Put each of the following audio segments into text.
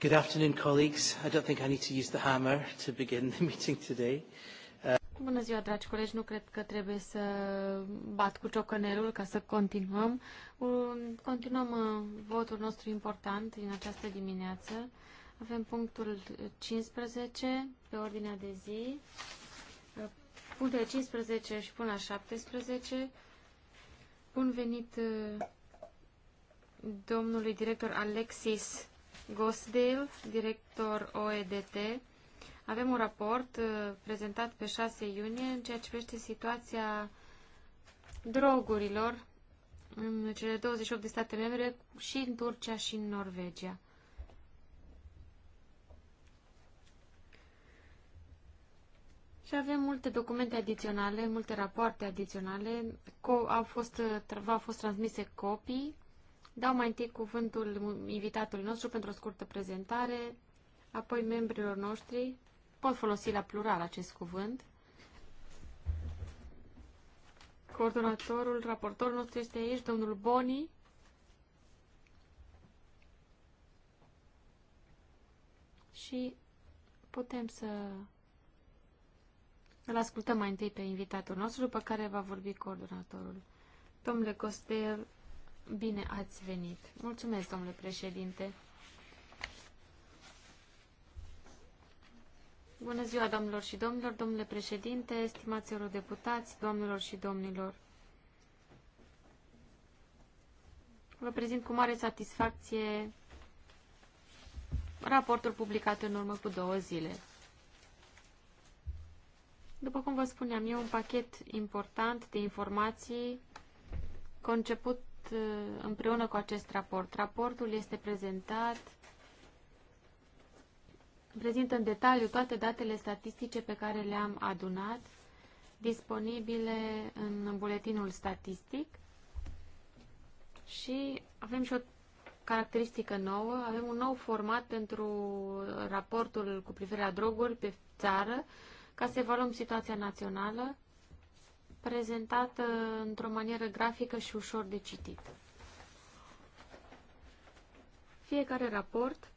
Good afternoon, colleagues. I don't think I need to use the hammer to begin the meeting today. Bună ziua, dragi colegi. Nu cred că trebuie să bat cu ciocănelul ca să continuăm. Um, continuăm uh, votul nostru important din această dimineață. Avem punctul 15 pe ordinea de zi, uh, punctele 15 și până la 17. Bun venit uh, domnului director Alexis Gosdale, director OEDT. Avem un raport uh, prezentat pe 6 iunie în ceea ce privește situația drogurilor în cele 28 de state membre și în Turcia și în Norvegia. Și avem multe documente adiționale, multe rapoarte adiționale, au fost, uh, au fost transmise copii Dau mai întâi cuvântul invitatului nostru pentru o scurtă prezentare, apoi membrilor noștri. Pot folosi la plural acest cuvânt. Coordonatorul, raportorul nostru este aici, domnul Boni. Și putem să îl ascultăm mai întâi pe invitatul nostru, după care va vorbi coordonatorul. Domnule Costel, Bine ați venit. Mulțumesc, domnule președinte. Bună ziua, domnilor și domnilor, domnule președinte, estimați eurodeputați, domnilor și domnilor. Vă prezint cu mare satisfacție raportul publicat în urmă cu două zile. După cum vă spuneam, e un pachet important de informații conceput Uh, împreună cu acest raport. Raportul este prezentat, prezintă în detaliu toate datele statistice pe care le-am adunat, disponibile în buletinul statistic și avem și o caracteristică nouă, avem un nou format pentru raportul cu privire la droguri pe țară, ca să evaluăm situația națională prezentată într-o manieră grafică și ușor de citit. Fiecare raport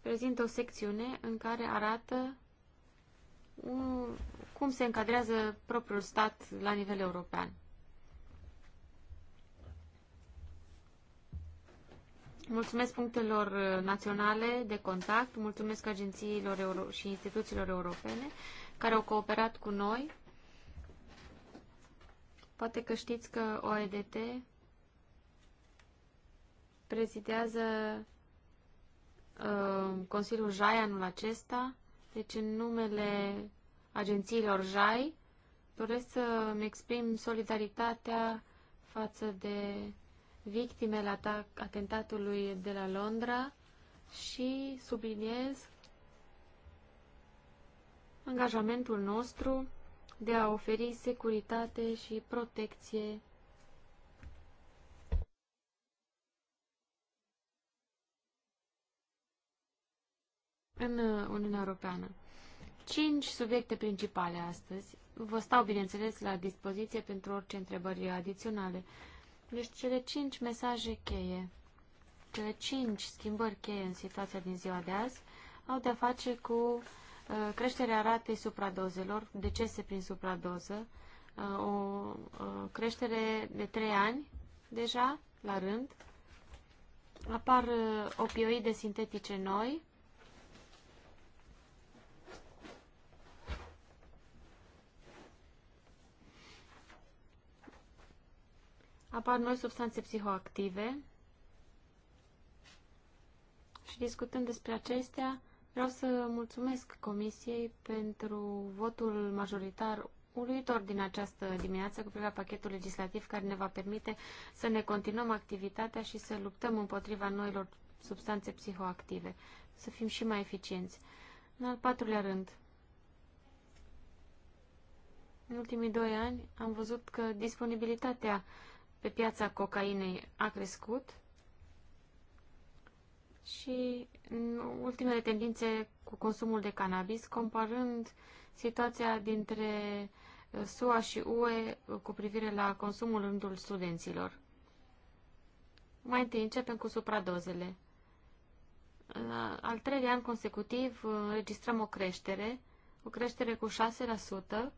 prezintă o secțiune în care arată cum se încadrează propriul stat la nivel european. Mulțumesc punctelor naționale de contact, mulțumesc agențiilor euro- și instituțiilor europene care au cooperat cu noi Poate că știți că OEDT prezidează uh, Consiliul JAI anul acesta, deci în numele agențiilor JAI doresc să-mi exprim solidaritatea față de victimele atac, atentatului de la Londra și subliniez angajamentul nostru de a oferi securitate și protecție în uh, Uniunea Europeană. Cinci subiecte principale astăzi. Vă stau, bineînțeles, la dispoziție pentru orice întrebări adiționale. Deci cele cinci mesaje cheie, cele cinci schimbări cheie în situația din ziua de azi, au de-a face cu Uh, creșterea ratei supradozelor, decese prin supradoză, uh, o uh, creștere de 3 ani deja la rând, apar opioide sintetice noi, apar noi substanțe psihoactive și discutând despre acestea, Vreau să mulțumesc Comisiei pentru votul majoritar uluitor din această dimineață cu privire la pachetul legislativ care ne va permite să ne continuăm activitatea și să luptăm împotriva noilor substanțe psihoactive, să fim și mai eficienți. În al patrulea rând, în ultimii doi ani am văzut că disponibilitatea pe piața cocainei a crescut și ultimele tendințe cu consumul de cannabis, comparând situația dintre uh, SUA și UE uh, cu privire la consumul rândul studenților. Mai întâi începem cu supradozele. Uh, al treilea an consecutiv înregistrăm o creștere, o creștere cu 6%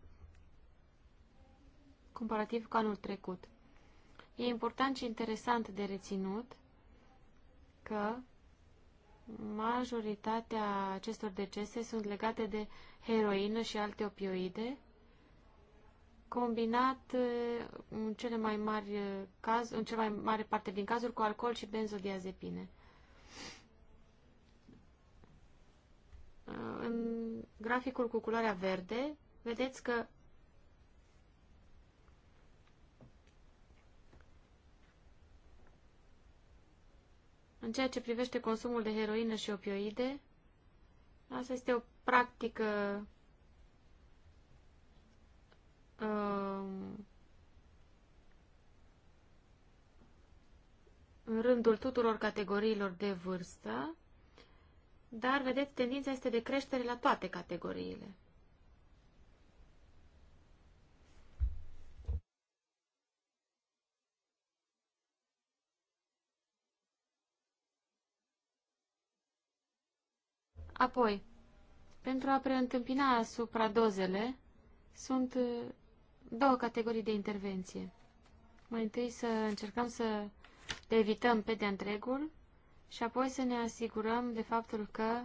comparativ cu anul trecut. E important și interesant de reținut că majoritatea acestor decese sunt legate de heroină și alte opioide, combinat în cele mai mari caz, în cea mai mare parte din cazuri cu alcool și benzodiazepine. În graficul cu culoarea verde, vedeți că În ceea ce privește consumul de heroină și opioide, asta este o practică um, în rândul tuturor categoriilor de vârstă, dar, vedeți, tendința este de creștere la toate categoriile. Apoi, pentru a preîntâmpina dozele, sunt uh, două categorii de intervenție. Mai întâi să încercăm să le evităm pe de întregul și apoi să ne asigurăm de faptul că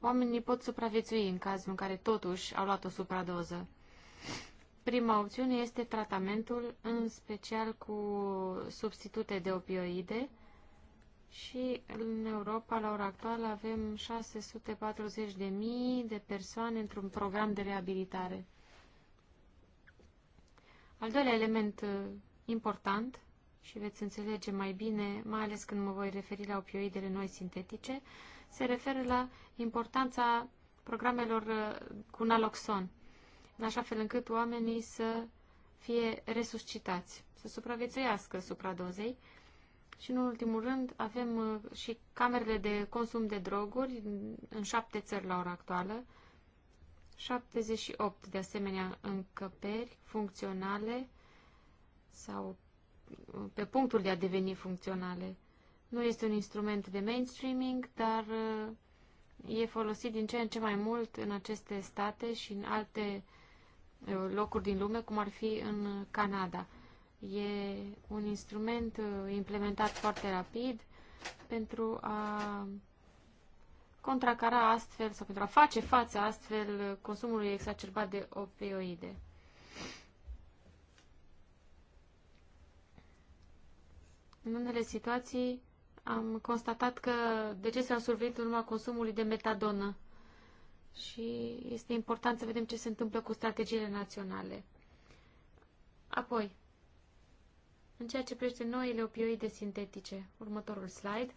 oamenii pot supraviețui în cazul în care totuși au luat o supradoză. Prima opțiune este tratamentul, în special cu substitute de opioide, și în Europa, la ora actuală, avem 640.000 de persoane într-un program de reabilitare. Al doilea element uh, important, și veți înțelege mai bine, mai ales când mă voi referi la opioidele noi sintetice, se referă la importanța programelor uh, cu naloxon, în așa fel încât oamenii să fie resuscitați, să supraviețuiască supradozei și, în ultimul rând, avem uh, și camerele de consum de droguri în șapte țări la ora actuală, 78 de asemenea încăperi funcționale sau uh, pe punctul de a deveni funcționale. Nu este un instrument de mainstreaming, dar uh, e folosit din ce în ce mai mult în aceste state și în alte locuri din lume, cum ar fi în Canada. E un instrument uh, implementat foarte rapid pentru a contracara astfel sau pentru a face față astfel consumului exacerbat de opioide. În unele situații am constatat că decesele au survenit în urma consumului de metadonă și este important să vedem ce se întâmplă cu strategiile naționale. Apoi, în ceea ce privește noile opioide sintetice, următorul slide.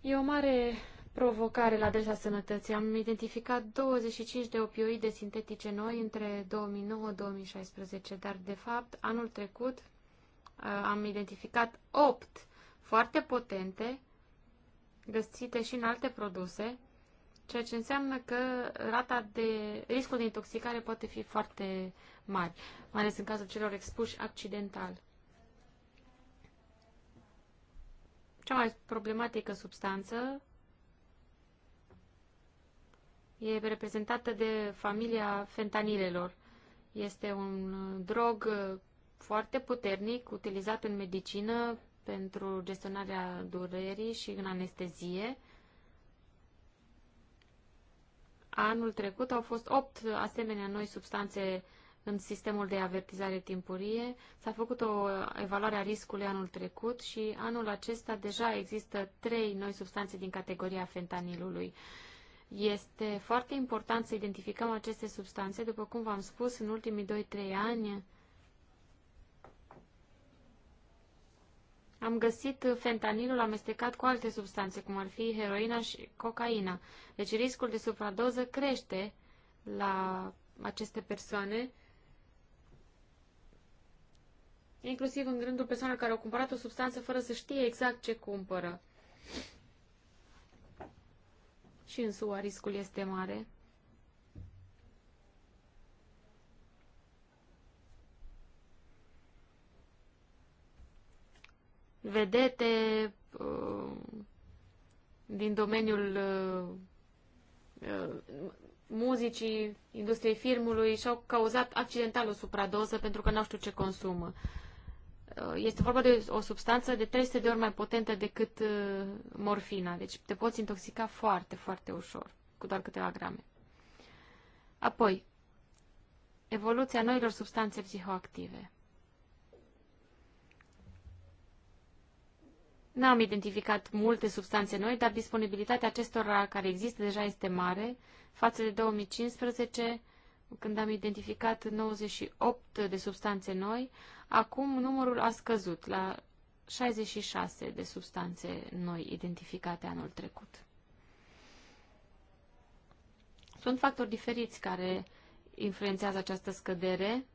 E o mare provocare la adresa sănătății. Am identificat 25 de opioide sintetice noi între 2009-2016, dar de fapt anul trecut uh, am identificat 8 foarte potente, găsite și în alte produse, ceea ce înseamnă că rata de riscul de intoxicare poate fi foarte mare, mai ales în cazul celor expuși accidental. Cea mai problematică substanță e reprezentată de familia fentanilelor. Este un drog foarte puternic, utilizat în medicină pentru gestionarea durerii și în anestezie. Anul trecut au fost 8 asemenea noi substanțe în sistemul de avertizare timpurie. S-a făcut o evaluare a riscului anul trecut și anul acesta deja există trei noi substanțe din categoria fentanilului. Este foarte important să identificăm aceste substanțe. După cum v-am spus, în ultimii 2-3 ani am găsit fentanilul amestecat cu alte substanțe, cum ar fi heroina și cocaina. Deci riscul de supradoză crește la aceste persoane, inclusiv în rândul persoanelor care au cumpărat o substanță fără să știe exact ce cumpără. Și în SUA riscul este mare. vedete uh, din domeniul uh, muzicii, industriei filmului și-au cauzat accidental o supradoză pentru că nu știu ce consumă. Uh, este vorba de o substanță de 300 de ori mai potentă decât morfina, deci te poți intoxica foarte, foarte ușor, cu doar câteva grame. Apoi, evoluția noilor substanțe psihoactive. N-am identificat multe substanțe noi, dar disponibilitatea acestora care există deja este mare față de 2015, când am identificat 98 de substanțe noi. Acum numărul a scăzut la 66 de substanțe noi identificate anul trecut. Sunt factori diferiți care influențează această scădere.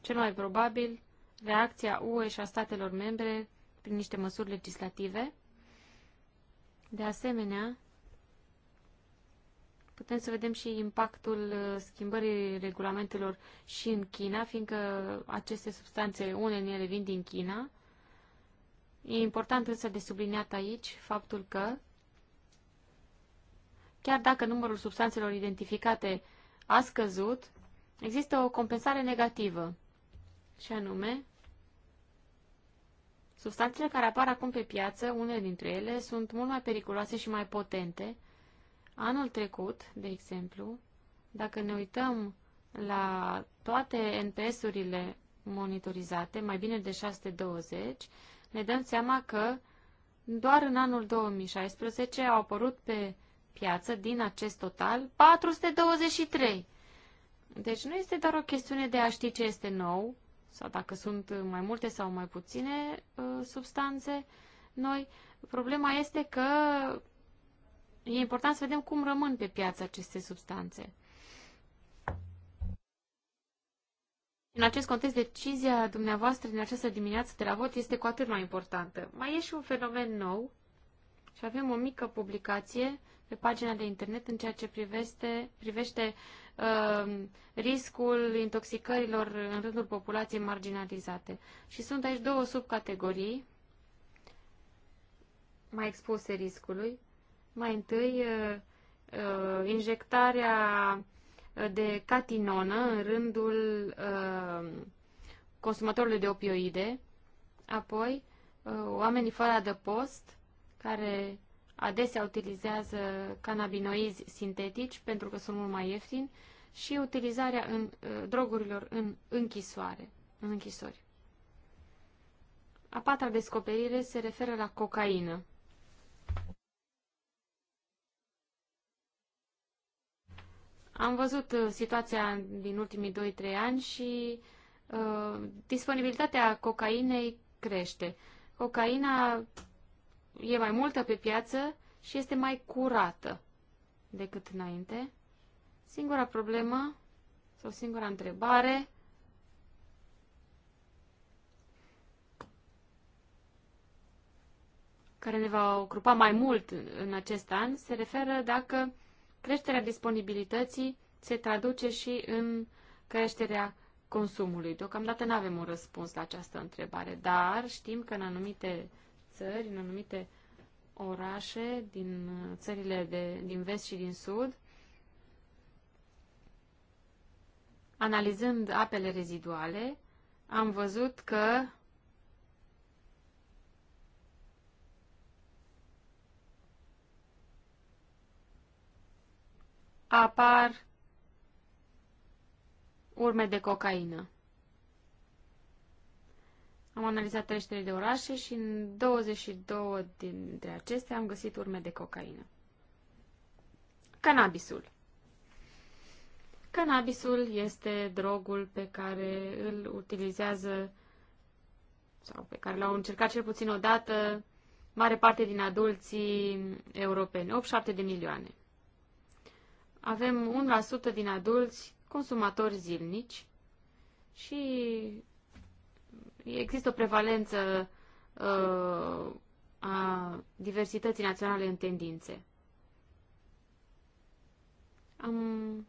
Cel mai probabil, reacția UE și a statelor membre prin niște măsuri legislative. De asemenea, putem să vedem și impactul uh, schimbării regulamentelor și în China, fiindcă aceste substanțe, unele din ele vin din China. E important însă de subliniat aici faptul că, chiar dacă numărul substanțelor identificate a scăzut, există o compensare negativă, și anume Substanțele care apar acum pe piață, unele dintre ele, sunt mult mai periculoase și mai potente. Anul trecut, de exemplu, dacă ne uităm la toate NPS-urile monitorizate, mai bine de 620, ne dăm seama că doar în anul 2016 au apărut pe piață, din acest total, 423. Deci nu este doar o chestiune de a ști ce este nou, sau dacă sunt mai multe sau mai puține uh, substanțe noi. Problema este că e important să vedem cum rămân pe piață aceste substanțe. În acest context, decizia dumneavoastră din această dimineață de la vot este cu atât mai importantă. Mai e și un fenomen nou și avem o mică publicație pe pagina de internet în ceea ce privește, privește Um, riscul intoxicărilor în rândul populației marginalizate. Și sunt aici două subcategorii mai expuse riscului. Mai întâi, uh, uh, injectarea de catinonă în rândul uh, consumatorului de opioide, apoi oamenii fără adăpost, care adesea utilizează cannabinoizi sintetici pentru că sunt mult mai ieftini și utilizarea în, uh, drogurilor în închisoare, în închisori. A patra descoperire se referă la cocaină. Am văzut uh, situația din ultimii 2-3 ani și uh, disponibilitatea cocainei crește. Cocaina e mai multă pe piață și este mai curată decât înainte. Singura problemă sau singura întrebare care ne va ocupa mai mult în acest an se referă dacă creșterea disponibilității se traduce și în creșterea consumului. Deocamdată nu avem un răspuns la această întrebare, dar știm că în anumite țări, în anumite orașe din uh, țările de, din vest și din sud, analizând apele reziduale, am văzut că apar urme de cocaină. Am analizat 33 de orașe și în 22 dintre acestea am găsit urme de cocaină. Cannabisul. Cannabisul este drogul pe care îl utilizează sau pe care l-au încercat cel puțin odată mare parte din adulții europeni, 8-7 de milioane. Avem 1% din adulți consumatori zilnici și există o prevalență uh, a diversității naționale în tendințe. Am...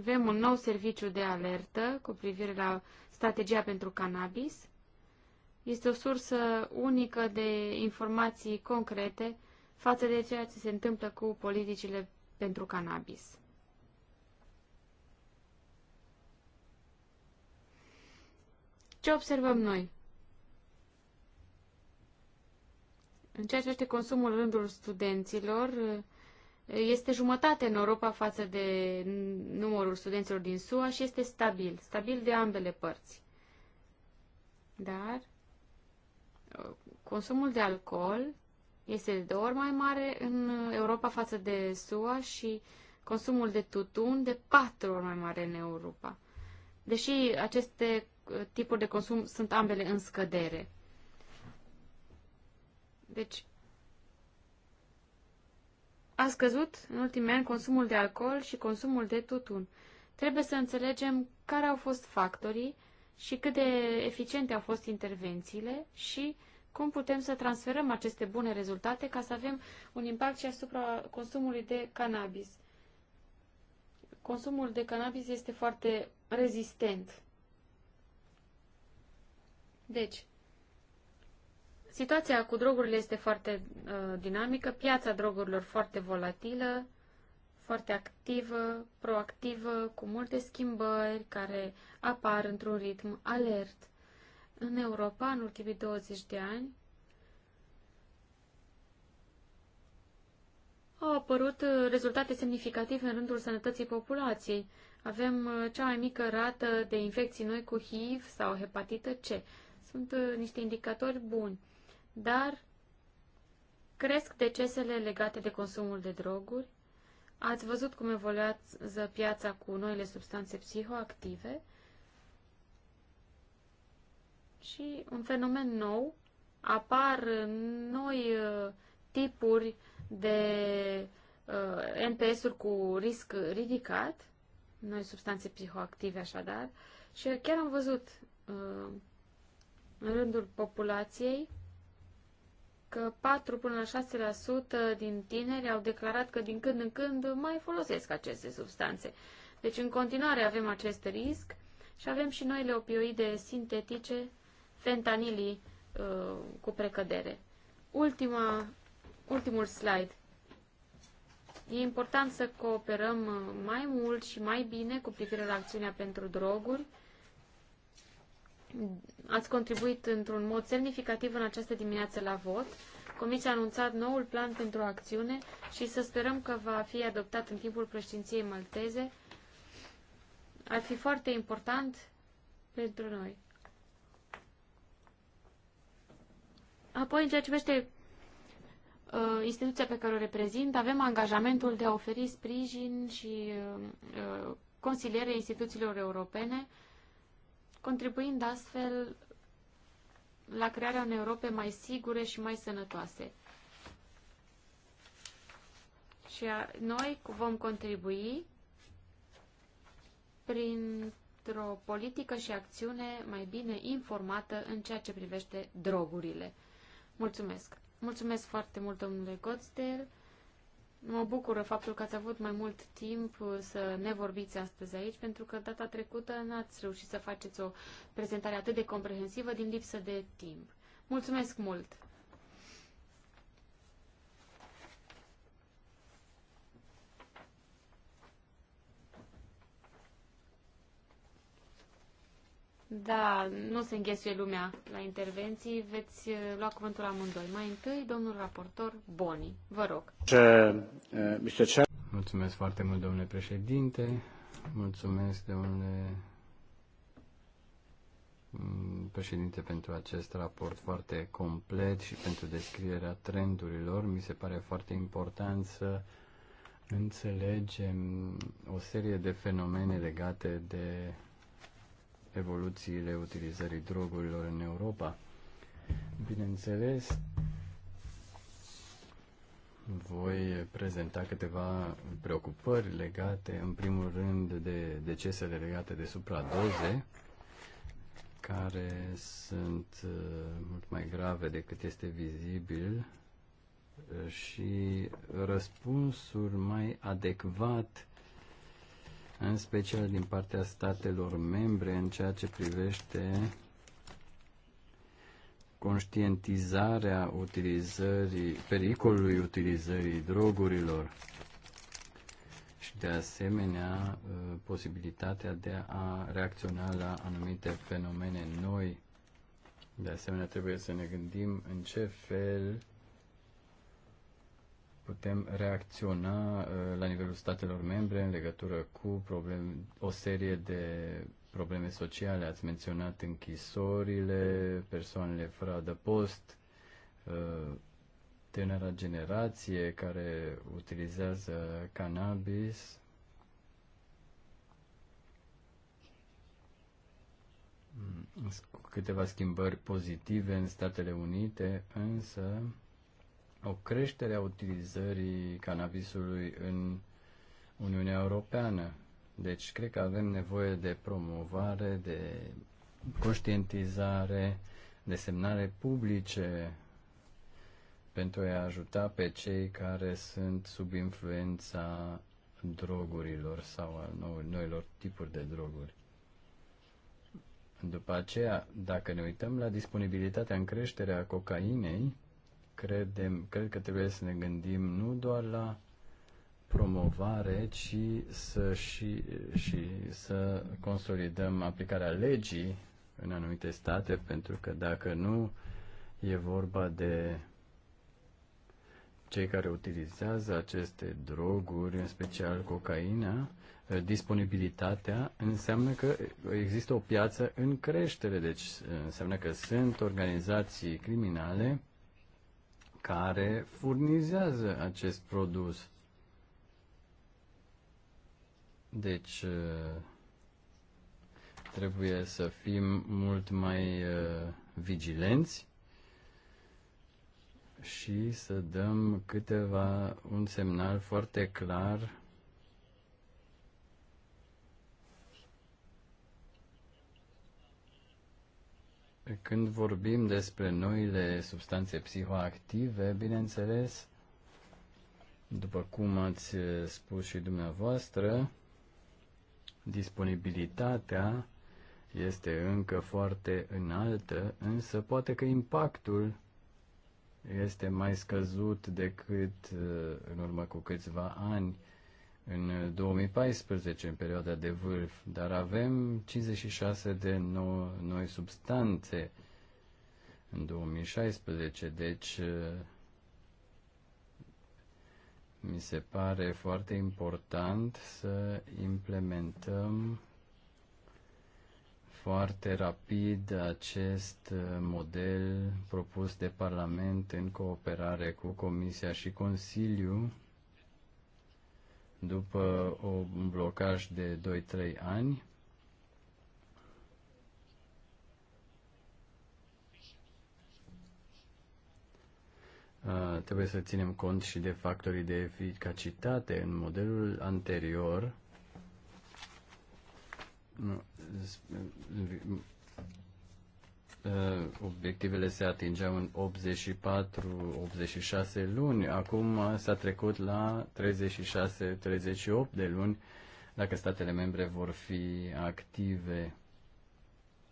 Avem un nou serviciu de alertă cu privire la strategia pentru cannabis. Este o sursă unică de informații concrete față de ceea ce se întâmplă cu politicile pentru cannabis. Ce observăm noi? În ceea ce este consumul rândul studenților, este jumătate în Europa față de numărul studenților din SUA și este stabil, stabil de ambele părți. Dar consumul de alcool este de două ori mai mare în Europa față de SUA și consumul de tutun de patru ori mai mare în Europa. Deși aceste tipuri de consum sunt ambele în scădere. Deci, a scăzut în ultimii ani consumul de alcool și consumul de tutun. Trebuie să înțelegem care au fost factorii și cât de eficiente au fost intervențiile și cum putem să transferăm aceste bune rezultate ca să avem un impact și asupra consumului de cannabis. Consumul de cannabis este foarte rezistent deci, situația cu drogurile este foarte uh, dinamică, piața drogurilor foarte volatilă, foarte activă, proactivă, cu multe schimbări care apar într-un ritm alert. În Europa, în ultimii 20 de ani, au apărut uh, rezultate semnificative în rândul sănătății populației. Avem uh, cea mai mică rată de infecții noi cu HIV sau hepatită C. Sunt uh, niște indicatori buni, dar cresc decesele legate de consumul de droguri. Ați văzut cum evoluează piața cu noile substanțe psihoactive și un fenomen nou, apar noi uh, tipuri de uh, NPS-uri cu risc ridicat, noi substanțe psihoactive așadar, și chiar am văzut în rândul populației că 4 până la 6% din tineri au declarat că din când în când mai folosesc aceste substanțe. Deci în continuare avem acest risc și avem și noile opioide sintetice, fentanilii uh, cu precădere. Ultima, ultimul slide. E important să cooperăm uh, mai mult și mai bine cu privire la acțiunea pentru droguri, Ați contribuit într-un mod semnificativ în această dimineață la vot. Comisia a anunțat noul plan pentru acțiune și să sperăm că va fi adoptat în timpul președinției malteze. Ar fi foarte important pentru noi. Apoi, în ceea ce privește uh, instituția pe care o reprezint, avem angajamentul de a oferi sprijin și uh, uh consiliere instituțiilor europene uh, contribuind astfel la crearea unei Europe mai sigure și mai sănătoase. Și noi vom contribui printr-o politică și acțiune mai bine informată în ceea ce privește drogurile. Mulțumesc! Mulțumesc foarte mult, domnule Godster! Mă bucură faptul că ați avut mai mult timp uh, să ne vorbiți astăzi aici, pentru că data trecută n-ați reușit să faceți o prezentare atât de comprehensivă din lipsă de timp. Mulțumesc mult! Da, nu se înghesuie lumea la intervenții. Veți uh, lua cuvântul amândoi. Mai întâi, domnul raportor Boni. Vă rog. Uh, Mulțumesc foarte mult, domnule președinte. Mulțumesc, domnule mm, președinte, pentru acest raport foarte complet și pentru descrierea trendurilor. Mi se pare foarte important să înțelegem o serie de fenomene legate de evoluțiile utilizării drogurilor în Europa. Bineînțeles, voi prezenta câteva preocupări legate, în primul rând, de decesele legate de supradoze, care sunt uh, mult mai grave decât este vizibil uh, și răspunsul mai adecvat în special din partea statelor membre în ceea ce privește conștientizarea utilizării, pericolului utilizării drogurilor și de asemenea ă, posibilitatea de a reacționa la anumite fenomene noi. De asemenea, trebuie să ne gândim în ce fel putem reacționa uh, la nivelul statelor membre în legătură cu probleme, o serie de probleme sociale. Ați menționat închisorile, persoanele fără adăpost, uh, tânăra generație care utilizează cannabis. Mm, câteva schimbări pozitive în Statele Unite, însă o creștere a utilizării cannabisului în Uniunea Europeană. Deci cred că avem nevoie de promovare, de conștientizare, de semnare publice pentru a ajuta pe cei care sunt sub influența drogurilor sau al noilor tipuri de droguri. După aceea, dacă ne uităm la disponibilitatea în creștere a cocainei, credem, cred că trebuie să ne gândim nu doar la promovare, ci să și, și să consolidăm aplicarea legii în anumite state, pentru că dacă nu e vorba de cei care utilizează aceste droguri, în special cocaina, eh, disponibilitatea înseamnă că există o piață în creștere, deci eh, înseamnă că sunt organizații criminale care furnizează acest produs. Deci, uh, trebuie să fim mult mai uh, vigilenți și să dăm câteva, un semnal foarte clar Când vorbim despre noile substanțe psihoactive, bineînțeles, după cum ați eh, spus și dumneavoastră, disponibilitatea este încă foarte înaltă, însă poate că impactul este mai scăzut decât eh, în urmă cu câțiva ani în 2014, uh, în perioada de vârf, dar avem 56 de nou, noi substanțe în 2016, deci uh, mi se pare foarte important să implementăm foarte rapid acest uh, model propus de Parlament în cooperare cu Comisia și Consiliu după un blocaj de 2-3 ani, trebuie să ținem cont și de factorii de eficacitate în modelul anterior Uh, obiectivele se atingeau în 84-86 luni, acum s-a trecut la 36-38 de luni, dacă statele membre vor fi active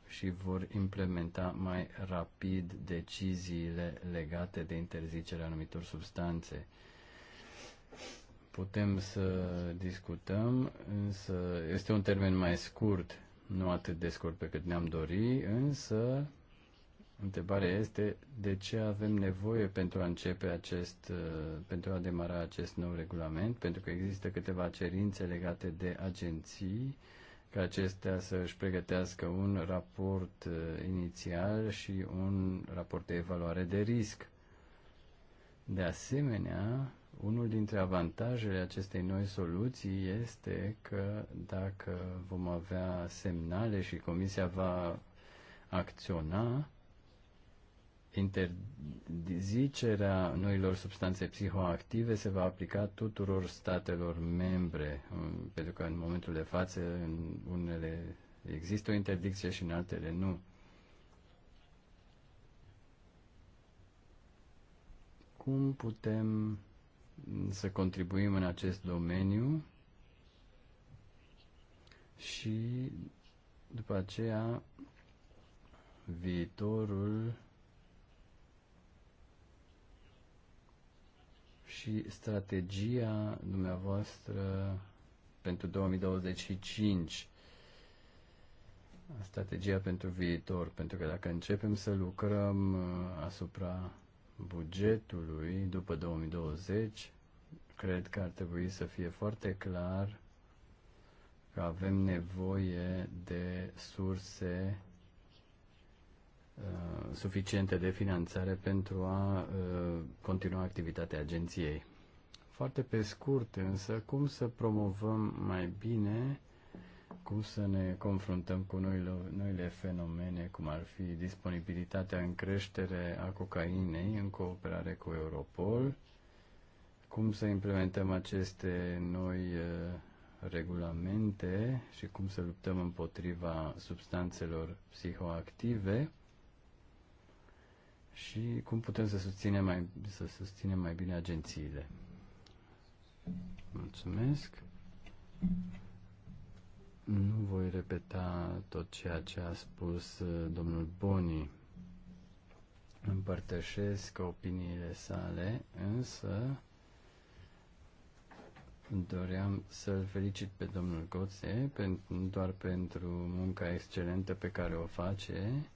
și vor implementa mai rapid deciziile legate de interzicerea anumitor substanțe. Putem să discutăm, însă este un termen mai scurt nu atât de scurt pe cât ne-am dori, însă Întrebarea este de ce avem nevoie pentru a începe acest, uh, pentru a demara acest nou regulament, pentru că există câteva cerințe legate de agenții, ca acestea să își pregătească un raport uh, inițial și un raport de evaluare de risc. De asemenea, unul dintre avantajele acestei noi soluții este că dacă vom avea semnale și comisia va acționa, interzicerea noilor substanțe psihoactive se va aplica tuturor statelor membre, um, pentru că în momentul de față în unele există o interdicție și în altele nu. Cum putem să contribuim în acest domeniu și după aceea viitorul și strategia dumneavoastră pentru 2025 strategia pentru viitor, pentru că dacă începem să lucrăm uh, asupra bugetului după 2020, cred că ar trebui să fie foarte clar că avem nevoie de surse Uh, suficiente de finanțare pentru a uh, continua activitatea agenției. Foarte pe scurt, însă, cum să promovăm mai bine, cum să ne confruntăm cu noile, noile fenomene, cum ar fi disponibilitatea în creștere a cocainei în cooperare cu Europol, cum să implementăm aceste noi uh, regulamente și cum să luptăm împotriva substanțelor psihoactive și cum putem să susținem mai, să susținem mai bine agențiile. Mulțumesc. Nu voi repeta tot ceea ce a spus uh, domnul Boni. Împărtășesc opiniile sale, însă doream să-l felicit pe domnul Goțe, doar pentru munca excelentă pe care o face,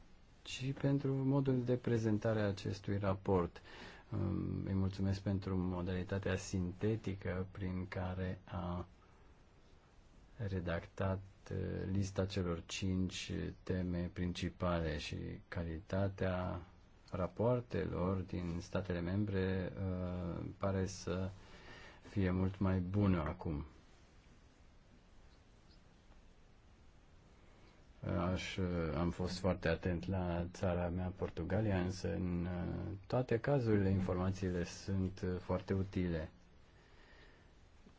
și pentru modul de prezentare a acestui raport. Um, îi mulțumesc pentru modalitatea sintetică prin care a redactat uh, lista celor cinci teme principale și calitatea rapoartelor din statele membre uh, pare să fie mult mai bună acum. Aș, am fost foarte atent la țara mea, Portugalia, însă în uh, toate cazurile informațiile sunt uh, foarte utile.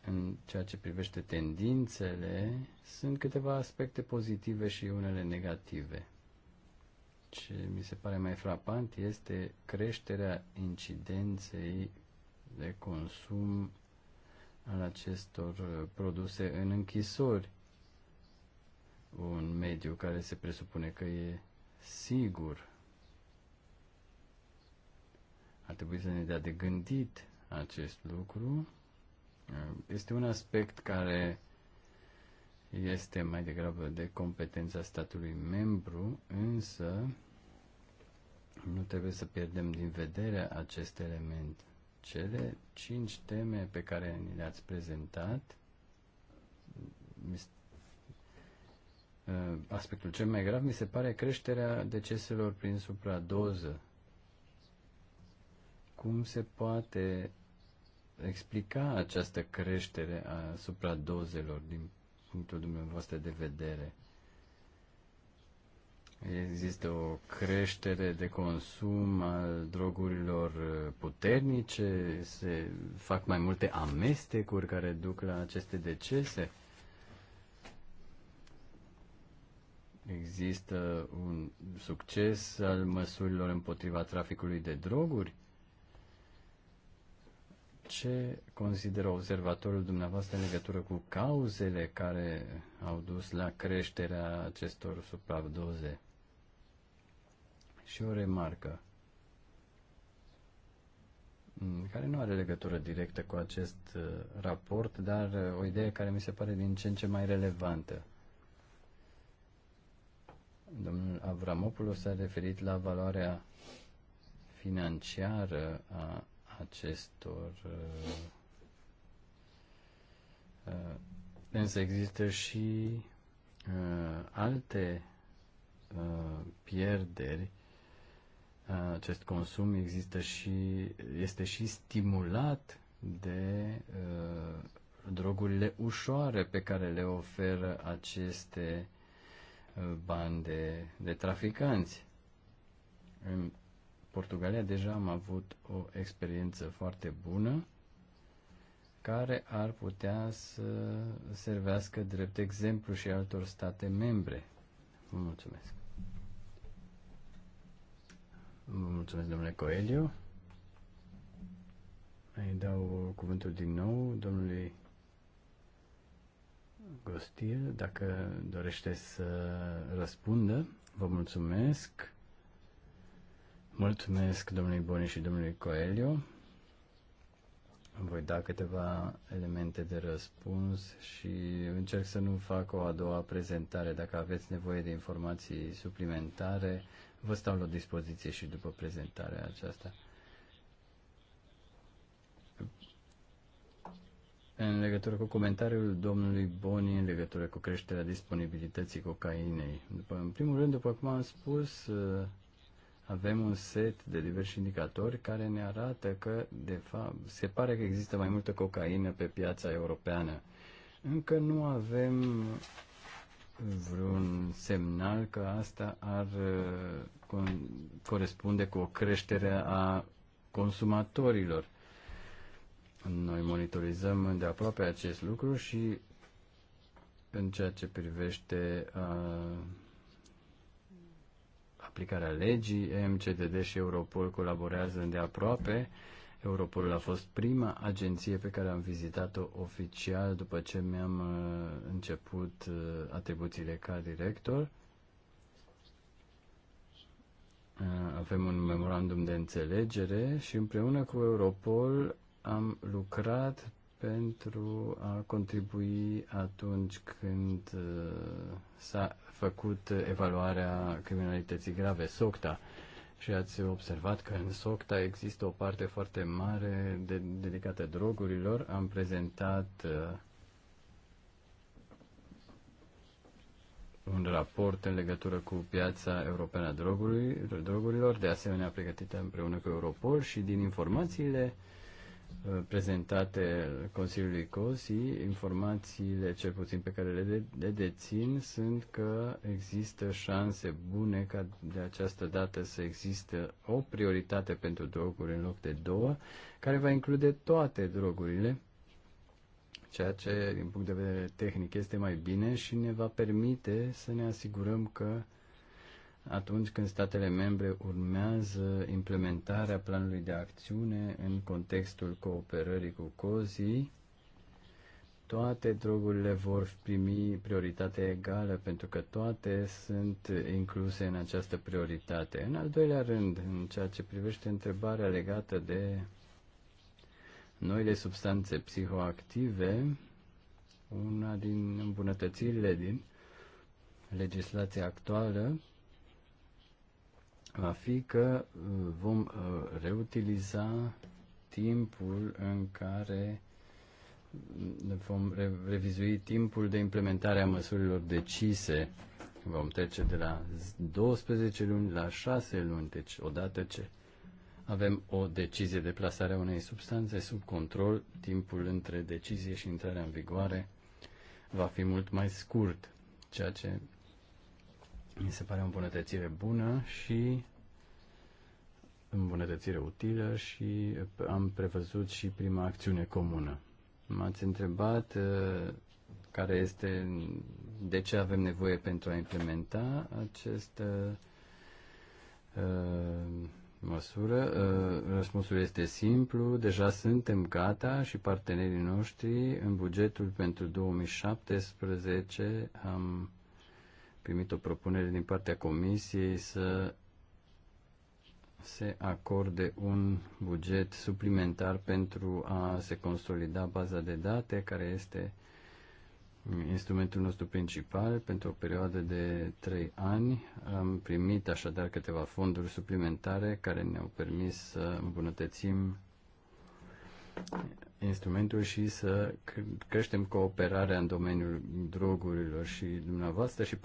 În ceea ce privește tendințele, sunt câteva aspecte pozitive și unele negative. Ce mi se pare mai frapant este creșterea incidenței de consum al acestor uh, produse în închisori un mediu care se presupune că e sigur. Ar trebui să ne dea de gândit acest lucru. Este un aspect care este mai degrabă de competența statului membru, însă nu trebuie să pierdem din vedere acest element. Cele cinci teme pe care ni le-ați prezentat Uh, aspectul cel mai grav mi se pare creșterea deceselor prin supradoză. Cum se poate explica această creștere a supradozelor din punctul dumneavoastră de vedere? Există o creștere de consum al drogurilor puternice, se fac mai multe amestecuri care duc la aceste decese. Există un succes al măsurilor împotriva traficului de droguri? Ce consideră observatorul dumneavoastră în legătură cu cauzele care au dus la creșterea acestor supravdoze? Și o remarcă mm, care nu are legătură directă cu acest uh, raport, dar uh, o idee care mi se pare din ce în ce mai relevantă. Domnul Avramopoulos s-a referit la valoarea financiară a acestor. Uh, uh, însă există și uh, alte pierderi acest consum există și este și stimulat de uh, drogurile ușoare pe care le oferă aceste Uh, bani de, de traficanți. În Portugalia deja am avut o experiență foarte bună care ar putea să servească drept exemplu și altor state membre. Vă mulțumesc. Vă mulțumesc, domnule Coelio. Îi dau cuvântul din nou domnului Gostil, dacă dorește să răspundă. Vă mulțumesc. Mulțumesc domnului Boni și domnului Coelio. Voi da câteva elemente de răspuns și încerc să nu fac o a doua prezentare. Dacă aveți nevoie de informații suplimentare, vă stau la dispoziție și după prezentarea aceasta. în legătură cu comentariul domnului Boni în legătură cu creșterea disponibilității cocainei. După, în primul rând, după cum am spus, uh, avem un set de diversi indicatori care ne arată că, de fapt, se pare că există mai multă cocaină pe piața europeană. Încă nu avem vreun semnal că asta ar uh, corespunde cu o creștere a consumatorilor. Noi monitorizăm de aproape acest lucru și în ceea ce privește uh, aplicarea legii, MCDD și Europol colaborează de aproape. Europolul a fost prima agenție pe care am vizitat-o oficial după ce mi-am uh, început uh, atribuțiile ca director. Uh, avem un memorandum de înțelegere și împreună cu Europol am lucrat pentru a contribui atunci când uh, s-a făcut evaluarea criminalității grave, SOCTA. Și ați observat că în SOCTA există o parte foarte mare de, dedicată drogurilor. Am prezentat uh, un raport în legătură cu piața europeană a drogurilor, de asemenea pregătită împreună cu Europol și din informațiile uh, Uh, prezentate Consiliului COSI, informațiile, cel puțin pe care le, de, le dețin, sunt că există șanse bune ca de această dată să există o prioritate pentru droguri în loc de două, care va include toate drogurile, ceea ce, din punct de vedere tehnic, este mai bine și ne va permite să ne asigurăm că uh, atunci când statele membre urmează implementarea planului de acțiune în contextul cooperării cu COZI, toate drogurile vor primi prioritate egală pentru că toate sunt incluse în această prioritate. În al doilea rând, în ceea ce privește întrebarea legată de noile substanțe psihoactive, una din îmbunătățirile din legislația actuală va fi că uh, vom uh, reutiliza timpul în care mm, vom revizui timpul de implementare a măsurilor decise. Vom trece de la 12 luni la 6 luni, deci odată ce avem o decizie de plasare a unei substanțe sub control, timpul între decizie și intrarea în vigoare va fi mult mai scurt, ceea ce mi se pare o îmbunătățire bună și îmbunătățire utilă și am prevăzut și prima acțiune comună. M-ați întrebat uh, care este, de ce avem nevoie pentru a implementa această uh, măsură. Uh, răspunsul este simplu, deja suntem gata și partenerii noștri în bugetul pentru 2017 am primit o propunere din partea Comisiei să se acorde un buget suplimentar pentru a se consolida baza de date, care este instrumentul nostru principal pentru o perioadă de 3 ani. Am primit așadar câteva fonduri suplimentare care ne-au permis să îmbunătățim instrumentul și să creștem cooperarea în domeniul drogurilor și dumneavoastră și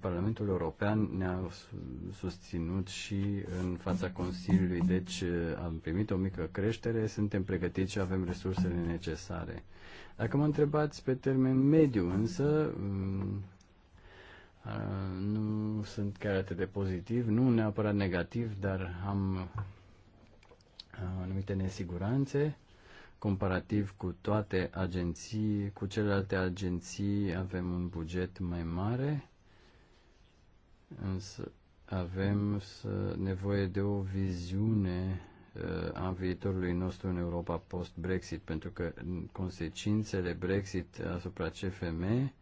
Parlamentul European ne-a susținut și în fața Consiliului, deci eh, am primit o mică creștere, suntem pregătiți și avem resursele necesare. Dacă mă întrebați pe termen mediu însă, mm, nu sunt chiar atât de pozitiv, nu neapărat negativ, dar am anumite nesiguranțe comparativ cu toate agenții, cu celelalte agenții avem un buget mai mare, însă avem nevoie de o viziune uh, a viitorului nostru în Europa post-Brexit, pentru că consecințele Brexit asupra CFM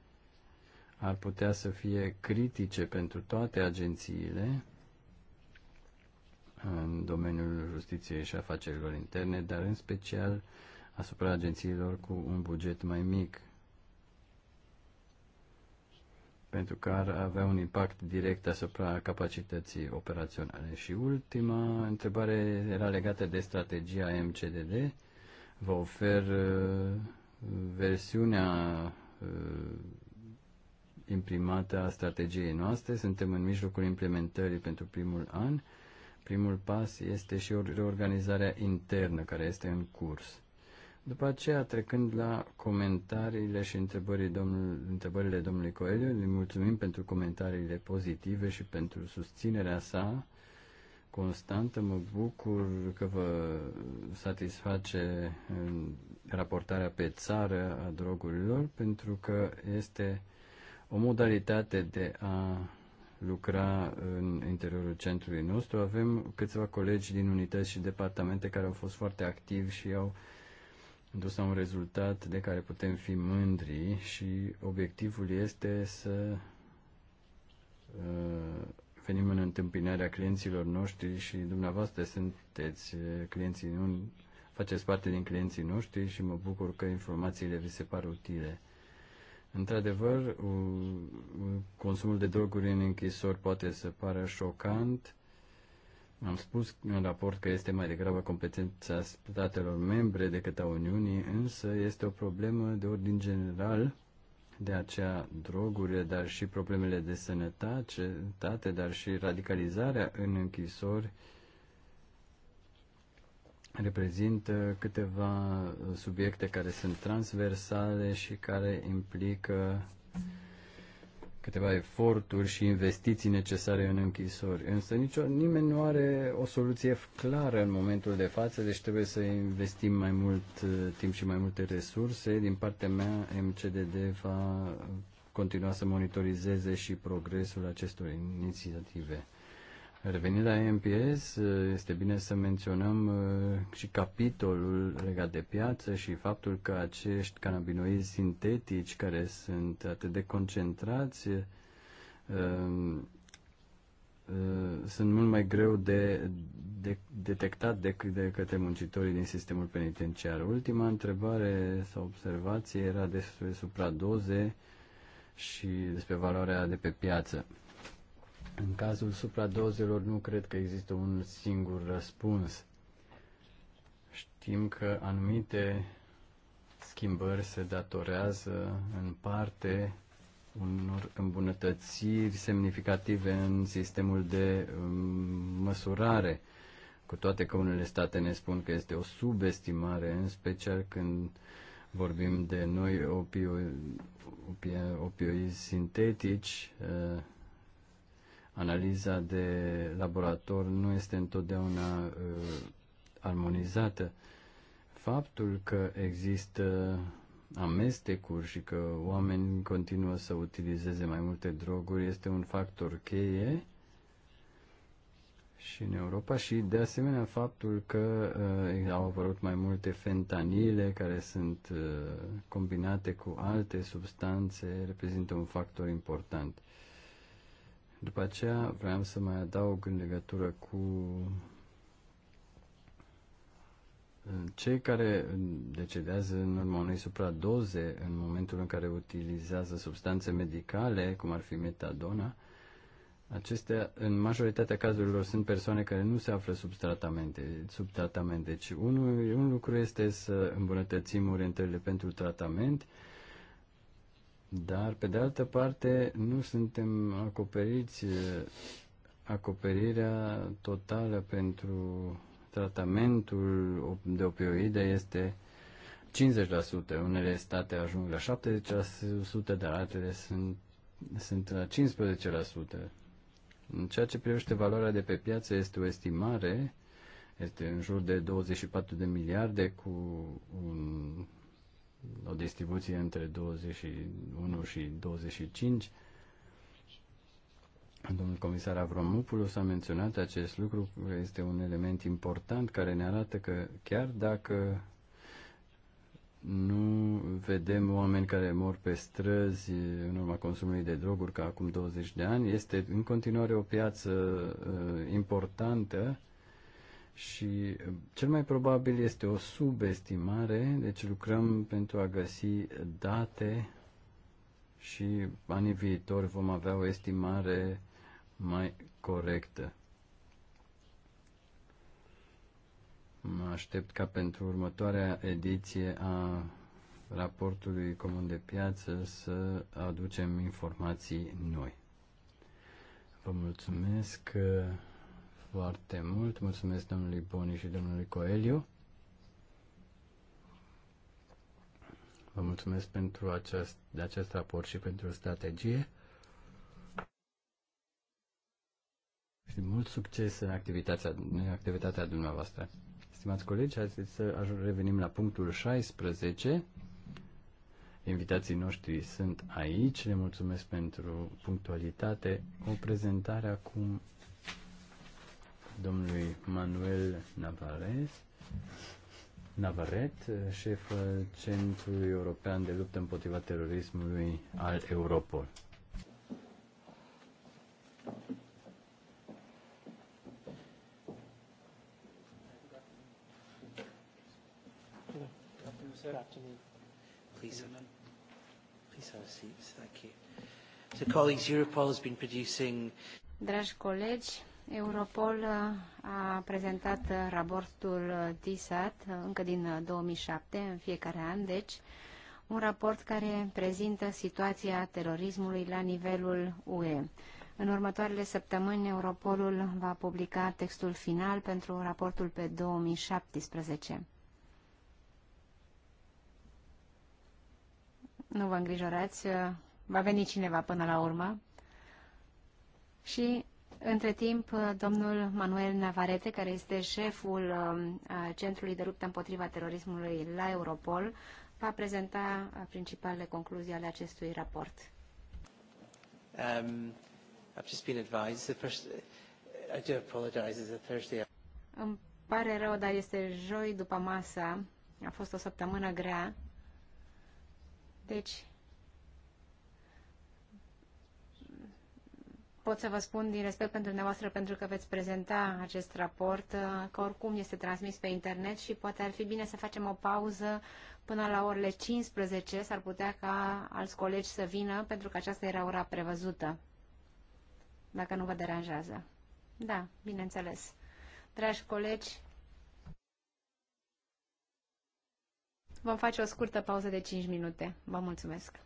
ar putea să fie critice pentru toate agențiile în domeniul justiției și afacerilor interne, dar în special uh, asupra agențiilor cu un buget mai mic, pentru că ar avea un impact direct asupra capacității operaționale. Și ultima întrebare era legată de strategia MCDD. Vă ofer uh, versiunea uh, imprimată a strategiei noastre. Suntem în mijlocul implementării pentru primul an. Primul pas este și reorganizarea internă care este în curs. După aceea, trecând la comentariile și întrebările, domnul, întrebările domnului Coelho, le mulțumim pentru comentariile pozitive și pentru susținerea sa constantă. Mă bucur că vă satisface raportarea pe țară a drogurilor, pentru că este o modalitate de a lucra în interiorul centrului nostru. Avem câțiva colegi din unități și departamente care au fost foarte activi și au uh, dus la un rezultat de care putem fi mândri și obiectivul este să uh, venim în întâmpinarea clienților noștri și dumneavoastră sunteți uh, clienții, nu faceți parte din clienții noștri și mă bucur că informațiile vi se par utile. Într-adevăr, consumul de droguri în închisori poate să pară șocant, am spus în raport că este mai degrabă competența statelor membre decât a Uniunii, însă este o problemă de ordin general, de aceea drogurile, dar și problemele de sănătate, dar și radicalizarea în închisori reprezintă câteva subiecte care sunt transversale și care implică câteva eforturi și investiții necesare în închisori. Însă nicio, nimeni nu are o soluție clară în momentul de față, deci trebuie să investim mai mult uh, timp și mai multe resurse. Din partea mea, MCDD va continua să monitorizeze și progresul acestor inițiative. Revenind la MPS, este bine să menționăm uh, și capitolul legat de piață și faptul că acești canabinoizi sintetici care sunt atât de concentrați uh, uh, sunt mult mai greu de, de detectat decât de către muncitorii din sistemul penitenciar. Ultima întrebare sau observație era despre supradoze și despre valoarea de pe piață. În cazul supradozelor nu cred că există un singur răspuns. Știm că anumite schimbări se datorează în parte unor îmbunătățiri semnificative în sistemul de um, măsurare, cu toate că unele state ne spun că este o subestimare, în special când vorbim de noi opio, opio, opioizi sintetici, uh, Analiza de laborator nu este întotdeauna uh, armonizată. Faptul că există amestecuri și că oamenii continuă să utilizeze mai multe droguri este un factor cheie și în Europa și de asemenea faptul că uh, au apărut mai multe fentanile care sunt uh, combinate cu alte substanțe reprezintă un factor important. După aceea vreau să mai adaug în legătură cu uh, cei care uh, decedează în urma unei supradoze în momentul în care utilizează substanțe medicale, cum ar fi metadona, acestea, în majoritatea cazurilor, sunt persoane care nu se află sub tratamente. Sub tratament. Deci, unul, un lucru este să îmbunătățim orientările pentru tratament, dar, pe de altă parte, nu suntem acoperiți acoperirea totală pentru tratamentul de opioide este 50%. Unele state ajung la 70%, dar altele sunt, sunt la 15%. În ceea ce privește valoarea de pe piață, este o estimare, este în jur de 24 de miliarde cu un o distribuție între 21 și 25. Domnul comisar Avramopoulos a menționat acest lucru, este un element important care ne arată că chiar dacă nu vedem oameni care mor pe străzi în urma consumului de droguri ca acum 20 de ani, este în continuare o piață uh, importantă și uh, cel mai probabil este o subestimare, deci lucrăm pentru a găsi date și anii viitori vom avea o estimare mai corectă. Mă aștept ca pentru următoarea ediție a raportului comun de piață să aducem informații noi. Vă mulțumesc. Uh, foarte mult. Mulțumesc domnului Boni și domnului Coeliu. Vă mulțumesc pentru acest, acest raport și pentru strategie. Și mult succes în activitatea, în activitatea dumneavoastră. Stimați colegi, hai să revenim la punctul 16. Invitații noștri sunt aici. Le mulțumesc pentru punctualitate. O prezentare acum domnului Manuel Navarez, Navaret, șeful Centrului European de Luptă împotriva terorismului al Europol. Good afternoon. Please please have Thank you. So, colleagues, Europol has been producing. Dragi colegi, Europol uh, a prezentat uh, raportul TISAT uh, încă din 2007, în fiecare an, deci, un raport care prezintă situația terorismului la nivelul UE. În următoarele săptămâni, Europolul va publica textul final pentru raportul pe 2017. Nu vă îngrijorați, va veni cineva până la urmă. Și între timp, domnul Manuel Navarete, care este șeful um, Centrului de luptă împotriva terorismului la Europol, va prezenta uh, principalele concluzii ale acestui raport. Um, uh, Îmi pare rău, dar este joi după masa. A fost o săptămână grea. Deci, pot să vă spun din respect pentru dumneavoastră pentru că veți prezenta acest raport, uh, că oricum este transmis pe internet și poate ar fi bine să facem o pauză până la orele 15, s-ar putea ca alți colegi să vină, pentru că aceasta era ora prevăzută, dacă nu vă deranjează. Da, bineînțeles. Dragi colegi, vom face o scurtă pauză de 5 minute. Vă mulțumesc!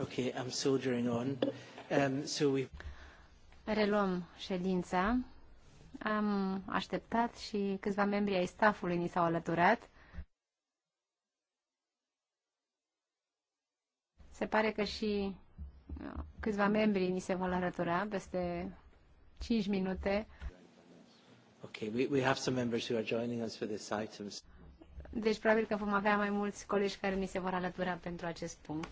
Okay, I'm soldiering on. Um, so we... Reluăm ședința. Am așteptat și câțiva membri ai staffului ni s-au alăturat. Se pare că și uh, câțiva membri ni se vor alătura peste 5 minute. Okay, we, we have some members who are joining us for this item. Deci probabil că vom avea mai mulți colegi care ni se vor alătura pentru acest punct.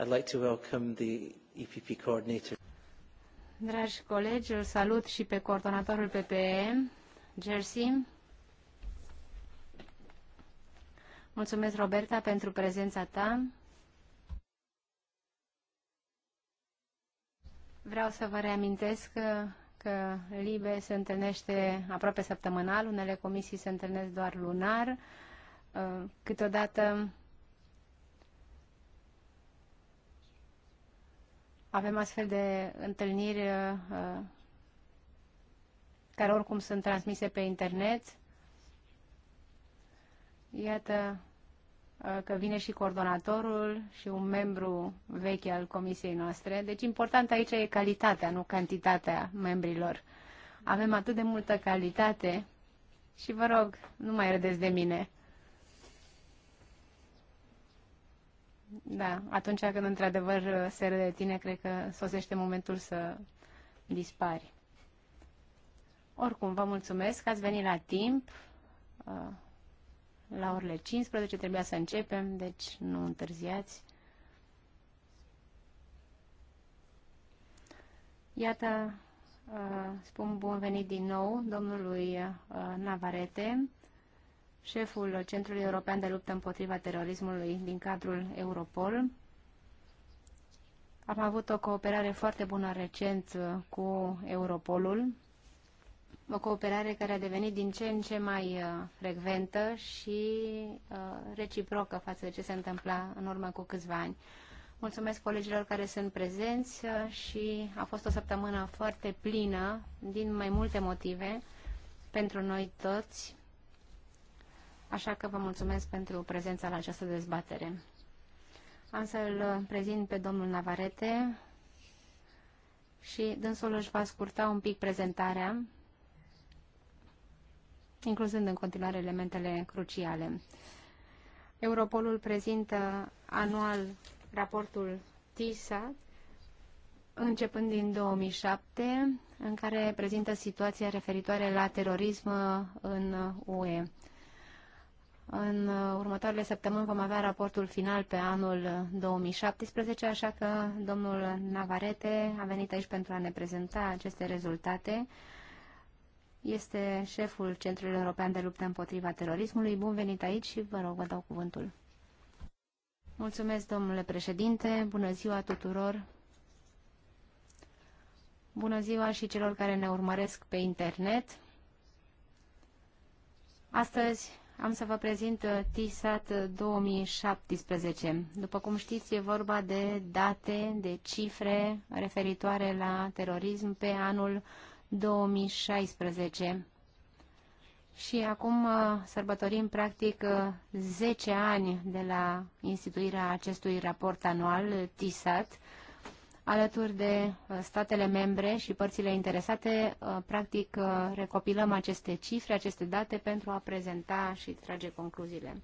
I'd like to welcome the EPP coordinator. Dragi colegi, îl salut și pe coordonatorul PPE, Jersey. Mulțumesc, Roberta, pentru prezența ta. Vreau să vă reamintesc că, că LIBE se întâlnește aproape săptămânal, unele comisii se întâlnesc doar lunar. Câteodată avem astfel de întâlniri uh, uh, care oricum sunt transmise pe internet. Iată uh, că vine și coordonatorul și un membru vechi al comisiei noastre. Deci important aici e calitatea, nu cantitatea membrilor. Avem atât de multă calitate și vă rog, nu mai râdeți de mine. da, atunci când într-adevăr uh, se râde de tine, cred că sosește momentul să dispari. Oricum, vă mulțumesc că ați venit la timp. Uh, la orele 15 trebuia să începem, deci nu întârziați. Iată, uh, spun bun venit din nou domnului Navarete șeful Centrului European de Luptă împotriva terorismului din cadrul Europol. Am avut o cooperare foarte bună recent uh, cu Europolul, o cooperare care a devenit din ce în ce mai uh, frecventă și uh, reciprocă față de ce se întâmpla în urmă cu câțiva ani. Mulțumesc colegilor care sunt prezenți și a fost o săptămână foarte plină din mai multe motive pentru noi toți așa că vă mulțumesc pentru prezența la această dezbatere. Am să-l prezint pe domnul Navarete și dânsul își va scurta un pic prezentarea, incluzând în continuare elementele cruciale. Europolul prezintă anual raportul TISA, începând din 2007, în care prezintă situația referitoare la terorism în UE. În uh, următoarele săptămâni vom avea raportul final pe anul 2017, uh, așa că domnul Navarete a venit aici pentru a ne prezenta aceste rezultate. Este șeful Centrului European de Luptă împotriva Terorismului. Bun venit aici și vă rog, vă dau cuvântul. Mulțumesc, domnule președinte. Bună ziua tuturor. Bună ziua și celor care ne urmăresc pe internet. Astăzi am să vă prezint TISAT uh, 2017. După cum știți, e vorba de date, de cifre referitoare la terorism pe anul 2016. Și acum uh, sărbătorim practic 10 uh, ani de la instituirea acestui raport anual TISAT alături de uh, statele membre și părțile interesate. Uh, practic, uh, recopilăm aceste cifre, aceste date pentru a prezenta și trage concluziile.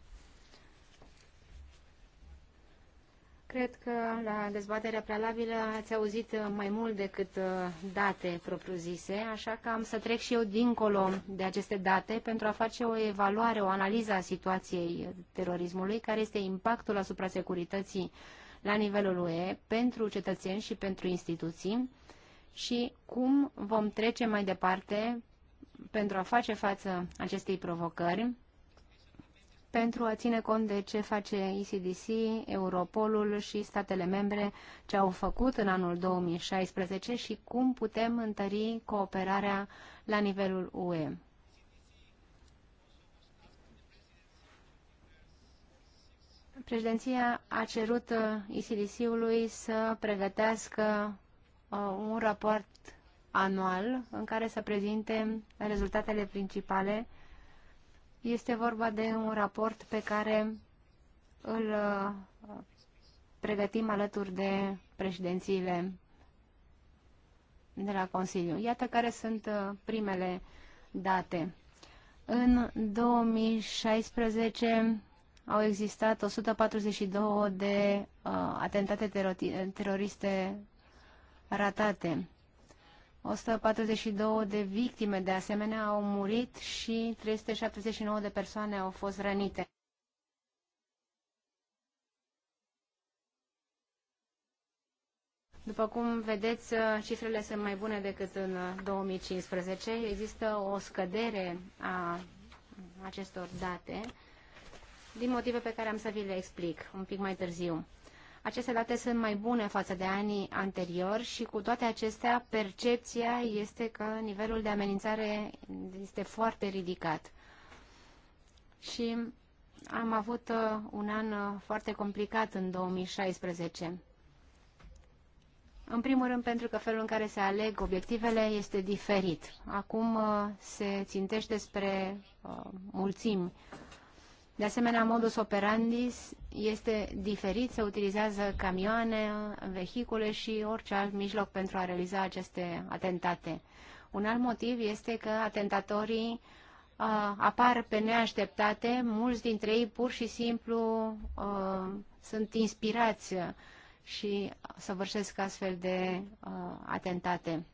Cred că la dezbaterea prealabilă ați auzit mai mult decât date propriu-zise, așa că am să trec și eu dincolo de aceste date pentru a face o evaluare, o analiză a situației terorismului, care este impactul asupra securității uh, la nivelul UE pentru cetățeni și pentru instituții și cum vom trece mai departe pentru a face față acestei provocări, pentru a ține cont de ce face ECDC, Europolul și statele membre ce au făcut în anul 2016 și cum putem întări cooperarea la nivelul UE. Președinția a cerut uh, ICDC-ului să pregătească uh, un raport anual în care să prezinte rezultatele principale. Este vorba de un raport pe care îl uh, pregătim alături de președințiile de la Consiliu. Iată care sunt primele date. În 2016 au existat 142 de uh, atentate teroriste ratate. 142 de victime de asemenea au murit și 379 de persoane au fost rănite. După cum vedeți, uh, cifrele sunt mai bune decât în 2015. Uh, Există o scădere a acestor date din motive pe care am să vi le explic un pic mai târziu. Aceste date sunt mai bune față de anii anteriori și cu toate acestea percepția este că nivelul de amenințare este foarte ridicat. Și am avut uh, un an uh, foarte complicat în 2016. În primul rând pentru că felul în care se aleg obiectivele este diferit. Acum uh, se țintește spre mulțimi de asemenea, modus operandi este diferit, se utilizează camioane, vehicule și orice alt mijloc pentru a realiza aceste atentate. Un alt motiv este că atentatorii uh, apar pe neașteptate, mulți dintre ei pur și simplu uh, sunt inspirați și săvârșesc astfel de uh, atentate.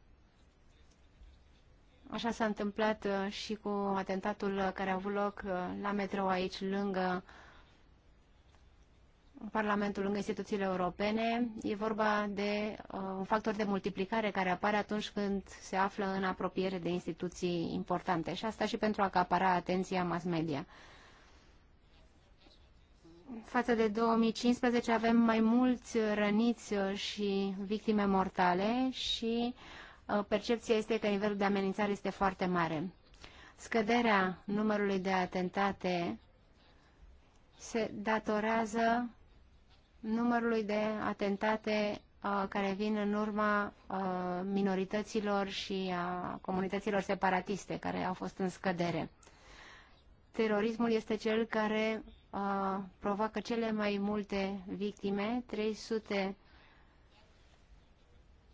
Așa s-a întâmplat uh, și cu atentatul care a avut loc uh, la metrou aici, lângă Parlamentul, lângă instituțiile europene. E vorba de uh, un factor de multiplicare care apare atunci când se află în apropiere de instituții importante. Și asta și pentru a acapara atenția mass media. Față de 2015 avem mai mulți răniți și victime mortale și uh, Uh, percepția este că nivelul de amenințare este foarte mare. Scăderea numărului de atentate se datorează numărului de atentate uh, care vin în urma uh, minorităților și a comunităților separatiste care au fost în scădere. Terorismul este cel care provoacă cele mai multe victime, 300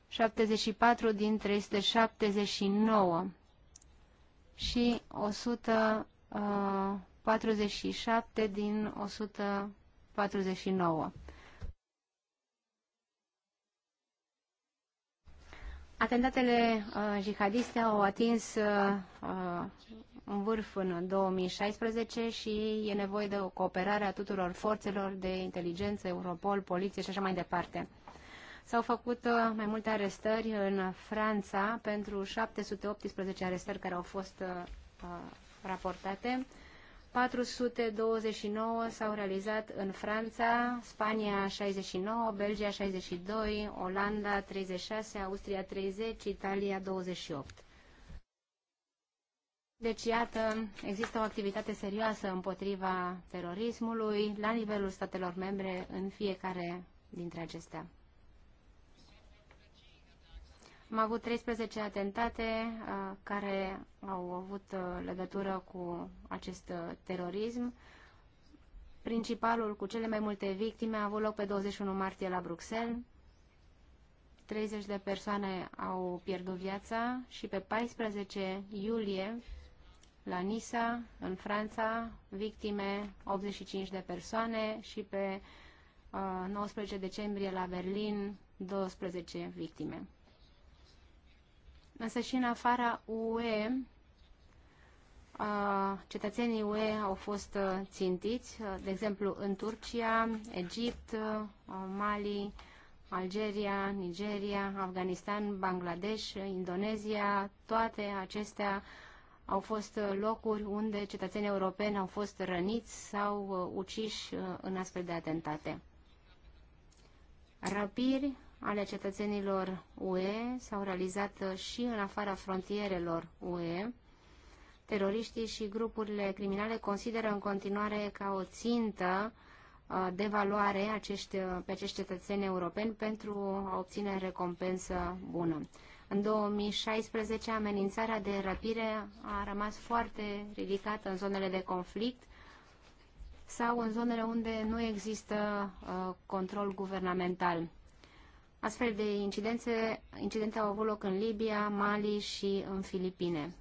74 din 379 și 147 uh, din 149. Atentatele uh, jihadiste au atins uh, uh un vârf în 2016 și e nevoie de o cooperare a tuturor forțelor de inteligență, Europol, poliție și așa mai departe. S-au făcut uh, mai multe arestări în Franța pentru 718 arestări care au fost uh, uh, raportate. 429 s-au realizat în Franța, Spania 69, Belgia 62, Olanda 36, Austria 30, Italia 28. Deci, iată, există o activitate serioasă împotriva terorismului la nivelul statelor membre în fiecare dintre acestea. Am avut 13 atentate uh, care au avut uh, legătură cu acest uh, terorism. Principalul cu cele mai multe victime a avut loc pe 21 martie la Bruxelles. 30 de persoane au pierdut viața și pe 14 iulie la Nisa, în Franța, victime 85 de persoane și pe 19 decembrie la Berlin 12 victime. Însă și în afara UE, cetățenii UE au fost uh, țintiți, uh, de exemplu în Turcia, Egipt, uh, Mali, Algeria, Nigeria, Afganistan, Bangladesh, Indonezia, toate acestea au fost locuri unde cetățenii europeni au fost răniți sau uciși în astfel de atentate. Răpiri ale cetățenilor UE s-au realizat uh, și în afara frontierelor UE. Teroriștii și grupurile criminale consideră în continuare ca o țintă uh, de valoare acești, uh, pe acești cetățeni europeni pentru a obține recompensă bună. În 2016, amenințarea de răpire a rămas foarte ridicată în zonele de conflict sau în zonele unde nu există uh, control guvernamental. Astfel de incidențe, incidente au avut loc în Libia, Mali și în Filipine.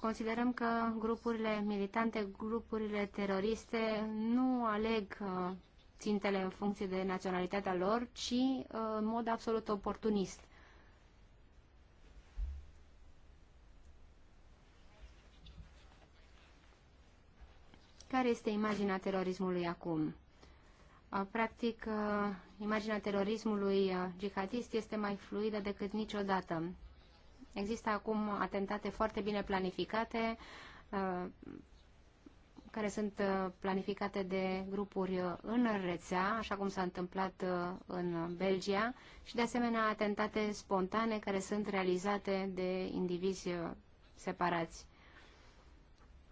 Considerăm că grupurile militante, grupurile teroriste nu aleg uh, țintele în funcție de naționalitatea lor, ci uh, în mod absolut oportunist. Care este imaginea terorismului acum? Uh, practic, imaginea terorismului uh, jihadist este mai fluidă decât niciodată. Există acum atentate foarte bine planificate, uh, care sunt uh, planificate de grupuri în rețea, așa cum s-a întâmplat în Belgia, și de asemenea atentate spontane care sunt realizate de indivizi separați.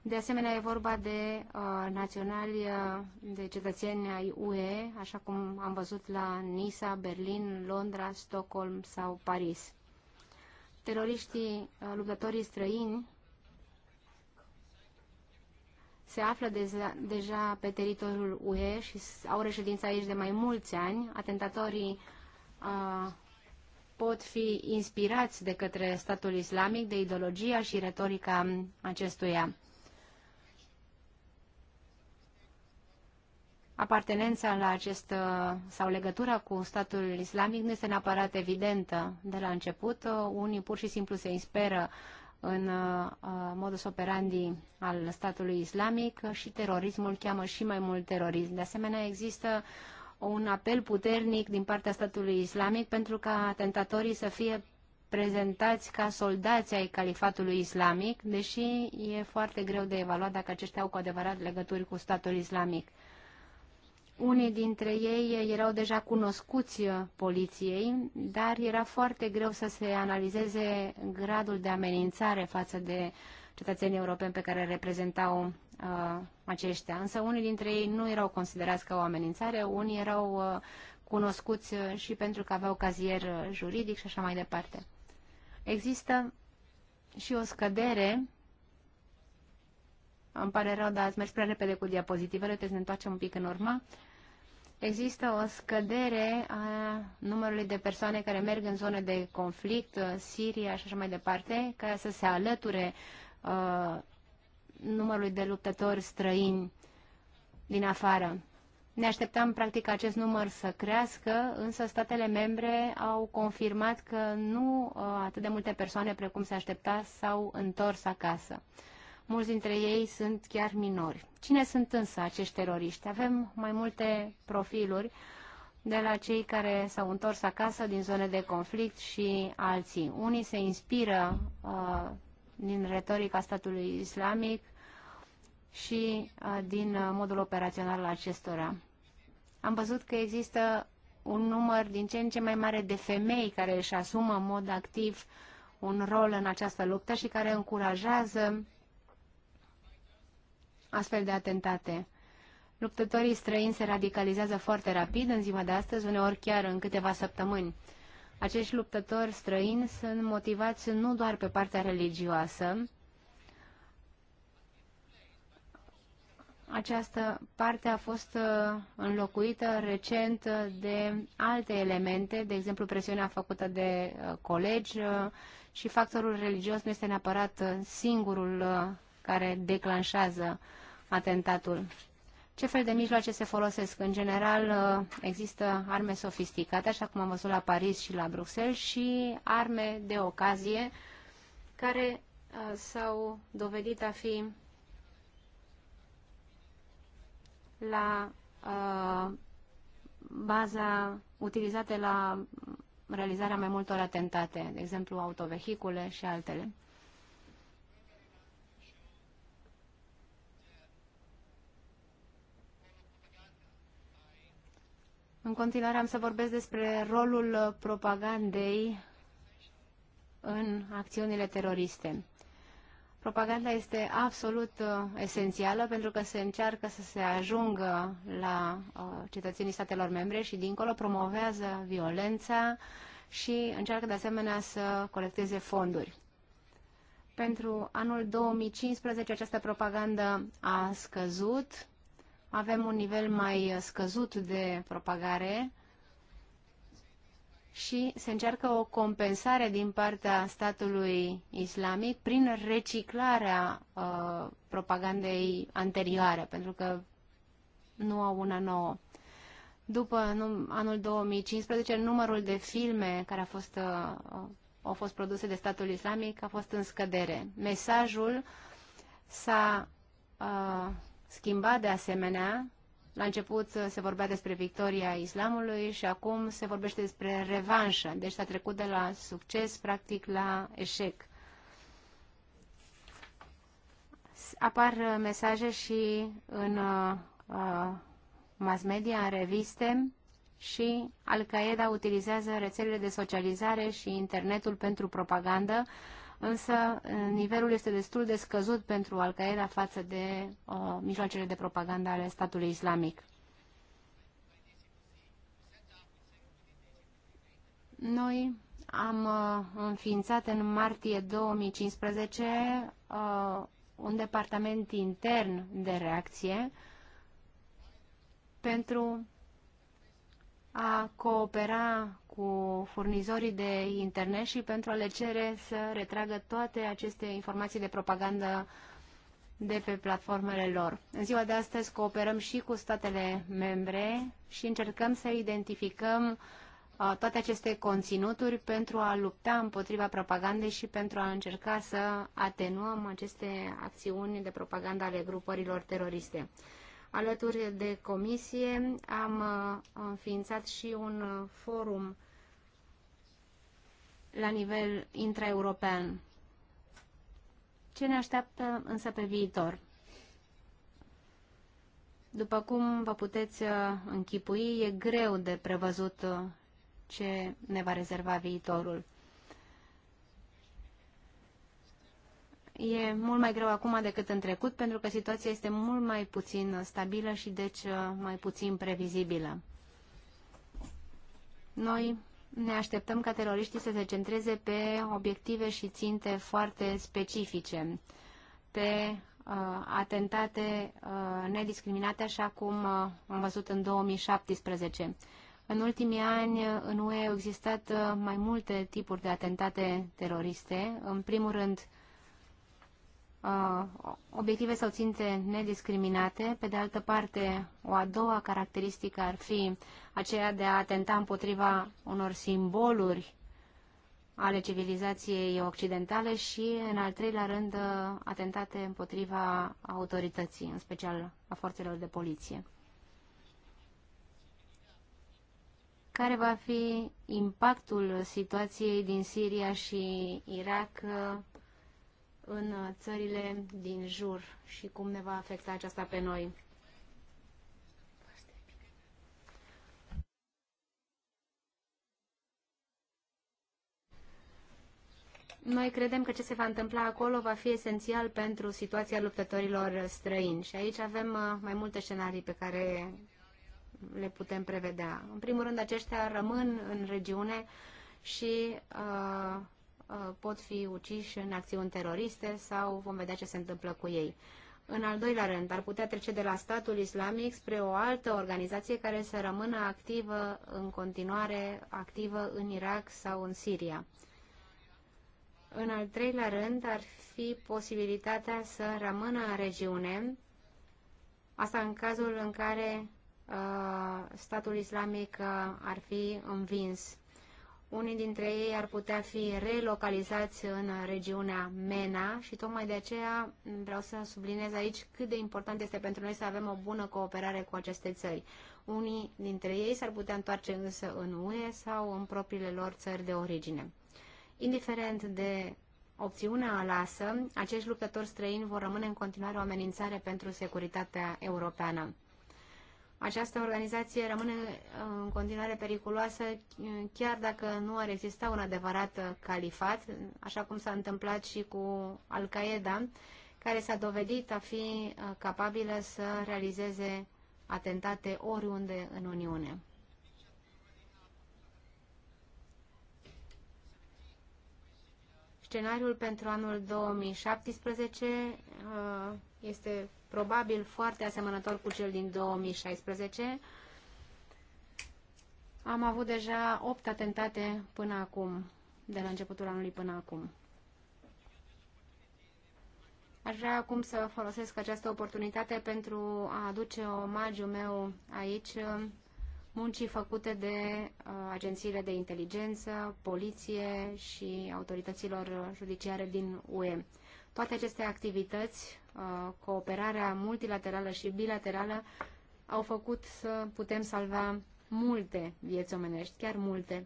De asemenea, e vorba de uh, naționali, uh, de cetățeni ai UE, așa cum am văzut la Nisa, Berlin, Londra, Stockholm sau Paris. Teroriștii, uh, luptătorii străini, se află deza, deja pe teritoriul UE și au reședința aici de mai mulți ani. Atentatorii uh, pot fi inspirați de către statul islamic, de ideologia și retorica acestuia. apartenența la acest uh, sau legătura cu statul islamic nu este neapărat evidentă de la început. Uh, unii pur și simplu se inspiră în uh, modus operandi al statului islamic și terorismul cheamă și mai mult terorism. De asemenea, există un apel puternic din partea statului islamic pentru ca atentatorii să fie prezentați ca soldați ai califatului islamic, deși e foarte greu de evaluat dacă aceștia au cu adevărat legături cu statul islamic. Unii dintre ei erau deja cunoscuți uh, poliției, dar era foarte greu să se analizeze gradul de amenințare față de cetățenii europeni pe care reprezentau uh, aceștia. Însă unii dintre ei nu erau considerați ca o amenințare, unii erau uh, cunoscuți uh, și pentru că aveau cazier uh, juridic și așa mai departe. Există și o scădere. Îmi pare rău, dar ați mers prea repede cu diapozitivele, trebuie să ne întoarcem un pic în urmă. Uh, Există o scădere a numărului de persoane care merg în zone de conflict, uh, Siria și așa mai departe, ca să se alăture uh, numărului de luptători străini din afară. Ne așteptam practic acest număr să crească, însă statele membre au confirmat că nu uh, atât de multe persoane precum se aștepta s-au întors acasă. Mulți dintre ei sunt chiar minori. Cine sunt însă acești teroriști? Avem mai multe profiluri de la cei care s-au întors acasă din zone de conflict și alții. Unii se inspiră uh, din retorica statului islamic și uh, din uh, modul operațional al acestora. Am văzut că există un număr din ce în ce mai mare de femei care își asumă în mod activ un rol în această luptă și care încurajează astfel de atentate. Luptătorii străini se radicalizează foarte rapid în ziua de astăzi, uneori chiar în câteva săptămâni. Acești luptători străini sunt motivați nu doar pe partea religioasă, această parte a fost uh, înlocuită recent de alte elemente, de exemplu presiunea făcută de uh, colegi uh, și factorul religios nu este neapărat singurul care declanșează uh, atentatul. Ce fel de mijloace se folosesc? În general, uh, există arme sofisticate, așa cum am văzut la Paris și la Bruxelles, și arme de ocazie care uh, s-au dovedit a fi la uh, baza utilizate la realizarea mai multor atentate, de exemplu autovehicule și altele. În continuare am să vorbesc despre rolul propagandei în acțiunile teroriste. Propaganda este absolut uh, esențială pentru că se încearcă să se ajungă la uh, cetățenii statelor membre și dincolo promovează violența și încearcă de asemenea să colecteze fonduri. Pentru anul 2015 această propagandă a scăzut avem un nivel mai scăzut de propagare și se încearcă o compensare din partea statului islamic prin reciclarea uh, propagandei anterioare, pentru că nu au una nouă. După anul 2015, numărul de filme care a fost, uh, au fost produse de statul islamic a fost în scădere. Mesajul s-a uh, schimba de asemenea. La început se vorbea despre victoria islamului și acum se vorbește despre revanșă. Deci s-a trecut de la succes, practic, la eșec. Apar mesaje și în uh, mass media, în reviste și Al-Qaeda utilizează rețelele de socializare și internetul pentru propagandă. Uh, însă nivelul este destul de scăzut pentru Al-Qaeda față de o, mijloacele de propagandă ale statului islamic. Noi am uh, înființat în martie 2015 uh, un departament intern de reacție pentru a coopera cu furnizorii de internet și pentru a le cere să retragă toate aceste informații de propagandă de pe platformele lor. În ziua de astăzi cooperăm și cu statele membre și încercăm să identificăm toate aceste conținuturi pentru a lupta împotriva propagandei și pentru a încerca să atenuăm aceste acțiuni de propagandă ale grupărilor teroriste. Alături de comisie am înființat și un forum la nivel intraeuropean. Ce ne așteaptă însă pe viitor? După cum vă puteți uh, închipui, e greu de prevăzut uh, ce ne va rezerva viitorul. E mult mai greu acum decât în trecut, pentru că situația este mult mai puțin stabilă și deci uh, mai puțin previzibilă. Noi ne așteptăm ca teroriștii să se centreze pe obiective și ținte foarte specifice, pe uh, atentate uh, nediscriminate, așa cum uh, am văzut în 2017. În ultimii ani, în UE au existat uh, mai multe tipuri de atentate teroriste. În primul rând, uh, obiective sau ținte nediscriminate. Pe de altă parte, o a doua caracteristică ar fi aceea de a atenta împotriva unor simboluri ale civilizației occidentale și, în al treilea rând, atentate împotriva autorității, în special a forțelor de poliție. Care va fi impactul situației din Siria și Irak în uh, țările din jur și cum ne va afecta aceasta pe noi. Noi credem că ce se va întâmpla acolo va fi esențial pentru situația luptătorilor străini și aici avem uh, mai multe scenarii pe care le putem prevedea. În primul rând, aceștia rămân în regiune și uh, Uh, pot fi uciși în acțiuni teroriste sau vom vedea ce se întâmplă cu ei. În al doilea rând, ar putea trece de la statul islamic spre o altă organizație care să rămână activă în continuare, activă în Irak sau în Siria. În al treilea rând, ar fi posibilitatea să rămână în regiune, asta în cazul în care uh, statul islamic uh, ar fi învins unii dintre ei ar putea fi relocalizați în regiunea MENA și tocmai de aceea vreau să subliniez aici cât de important este pentru noi să avem o bună cooperare cu aceste țări. Unii dintre ei s-ar putea întoarce însă în UE sau în propriile lor țări de origine. Indiferent de opțiunea alasă, acești luptători străini vor rămâne în continuare o amenințare pentru securitatea europeană. Această organizație rămâne uh, în continuare periculoasă, uh, chiar dacă nu ar exista un adevărat uh, califat, așa cum s-a întâmplat și cu Al-Qaeda, care s-a dovedit a fi capabilă să realizeze atentate oriunde în Uniune. Scenariul pentru anul 2017 este probabil foarte asemănător cu cel din 2016. Am avut deja 8 atentate până acum, de la începutul anului până acum. Aș vrea acum să folosesc această oportunitate pentru a aduce omagiu meu aici muncii făcute de uh, agențiile de inteligență, poliție și autorităților judiciare din UE. Toate aceste activități Uh, cooperarea multilaterală și bilaterală au făcut să putem salva multe vieți omenești, chiar multe.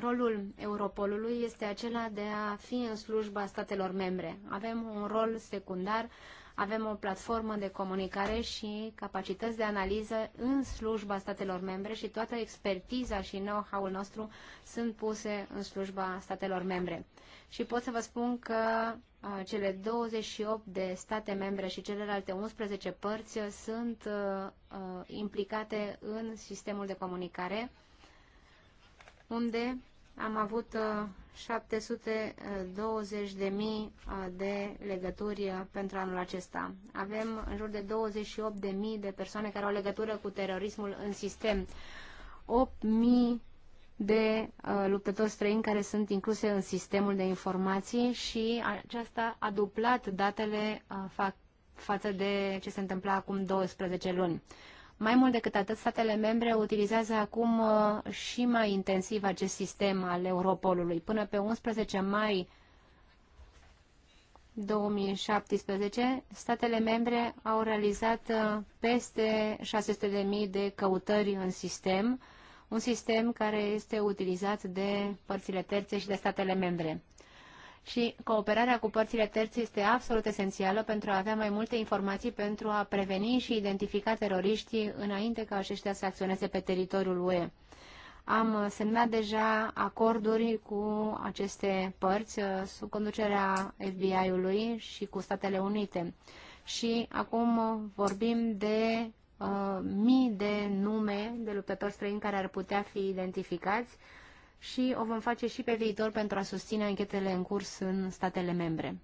Rolul Europolului este acela de a fi în slujba statelor membre. Avem un rol secundar, avem o platformă de comunicare și capacități de analiză în slujba statelor membre și toată expertiza și know-how-ul nostru sunt puse în slujba statelor membre și pot să vă spun că uh, cele 28 de state membre și celelalte 11 părți sunt uh, uh, implicate în sistemul de comunicare, unde am avut 720.000 de legături pentru anul acesta. Avem în jur de 28.000 de persoane care au legătură cu terorismul în sistem. 8.000 de uh, luptători străini care sunt incluse în sistemul de informații și aceasta a duplat datele uh, fa față de ce se întâmpla acum 12 luni. Mai mult decât atât, statele membre utilizează acum uh, și mai intensiv acest sistem al Europolului. Până pe 11 mai 2017, statele membre au realizat uh, peste 600.000 de căutări în sistem, un sistem care este utilizat de părțile terțe și de statele membre. Și cooperarea cu părțile terțe este absolut esențială pentru a avea mai multe informații pentru a preveni și identifica teroriștii înainte ca aceștia să acționeze pe teritoriul UE. Am semnat deja acorduri cu aceste părți uh, sub conducerea FBI-ului și cu Statele Unite. Și acum vorbim de Uh, mii de nume de luptători străini care ar putea fi identificați și o vom face și pe viitor pentru a susține anchetele în curs în statele membre.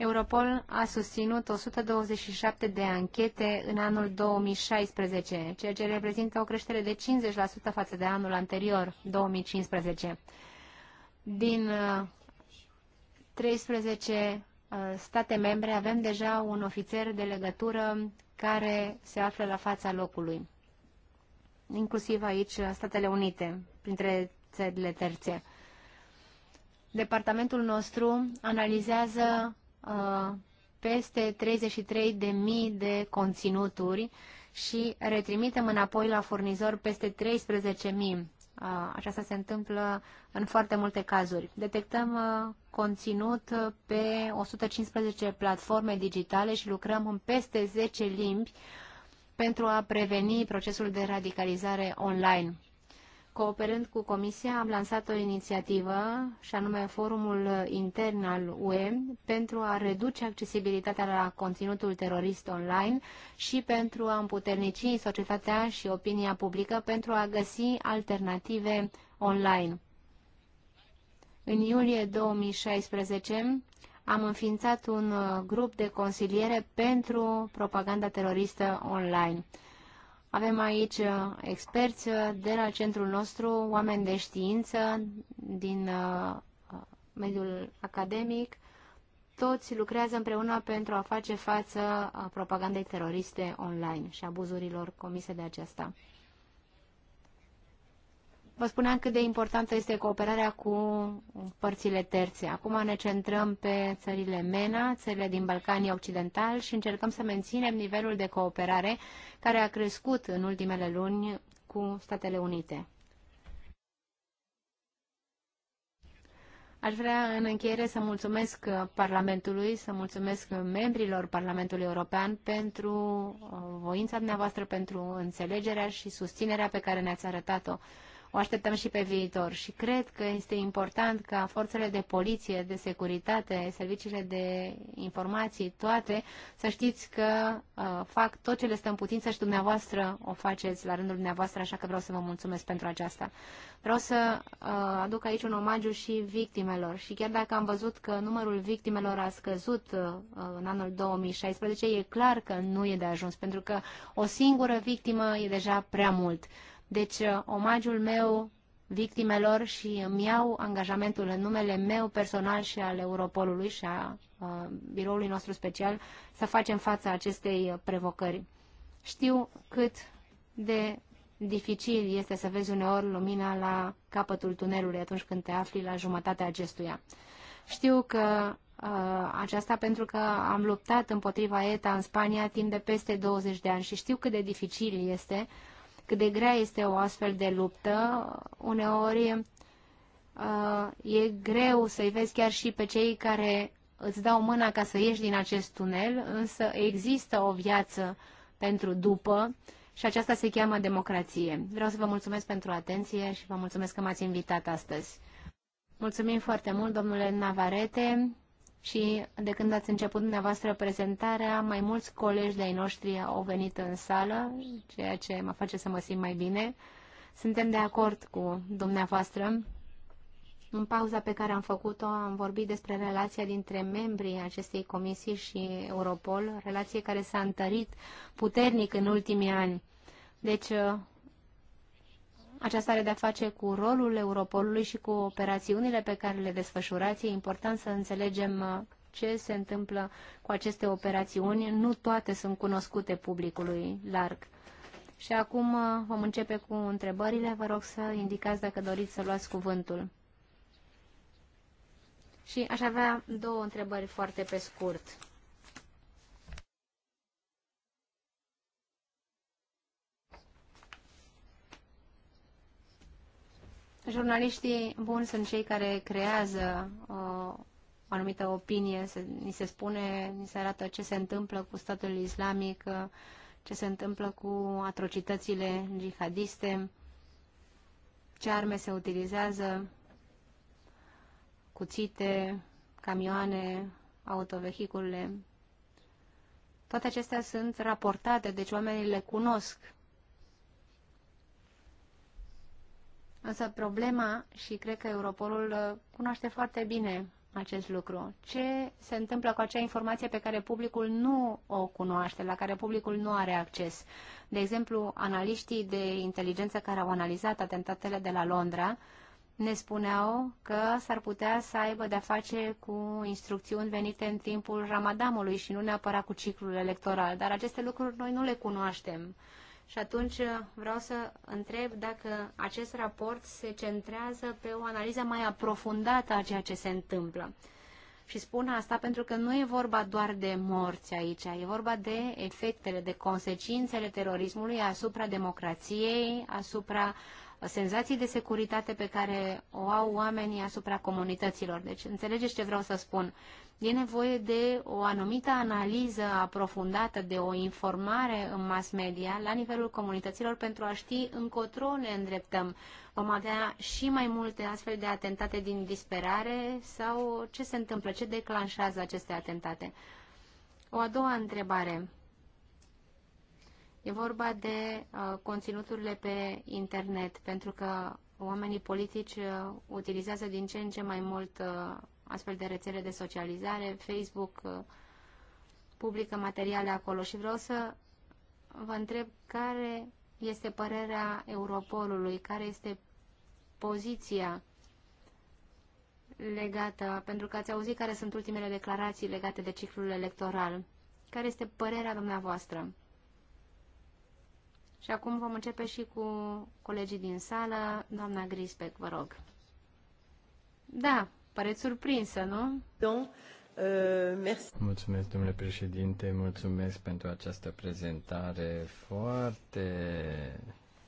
Europol a susținut 127 de anchete în anul 2016, ceea ce reprezintă o creștere de 50% față de anul anterior, 2015. Din 13 uh, uh, state membre avem deja un ofițer de legătură care se află la fața locului, inclusiv aici Statele Unite, printre țările terțe. Departamentul nostru analizează Uh, peste 33.000 de conținuturi și retrimitem înapoi la furnizor peste 13.000. Uh, Așa se întâmplă în foarte multe cazuri. Detectăm uh, conținut pe 115 platforme digitale și lucrăm în peste 10 limbi pentru a preveni procesul de radicalizare online. Cooperând cu Comisia, am lansat o inițiativă, și anume Forumul Intern al UE, pentru a reduce accesibilitatea la conținutul terorist online și pentru a împuternici societatea și opinia publică pentru a găsi alternative online. În iulie 2016 am înființat un grup de consiliere pentru propaganda teroristă online. Avem aici uh, experți uh, de la centrul nostru, oameni de știință din uh, mediul academic. Toți lucrează împreună pentru a face față propagandei teroriste online și abuzurilor comise de aceasta. Vă spuneam cât de importantă este cooperarea cu părțile terțe. Acum ne centrăm pe țările MENA, țările din Balcanii Occidentali și încercăm să menținem nivelul de cooperare care a crescut în ultimele luni cu Statele Unite. Aș vrea în încheiere să mulțumesc Parlamentului, să mulțumesc membrilor Parlamentului European pentru uh, voința dumneavoastră, pentru înțelegerea și susținerea pe care ne-ați arătat-o o așteptăm și pe viitor. Și cred că este important ca forțele de poliție, de securitate, serviciile de informații, toate, să știți că uh, fac tot ce le stă în putință și dumneavoastră o faceți la rândul dumneavoastră, așa că vreau să vă mulțumesc pentru aceasta. Vreau să uh, aduc aici un omagiu și victimelor. Și chiar dacă am văzut că numărul victimelor a scăzut uh, în anul 2016, e clar că nu e de ajuns, pentru că o singură victimă e deja prea mult. Deci, uh, omagiul meu victimelor și îmi iau angajamentul în numele meu personal și al Europolului și a, a uh, biroului nostru special să facem fața acestei uh, provocări. Știu cât de dificil este să vezi uneori lumina la capătul tunelului atunci când te afli la jumătatea acestuia. Știu că aceasta pentru că am luptat împotriva ETA în Spania timp de peste 20 de ani și știu cât de dificil este cât de grea este o astfel de luptă. Uneori uh, e greu să-i vezi chiar și pe cei care îți dau mâna ca să ieși din acest tunel, însă există o viață pentru după și aceasta se cheamă democrație. Vreau să vă mulțumesc pentru atenție și vă mulțumesc că m-ați invitat astăzi. Mulțumim foarte mult, domnule Navarete și de când ați început dumneavoastră prezentarea, mai mulți colegi de-ai noștri au venit în sală, ceea ce mă face să mă simt mai bine. Suntem de acord cu dumneavoastră. În pauza pe care am făcut-o am vorbit despre relația dintre membrii acestei comisii și Europol, relație care s-a întărit puternic în ultimii ani. Deci aceasta are de-a face cu rolul Europolului și cu operațiunile pe care le desfășurați. E important să înțelegem uh, ce se întâmplă cu aceste operațiuni. Nu toate sunt cunoscute publicului larg. Și acum uh, vom începe cu întrebările. Vă rog să indicați dacă doriți să luați cuvântul. Și aș avea două întrebări foarte pe scurt. Jurnaliștii buni sunt cei care creează uh, o anumită opinie, se, ni se spune, ni se arată ce se întâmplă cu statul islamic, uh, ce se întâmplă cu atrocitățile jihadiste, ce arme se utilizează, cuțite, camioane, autovehicule. Toate acestea sunt raportate, deci oamenii le cunosc Însă problema, și cred că Europolul uh, cunoaște foarte bine acest lucru, ce se întâmplă cu acea informație pe care publicul nu o cunoaște, la care publicul nu are acces. De exemplu, analiștii de inteligență care au analizat atentatele de la Londra ne spuneau că s-ar putea să aibă de-a face cu instrucțiuni venite în timpul Ramadanului și nu neapărat cu ciclul electoral, dar aceste lucruri noi nu le cunoaștem. Și atunci uh, vreau să întreb dacă acest raport se centrează pe o analiză mai aprofundată a ceea ce se întâmplă. Și spun asta pentru că nu e vorba doar de morți aici, e vorba de efectele, de consecințele terorismului asupra democrației, asupra senzații de securitate pe care o au oamenii asupra comunităților. Deci înțelegeți ce vreau să spun. Uh, E nevoie de o anumită analiză aprofundată, de o informare în mass media la nivelul comunităților pentru a ști încotro ne îndreptăm. Vom avea și mai multe astfel de atentate din disperare sau ce se întâmplă, ce declanșează aceste atentate. O a doua întrebare. E vorba de uh, conținuturile pe internet, pentru că oamenii politici uh, utilizează din ce în ce mai mult uh, astfel de rețele de socializare, Facebook uh, publică materiale acolo și vreau să vă întreb care este părerea Europolului, care este poziția legată, pentru că ați auzit care sunt ultimele declarații legate de ciclul electoral. Care este părerea dumneavoastră? Și acum vom începe și cu colegii din sală. Doamna Grisbeck, vă rog. Da, pareți surprinsă, nu? Don, uh, Mulțumesc, domnule președinte, mulțumesc pentru această prezentare foarte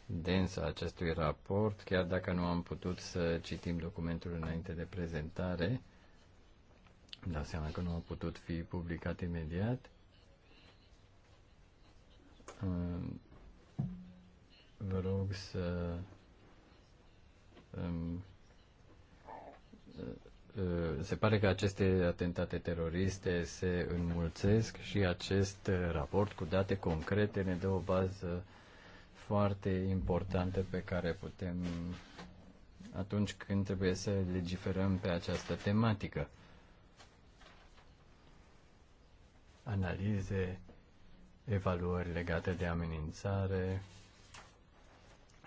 densă a acestui raport, chiar dacă nu am putut să citim documentul înainte de prezentare. Îmi dau seama că nu a putut fi publicat imediat. Uh, vă rog să um, Uh, se pare că aceste atentate teroriste se înmulțesc și acest uh, raport cu date concrete ne dă o bază foarte importantă pe care putem atunci când trebuie să legiferăm pe această tematică. Analize, evaluări legate de amenințare,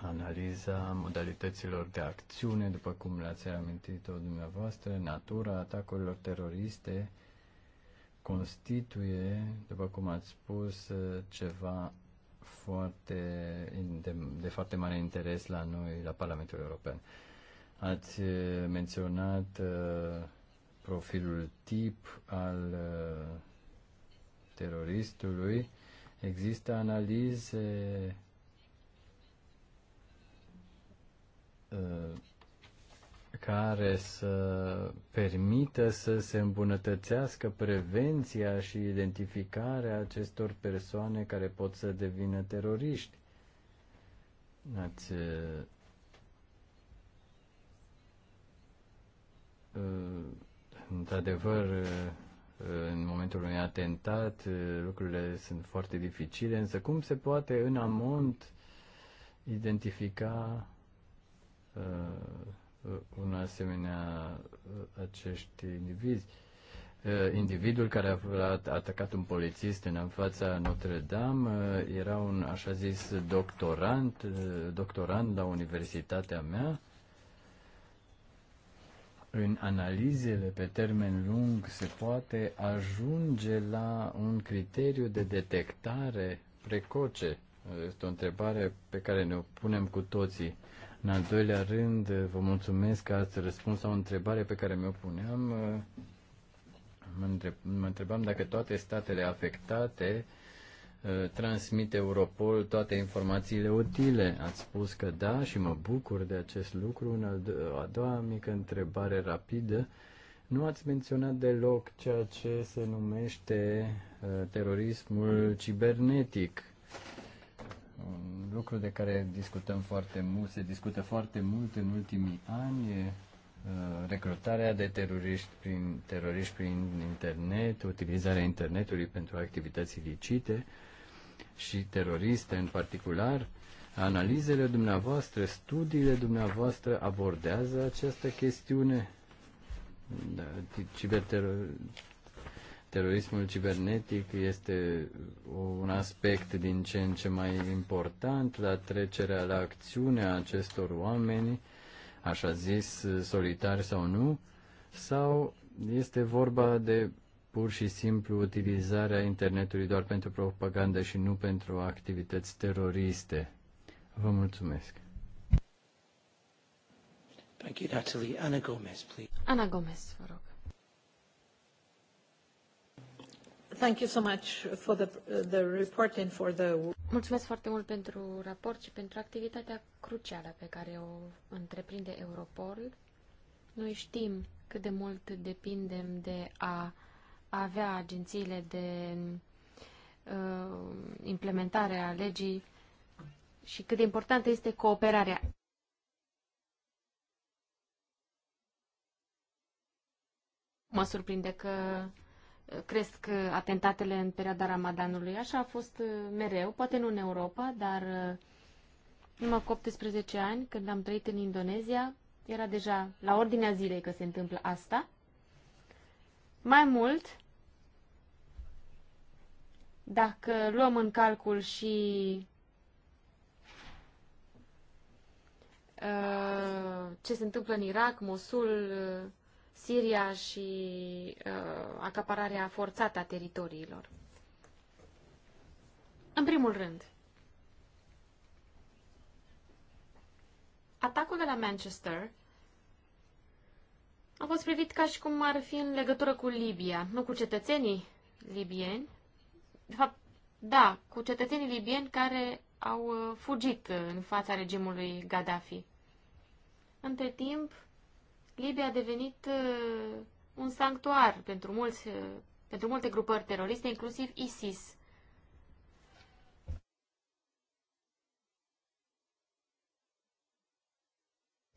analiza modalităților de acțiune, după cum le-ați amintit-o dumneavoastră, natura atacurilor teroriste constituie, după cum ați spus, ceva foarte, de, de foarte mare interes la noi, la Parlamentul European. Ați menționat uh, profilul tip al uh, teroristului. Există analize Uh, care să permită să se îmbunătățească prevenția și identificarea acestor persoane care pot să devină teroriști. Ați uh, uh, într-adevăr în momentul unui atentat lucrurile sunt foarte dificile, însă cum se poate în amont identifica Uh, uh, un asemenea uh, acești indivizi. Individul care a atacat un polițist în fața Notre-Dame era un așa zis doctorant, doctorant la universitatea mea. În analizele pe termen lung se poate ajunge la un criteriu de detectare precoce. Este o întrebare pe care ne o punem cu toții în al doilea rând, vă mulțumesc că ați răspuns la o întrebare pe care mi-o puneam. Mă întrebam dacă toate statele afectate uh, transmit Europol toate informațiile utile. Ați spus că da și mă bucur de acest lucru. În al a doua mică întrebare rapidă, nu ați menționat deloc ceea ce se numește uh, terorismul cibernetic un lucru de care discutăm foarte mult, se discută foarte mult în ultimii ani, e uh, recrutarea de teroriști prin, teroriști prin internet, utilizarea internetului pentru activități ilicite și teroriste în particular. Analizele dumneavoastră, studiile dumneavoastră abordează această chestiune? Da, ciberteror, Terorismul cibernetic este un aspect din ce în ce mai important la trecerea la acțiunea acestor oameni, așa zis, solitari sau nu, sau este vorba de pur și simplu utilizarea internetului doar pentru propagandă și nu pentru activități teroriste. Vă mulțumesc. Thank you, Natalie. Ana Gomez, please. Ana Gomez, vă rog. Thank you so much for the, the report and for the... Mulțumesc foarte mult pentru raport și pentru activitatea crucială pe care o întreprinde Europol. Noi știm cât de mult depindem de a avea agențiile de uh, implementare a legii și cât de importantă este cooperarea. Mă surprinde că cresc atentatele în perioada Ramadanului. Așa a fost uh, mereu, poate nu în Europa, dar uh, numai cu 18 ani, când am trăit în Indonezia, era deja la ordinea zilei că se întâmplă asta. Mai mult, dacă luăm în calcul și uh, ce se întâmplă în Irak, Mosul, Siria și uh, acapararea forțată a teritoriilor. În primul rând, atacul de la Manchester a fost privit ca și cum ar fi în legătură cu Libia, nu cu cetățenii libieni. De fapt, da, cu cetățenii libieni care au uh, fugit în fața regimului Gaddafi. Între timp, Libia a devenit uh, un sanctuar pentru, mulți, uh, pentru multe grupări teroriste, inclusiv ISIS.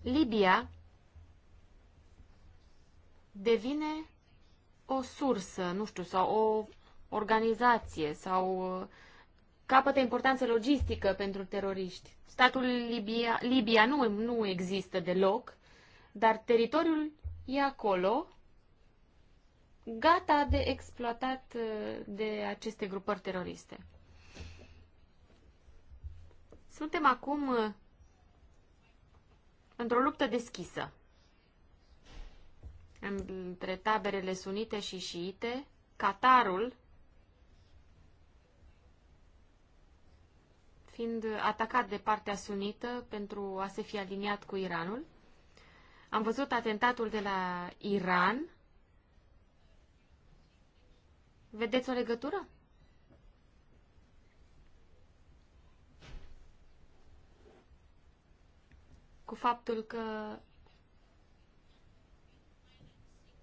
Libia devine o sursă, nu știu, sau o organizație, sau uh, capătă importanță logistică pentru teroriști. Statul Libia, Libia nu, nu există deloc, dar teritoriul e acolo, gata de exploatat uh, de aceste grupări teroriste. Suntem acum uh, într-o luptă deschisă între taberele sunite și șiite, Qatarul fiind atacat de partea sunită pentru a se fi aliniat cu Iranul, am văzut atentatul de la Iran. Vedeți o legătură? Cu faptul că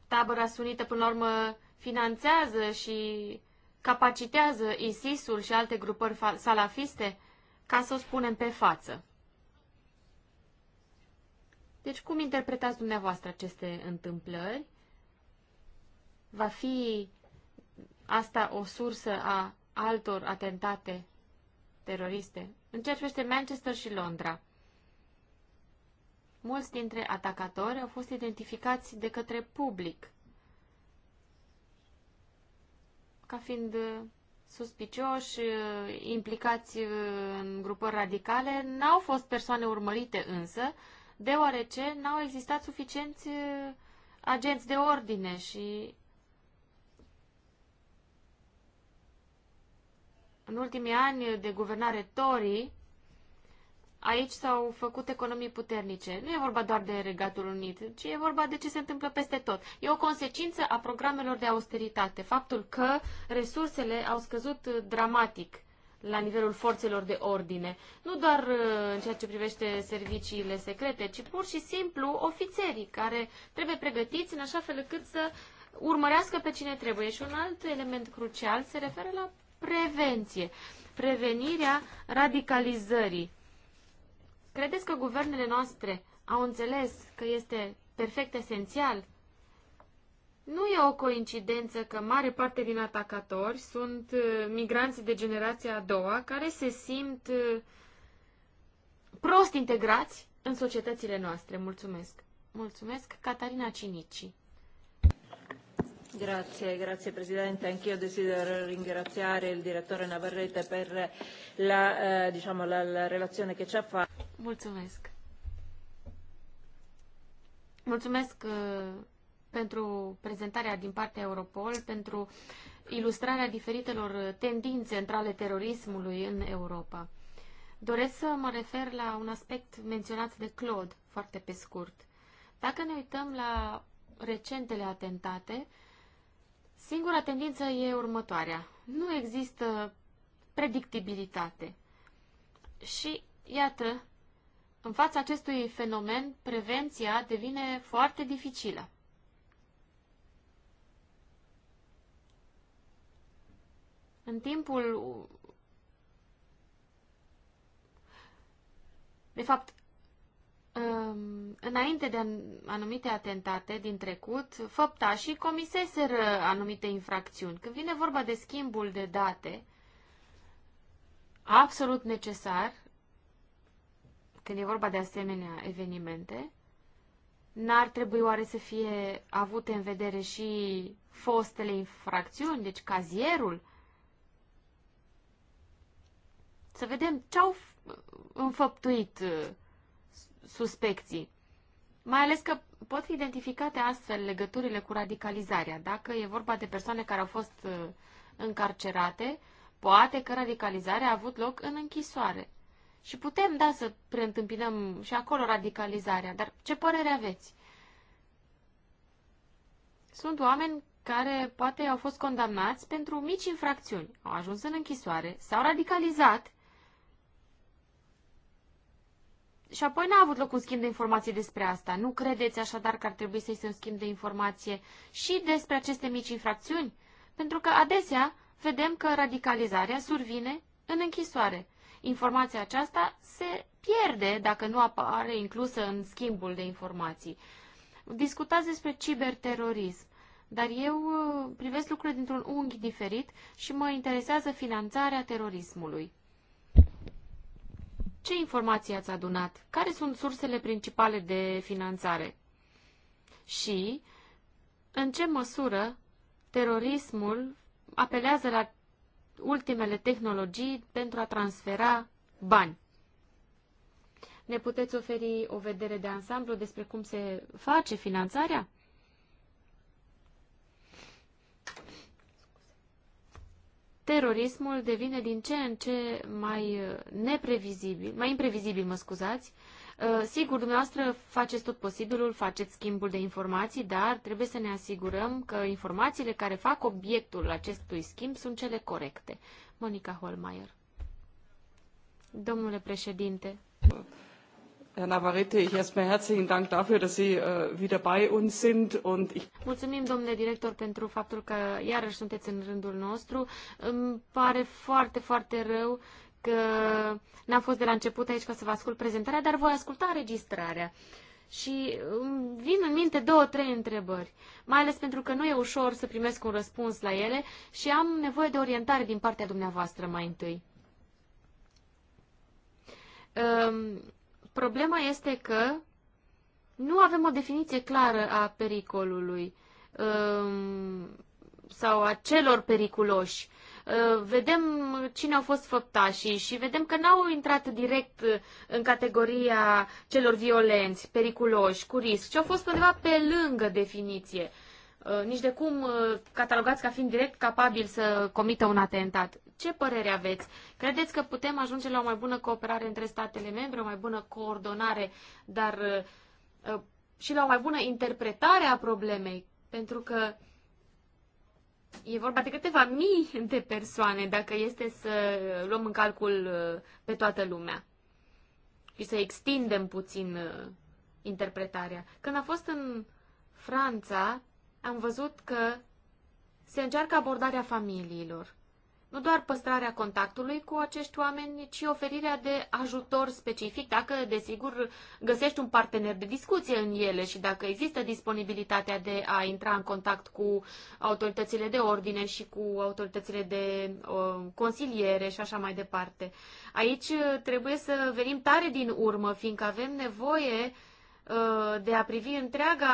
tabăra sunită, până la urmă, finanțează și capacitează ISIS-ul și alte grupări salafiste, ca să o spunem pe față. Deci, cum interpretați dumneavoastră aceste întâmplări? Va fi asta o sursă a altor atentate teroriste? Încercește Manchester și Londra, mulți dintre atacatori au fost identificați de către public ca fiind uh, suspicioși, uh, implicați uh, în grupări radicale. N-au fost persoane urmărite însă, deoarece n-au existat suficienți uh, agenți de ordine și în ultimii ani de guvernare Tory, aici s-au făcut economii puternice. Nu e vorba doar de Regatul Unit, ci e vorba de ce se întâmplă peste tot. E o consecință a programelor de austeritate, faptul că resursele au scăzut uh, dramatic la nivelul forțelor de ordine. Nu doar uh, în ceea ce privește serviciile secrete, ci pur și simplu ofițerii care trebuie pregătiți în așa fel încât să urmărească pe cine trebuie. Și un alt element crucial se referă la prevenție, prevenirea radicalizării. Credeți că guvernele noastre au înțeles că este perfect esențial nu e o coincidență că mare parte din atacatori sunt uh, migranți de generația a doua care se simt uh, prost integrați în societățile noastre. Mulțumesc! Mulțumesc, Catarina Cinici. Grazie, grazie Presidente. Anch'io desidero ringraziare il direttore Navarrete per la, eh, diciamo, la, la relazione che ci ha fatto. Mulțumesc. Mulțumesc eh, pentru prezentarea din partea Europol, pentru ilustrarea diferitelor tendințe între ale terorismului în Europa. Doresc să mă refer la un aspect menționat de Claude, foarte pe scurt. Dacă ne uităm la recentele atentate, singura tendință e următoarea. Nu există predictibilitate. Și, iată, în fața acestui fenomen, prevenția devine foarte dificilă. În timpul... De fapt, um, înainte de anumite atentate din trecut, făptașii comiseseră anumite infracțiuni. Când vine vorba de schimbul de date, absolut necesar, când e vorba de asemenea evenimente, n-ar trebui oare să fie avute în vedere și fostele infracțiuni, deci cazierul? Să vedem ce au înfăptuit uh, suspecții. Mai ales că pot fi identificate astfel legăturile cu radicalizarea. Dacă e vorba de persoane care au fost uh, încarcerate, poate că radicalizarea a avut loc în închisoare. Și putem, da, să preîntâmpinăm și acolo radicalizarea, dar ce părere aveți? Sunt oameni care poate au fost condamnați pentru mici infracțiuni, au ajuns în închisoare, s-au radicalizat Și apoi n-a avut loc un schimb de informații despre asta. Nu credeți așadar că ar trebui să existe un schimb de informație și despre aceste mici infracțiuni? Pentru că adesea vedem că radicalizarea survine în închisoare. Informația aceasta se pierde dacă nu apare inclusă în schimbul de informații. Discutați despre ciberterorism, dar eu uh, privesc lucrurile dintr-un unghi diferit și mă interesează finanțarea terorismului. Ce informații ați adunat? Care sunt sursele principale de finanțare? Și în ce măsură terorismul apelează la ultimele tehnologii pentru a transfera bani? Ne puteți oferi o vedere de ansamblu despre cum se face finanțarea? terorismul devine din ce în ce mai uh, neprevizibil, mai imprevizibil, mă scuzați. Uh, sigur, dumneavoastră faceți tot posibilul, faceți schimbul de informații, dar trebuie să ne asigurăm că informațiile care fac obiectul acestui schimb sunt cele corecte. Monica Holmeier. Domnule președinte. Herr Navarrete, ich erstmal herzlichen Dank dafür, dass Sie uh, wieder bei uns sind und ich Mulțumim, domnule director, pentru faptul că iarăși sunteți în rândul nostru. Îmi pare foarte, foarte rău că n-am fost de la început aici ca să vă ascult prezentarea, dar voi asculta înregistrarea. Și îmi vin în minte două, trei întrebări, mai ales pentru că nu e ușor să primesc un răspuns la ele și am nevoie de orientare din partea dumneavoastră mai întâi. Problema este că nu avem o definiție clară a pericolului um, sau a celor periculoși. Uh, vedem cine au fost făptașii și vedem că n-au intrat direct în categoria celor violenți, periculoși, cu risc, ci au fost undeva pe lângă definiție uh, nici de cum uh, catalogați ca fiind direct capabil să comită un atentat. Ce părere aveți? Credeți că putem ajunge la o mai bună cooperare între statele membre, o mai bună coordonare, dar uh, și la o mai bună interpretare a problemei? Pentru că e vorba de câteva mii de persoane, dacă este să luăm în calcul uh, pe toată lumea și să extindem puțin uh, interpretarea. Când a fost în Franța, am văzut că se încearcă abordarea familiilor nu doar păstrarea contactului cu acești oameni, ci oferirea de ajutor specific, dacă, desigur, găsești un partener de discuție în ele și dacă există disponibilitatea de a intra în contact cu autoritățile de ordine și cu autoritățile de uh, consiliere și așa mai departe. Aici uh, trebuie să venim tare din urmă, fiindcă avem nevoie uh, de a privi întreaga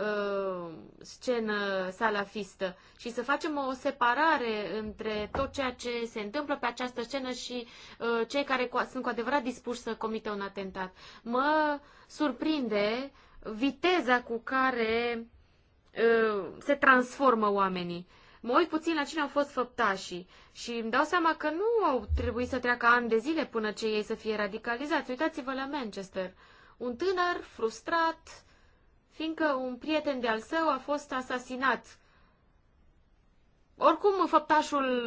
Uh, scenă salafistă și să facem o separare între tot ceea ce se întâmplă pe această scenă și uh, cei care cu, sunt cu adevărat dispuși să comită un atentat. Mă surprinde viteza cu care uh, se transformă oamenii. Mă uit puțin la cine au fost făptașii și îmi dau seama că nu au trebuit să treacă ani de zile până ce ei să fie radicalizați. Uitați-vă la Manchester. Un tânăr frustrat, fiindcă un prieten de-al său a fost asasinat. Oricum, făptașul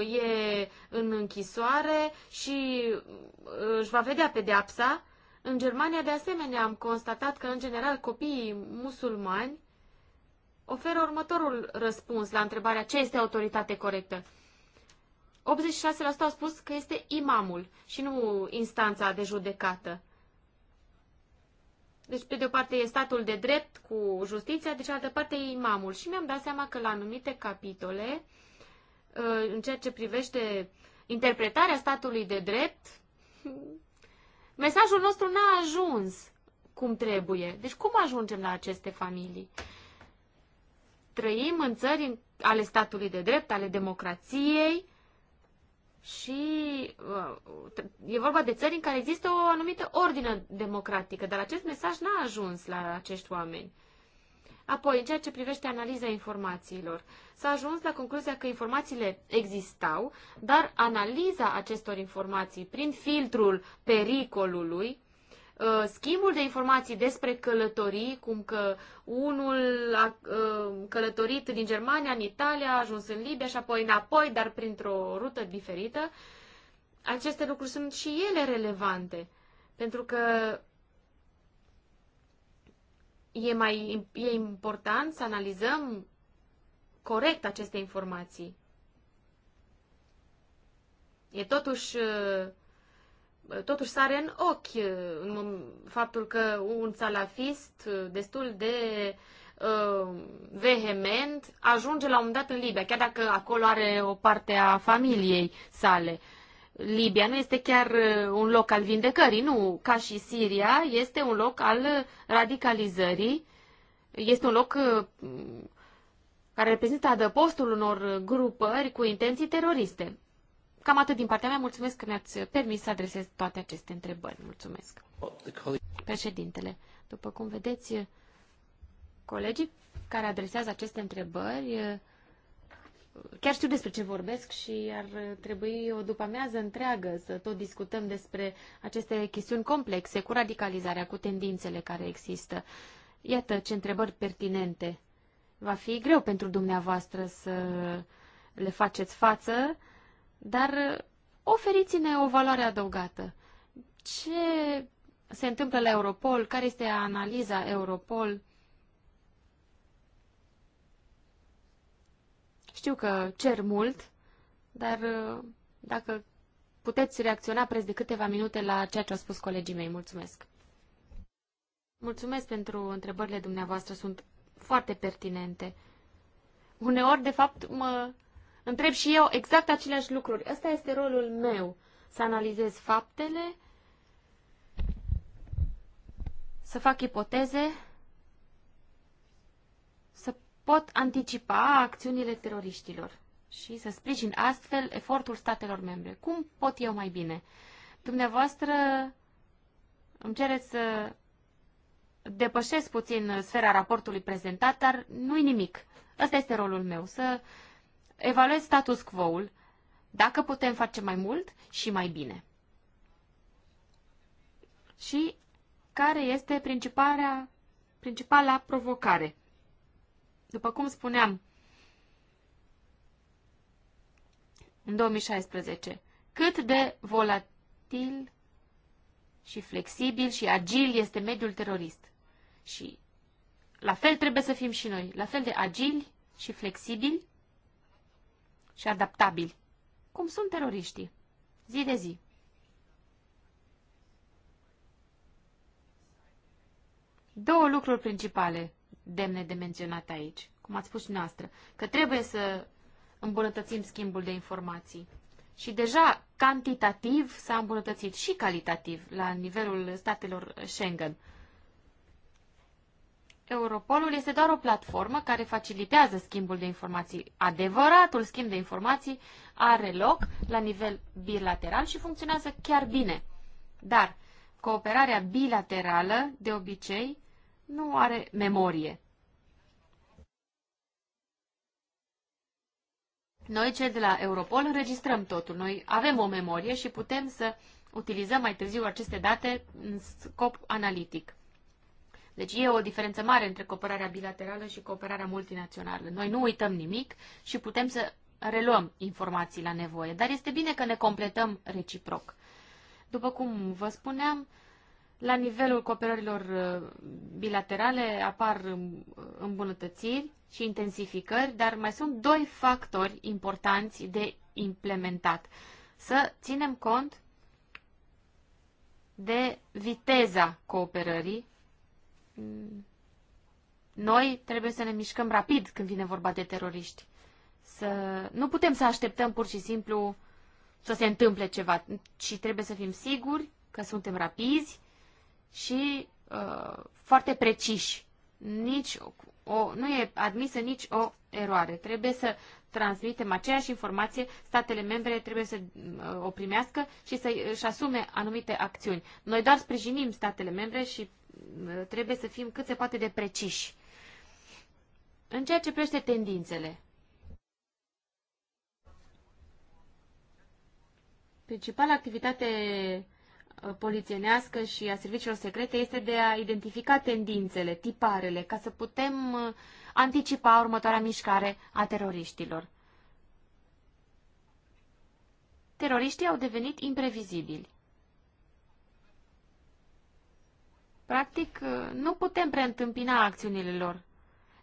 uh, e în închisoare și uh, își va vedea pedeapsa. În Germania, de asemenea, am constatat că, în general, copiii musulmani oferă următorul răspuns la întrebarea ce este autoritate corectă. 86% au spus că este imamul și nu instanța de judecată. Deci, pe de o parte e statul de drept cu justiția, de cealaltă parte e imamul. Și mi-am dat seama că la anumite capitole, uh, în ceea ce privește interpretarea statului de drept, mesajul nostru n-a ajuns cum trebuie. Deci cum ajungem la aceste familii? Trăim în țări ale statului de drept, ale democrației, și uh, e vorba de țări în care există o anumită ordine democratică, dar acest mesaj n-a ajuns la acești oameni. Apoi, în ceea ce privește analiza informațiilor, s-a ajuns la concluzia că informațiile existau, dar analiza acestor informații prin filtrul pericolului Uh, schimbul de informații despre călătorii, cum că unul a uh, călătorit din Germania în Italia, a ajuns în Libia și apoi înapoi, dar printr-o rută diferită, aceste lucruri sunt și ele relevante. Pentru că e, mai, e important să analizăm corect aceste informații. E totuși uh, totuși sare în ochi uh, în faptul că un salafist uh, destul de uh, vehement ajunge la un moment dat în Libia, chiar dacă acolo are o parte a familiei sale. Libia nu este chiar uh, un loc al vindecării, nu, ca și Siria, este un loc al radicalizării, este un loc care reprezintă adăpostul unor grupări cu intenții teroriste. Cam atât din partea mea. Mulțumesc că mi-ați permis să adresez toate aceste întrebări. Mulțumesc. Președintele, după cum vedeți, colegii care adresează aceste întrebări chiar știu despre ce vorbesc și ar trebui o după-amiază întreagă să tot discutăm despre aceste chestiuni complexe, cu radicalizarea, cu tendințele care există. Iată ce întrebări pertinente. Va fi greu pentru dumneavoastră să le faceți față, dar uh, oferiți-ne o valoare adăugată. Ce se întâmplă la Europol? Care este analiza Europol? Știu că cer mult, dar uh, dacă puteți reacționa preț de câteva minute la ceea ce au spus colegii mei. Mulțumesc! Mulțumesc pentru întrebările dumneavoastră, sunt foarte pertinente. Uneori, de fapt, mă întreb și eu exact aceleași lucruri. Ăsta este rolul meu, să analizez faptele, să fac ipoteze, să pot anticipa acțiunile teroriștilor și să sprijin astfel efortul statelor membre. Cum pot eu mai bine? Dumneavoastră îmi cereți să depășesc puțin sfera raportului prezentat, dar nu-i nimic. Ăsta este rolul meu, să evaluez status quo-ul, dacă putem face mai mult și mai bine. Și care este principala, principala provocare? După cum spuneam, în 2016, cât de volatil și flexibil și agil este mediul terorist. Și la fel trebuie să fim și noi, la fel de agili și flexibili și adaptabili, cum sunt teroriștii, zi de zi. Două lucruri principale demne de menționat aici, cum ați spus și noastră, că trebuie să îmbunătățim schimbul de informații. Și deja cantitativ s-a îmbunătățit și calitativ la nivelul statelor Schengen. Europolul este doar o platformă care facilitează schimbul de informații. Adevăratul schimb de informații are loc la nivel bilateral și funcționează chiar bine. Dar cooperarea bilaterală, de obicei, nu are memorie. Noi, cei de la Europol, înregistrăm totul. Noi avem o memorie și putem să utilizăm mai târziu aceste date în scop analitic. Deci e o diferență mare între cooperarea bilaterală și cooperarea multinațională. Noi nu uităm nimic și putem să reluăm informații la nevoie, dar este bine că ne completăm reciproc. După cum vă spuneam, la nivelul cooperărilor uh, bilaterale apar um, îmbunătățiri și intensificări, dar mai sunt doi factori importanți de implementat. Să ținem cont de viteza cooperării noi trebuie să ne mișcăm rapid când vine vorba de teroriști. Să... Nu putem să așteptăm pur și simplu să se întâmple ceva, ci trebuie să fim siguri că suntem rapizi și uh, foarte preciși. Nici o, nu e admisă nici o eroare. Trebuie să transmitem aceeași informație, statele membre trebuie să uh, o primească și să și asume anumite acțiuni. Noi doar sprijinim statele membre și trebuie să fim cât se poate de preciși. În ceea ce privește tendințele, principala activitate uh, polițienească și a serviciilor secrete este de a identifica tendințele, tiparele, ca să putem uh, anticipa următoarea mișcare a teroriștilor. Teroriștii au devenit imprevizibili. Practic, uh, nu putem preîntâmpina acțiunile lor.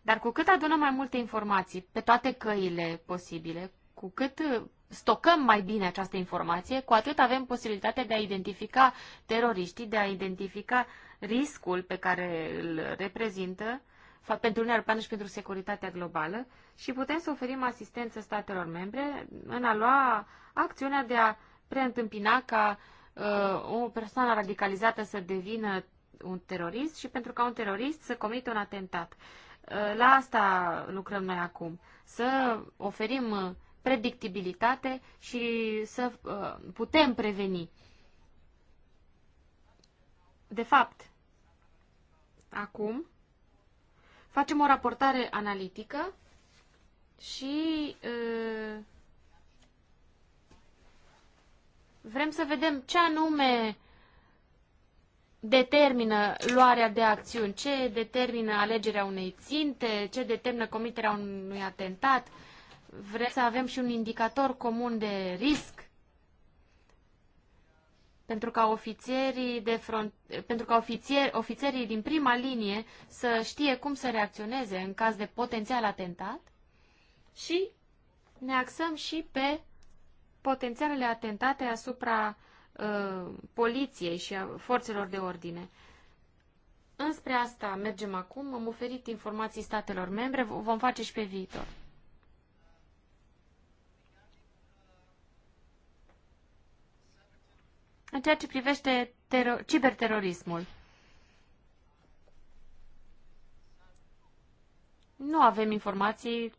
Dar cu cât adunăm mai multe informații pe toate căile posibile, cu cât uh, stocăm mai bine această informație, cu atât avem posibilitatea de a identifica teroriștii, de a identifica riscul pe care îl reprezintă pentru Uniunea Europeană și pentru securitatea globală și putem să oferim asistență statelor membre în a lua acțiunea de a preîntâmpina ca uh, o persoană radicalizată să devină un terorist și pentru ca un terorist să comită un atentat. Uh, la asta lucrăm noi acum, să oferim uh, predictibilitate și să uh, putem preveni. De fapt, acum facem o raportare analitică și vrem să vedem ce anume determină luarea de acțiuni, ce determină alegerea unei ținte, ce determină comiterea unui atentat. Vrem să avem și un indicator comun de risc pentru ca ofițerii, de front, pentru ca ofițier, ofițerii din prima linie să știe cum să reacționeze în caz de potențial atentat și ne axăm și pe potențialele atentate asupra Uh, poliției și a forțelor de ordine. Înspre asta mergem acum, am oferit informații statelor membre, vom face și pe viitor. În ceea ce privește ciberterorismul, nu avem informații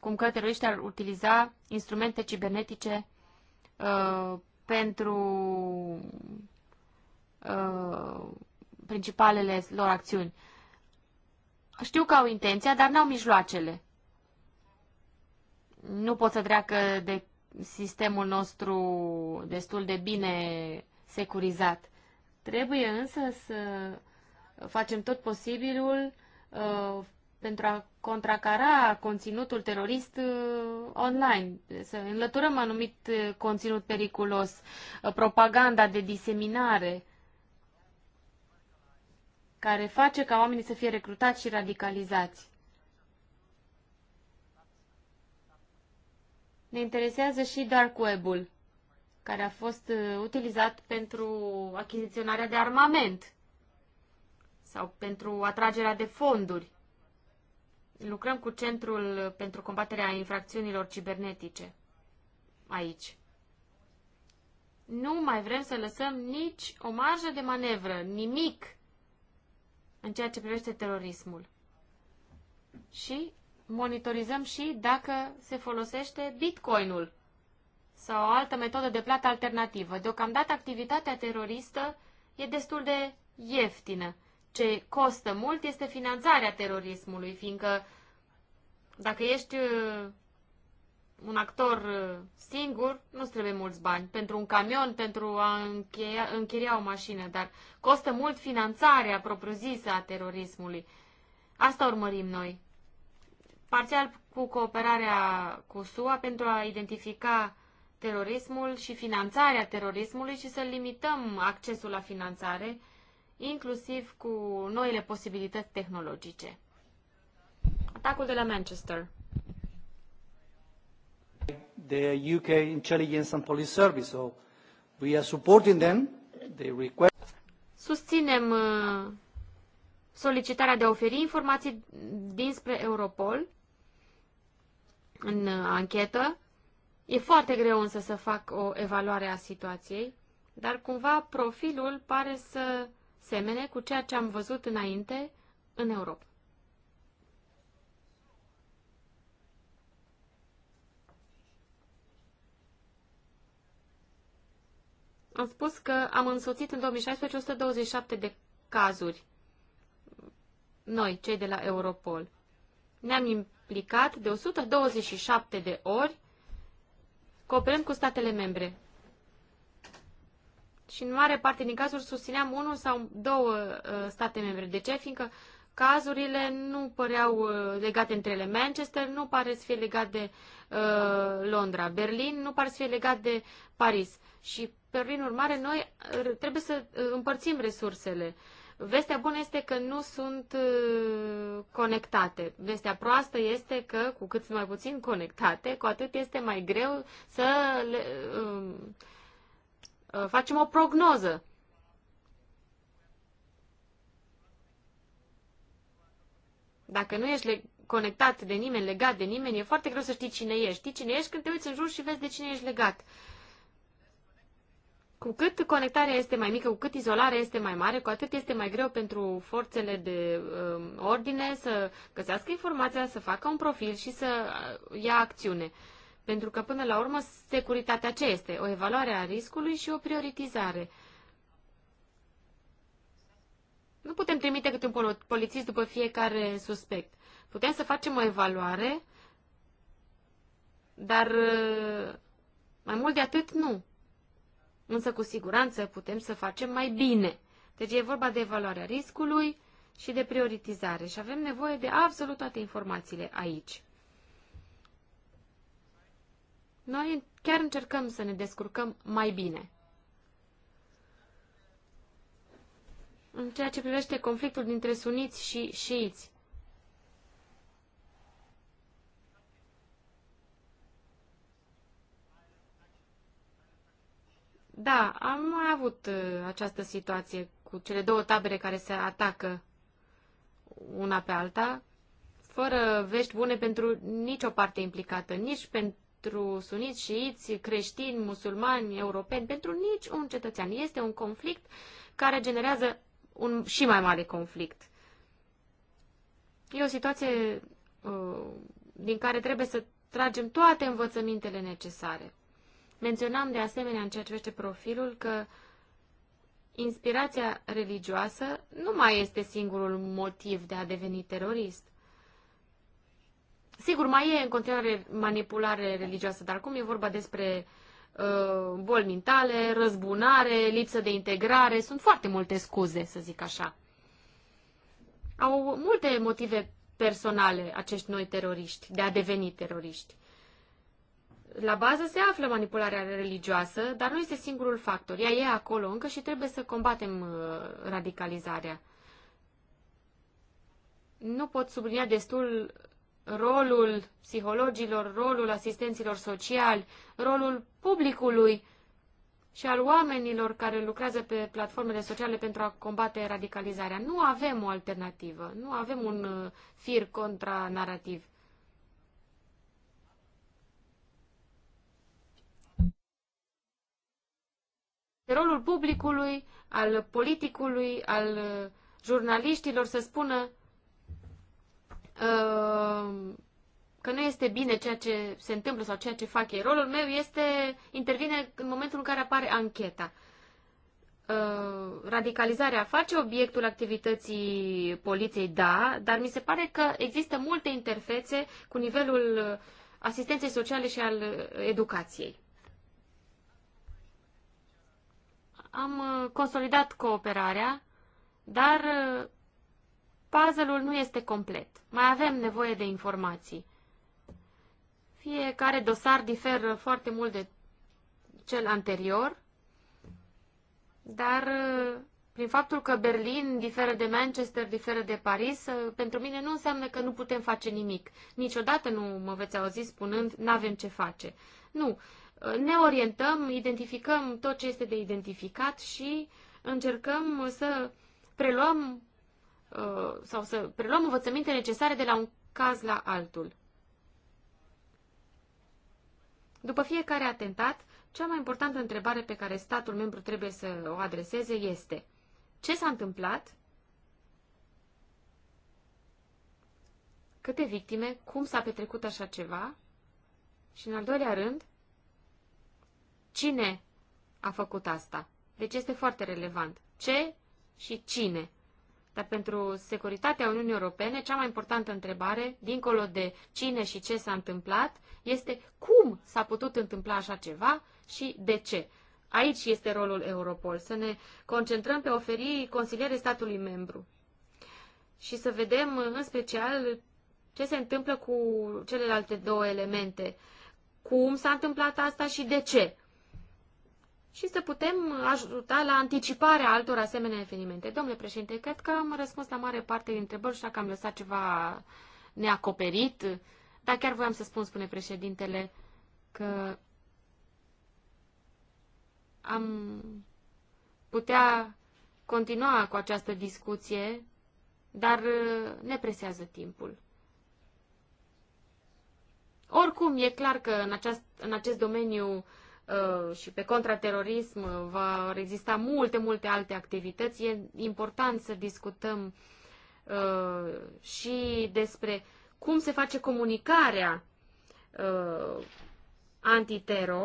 cum că teroriștii ar utiliza instrumente cibernetice uh, pentru uh, principalele lor acțiuni. Știu că au intenția, dar n-au mijloacele. Nu pot să treacă de sistemul nostru destul de bine securizat. Trebuie însă să facem tot posibilul uh, pentru a contracara conținutul terorist uh, online, să înlăturăm anumit uh, conținut periculos, uh, propaganda de diseminare care face ca oamenii să fie recrutați și radicalizați. Ne interesează și dark web-ul, care a fost utilizat pentru achiziționarea de armament sau pentru atragerea de fonduri lucrăm cu Centrul pentru combaterea infracțiunilor cibernetice aici. Nu mai vrem să lăsăm nici o marjă de manevră, nimic în ceea ce privește terorismul. Și monitorizăm și dacă se folosește bitcoinul sau o altă metodă de plată alternativă. Deocamdată activitatea teroristă e destul de ieftină ce costă mult este finanțarea terorismului, fiindcă dacă ești uh, un actor uh, singur, nu trebuie mulți bani pentru un camion, pentru a încheia, închiria o mașină, dar costă mult finanțarea propriu-zisă a terorismului. Asta urmărim noi. Parțial cu cooperarea cu SUA pentru a identifica terorismul și finanțarea terorismului și să limităm accesul la finanțare inclusiv cu noile posibilități tehnologice. Atacul de la Manchester. The UK Intelligence and Police Service, so we are supporting them. They request... Susținem uh, solicitarea de a oferi informații dinspre Europol în uh, anchetă. E foarte greu însă să fac o evaluare a situației, dar cumva profilul pare să semene cu ceea ce am văzut înainte în Europa. Am spus că am însoțit în 2016 127 de cazuri, noi, cei de la Europol. Ne-am implicat de 127 de ori, cooperând cu statele membre și în mare parte din cazuri susțineam unul sau două uh, state membre. De ce? Fiindcă cazurile nu păreau uh, legate între ele. Manchester nu pare să fie legat de uh, Londra. Berlin nu pare să fie legat de Paris. Și, prin urmare, noi uh, trebuie să împărțim resursele. Vestea bună este că nu sunt conectate. Vestea proastă este că, cu cât sunt mai puțin conectate, cu atât este mai greu să le, uh, Uh, facem o prognoză. Dacă nu ești conectat de nimeni, legat de nimeni, e foarte greu să știi cine ești. Știi cine ești când te uiți în jur și vezi de cine ești legat. Cu cât conectarea este mai mică, cu cât izolarea este mai mare, cu atât este mai greu pentru forțele de um, ordine să găsească informația, să facă un profil și să uh, ia acțiune. Uh, pentru că, până la urmă, securitatea ce este? O evaluare a riscului și o prioritizare. Nu putem trimite câte un polițist după fiecare suspect. Putem să facem o evaluare, dar uh, mai mult de atât nu. Însă, cu siguranță, putem să facem mai bine. Deci e vorba de evaluarea riscului și de prioritizare și avem nevoie de absolut toate informațiile aici. Noi chiar încercăm să ne descurcăm mai bine. În ceea ce privește conflictul dintre suniți și șiiți, Da, am mai avut uh, această situație cu cele două tabere care se atacă una pe alta, fără vești bune pentru nicio parte implicată, nici pentru pentru suniți, șiiți, creștini, musulmani, europeni, pentru nici un cetățean. Este un conflict care generează un și mai mare conflict. E o situație uh, din care trebuie să tragem toate învățămintele necesare. Menționam de asemenea în ceea ce privește profilul că inspirația religioasă nu mai este singurul motiv de a deveni terorist. Sigur, mai e în continuare manipulare religioasă, dar cum e vorba despre uh, boli mentale, răzbunare, lipsă de integrare, sunt foarte multe scuze, să zic așa. Au multe motive personale acești noi teroriști de a deveni teroriști. La bază se află manipularea religioasă, dar nu este singurul factor. Ea e acolo încă și trebuie să combatem uh, radicalizarea. Nu pot sublinia destul rolul psihologilor, rolul asistenților sociali, rolul publicului și al oamenilor care lucrează pe platformele sociale pentru a combate radicalizarea. Nu avem o alternativă, nu avem un uh, fir contra narativ. rolul publicului, al politicului, al uh, jurnaliștilor să spună că nu este bine ceea ce se întâmplă sau ceea ce fac ei. Rolul meu este, intervine în momentul în care apare ancheta. Uh, radicalizarea face obiectul activității poliției, da, dar mi se pare că există multe interfețe cu nivelul asistenței sociale și al educației. Am uh, consolidat cooperarea, dar uh, Puzzle-ul nu este complet. Mai avem nevoie de informații. Fiecare dosar diferă foarte mult de cel anterior, dar uh, prin faptul că Berlin diferă de Manchester, diferă de Paris, uh, pentru mine nu înseamnă că nu putem face nimic. Niciodată nu mă veți auzi spunând n-avem ce face. Nu. Uh, ne orientăm, identificăm tot ce este de identificat și încercăm să preluăm Uh, sau să preluăm învățăminte necesare de la un caz la altul. După fiecare atentat, cea mai importantă întrebare pe care statul membru trebuie să o adreseze este ce s-a întâmplat, câte victime, cum s-a petrecut așa ceva și, în al doilea rând, cine a făcut asta. Deci este foarte relevant. Ce și cine dar pentru securitatea Uniunii Europene, cea mai importantă întrebare, dincolo de cine și ce s-a întâmplat, este cum s-a putut întâmpla așa ceva și de ce. Aici este rolul Europol, să ne concentrăm pe oferi consiliere statului membru și să vedem în special ce se întâmplă cu celelalte două elemente. Cum s-a întâmplat asta și de ce? și să putem ajuta la anticiparea altor asemenea evenimente. Domnule președinte, cred că am răspuns la mare parte din întrebări și dacă am lăsat ceva neacoperit, dar chiar voiam să spun, spune președintele, că am putea continua cu această discuție, dar uh, ne presează timpul. Oricum, e clar că în, aceast, în acest domeniu Uh, și pe contraterorism, uh, va exista multe, multe alte activități. E important să discutăm uh, și despre cum se face comunicarea antitero.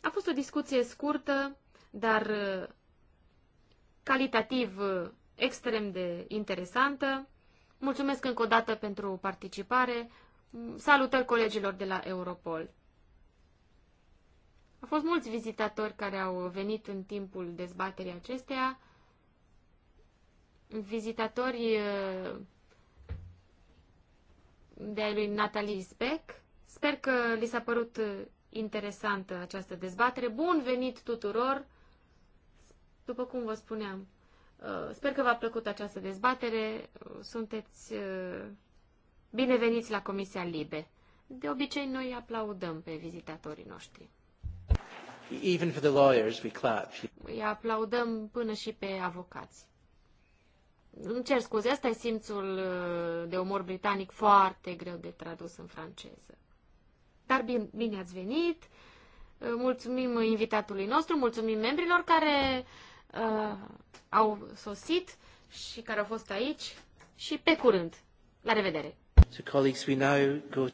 A fost o discuție scurtă, dar calitativ extrem de interesantă. Mulțumesc încă o dată pentru participare. Salutări colegilor de la Europol. Au fost mulți vizitatori care au venit în timpul dezbaterii acesteia, vizitatori eh, de a lui Natalie Speck. Sper că li s-a părut eh, interesantă această dezbatere. Bun venit tuturor! După cum vă spuneam, eh, sper că v-a plăcut această dezbatere. Sunteți bineveniți la Comisia Libe. De obicei, noi aplaudăm pe vizitatorii noștri. Even for the lawyers, we clap. Îi aplaudăm până și pe avocați. Îmi cer scuze, asta e simțul uh, de umor britanic foarte greu de tradus în franceză. Dar bine, bine ați venit, uh, mulțumim invitatului nostru, mulțumim membrilor care uh, au sosit și care au fost aici și pe curând. La revedere! So colleagues, we now go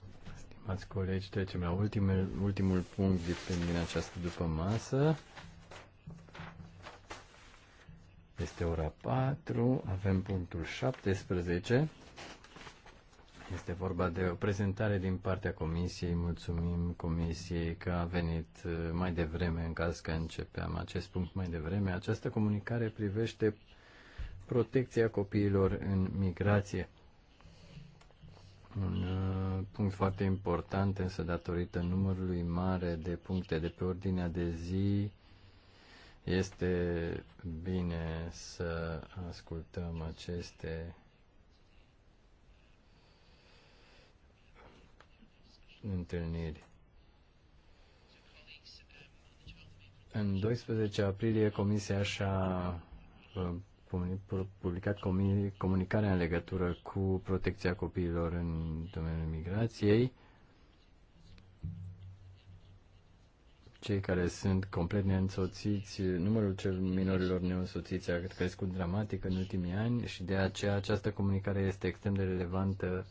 Stimați colegi, trecem la ultimul, ultimul punct din această după masă. Este ora 4, avem punctul 17. Este vorba de o prezentare din partea comisiei. Mulțumim comisiei că a venit uh, mai devreme, în caz că începeam acest punct mai devreme. Această comunicare privește protecția copiilor în migrație. Un uh, punct foarte important, însă datorită numărului mare de puncte de pe ordinea de zi, este bine să ascultăm aceste întâlniri. În 12 aprilie Comisia și-a uh, publicat comunicarea în legătură cu protecția copiilor în domeniul migrației. Cei care sunt complet neînsoțiți, numărul cel minorilor neînsoțiți a crescut dramatic în ultimii ani și de aceea această comunicare este extrem de relevantă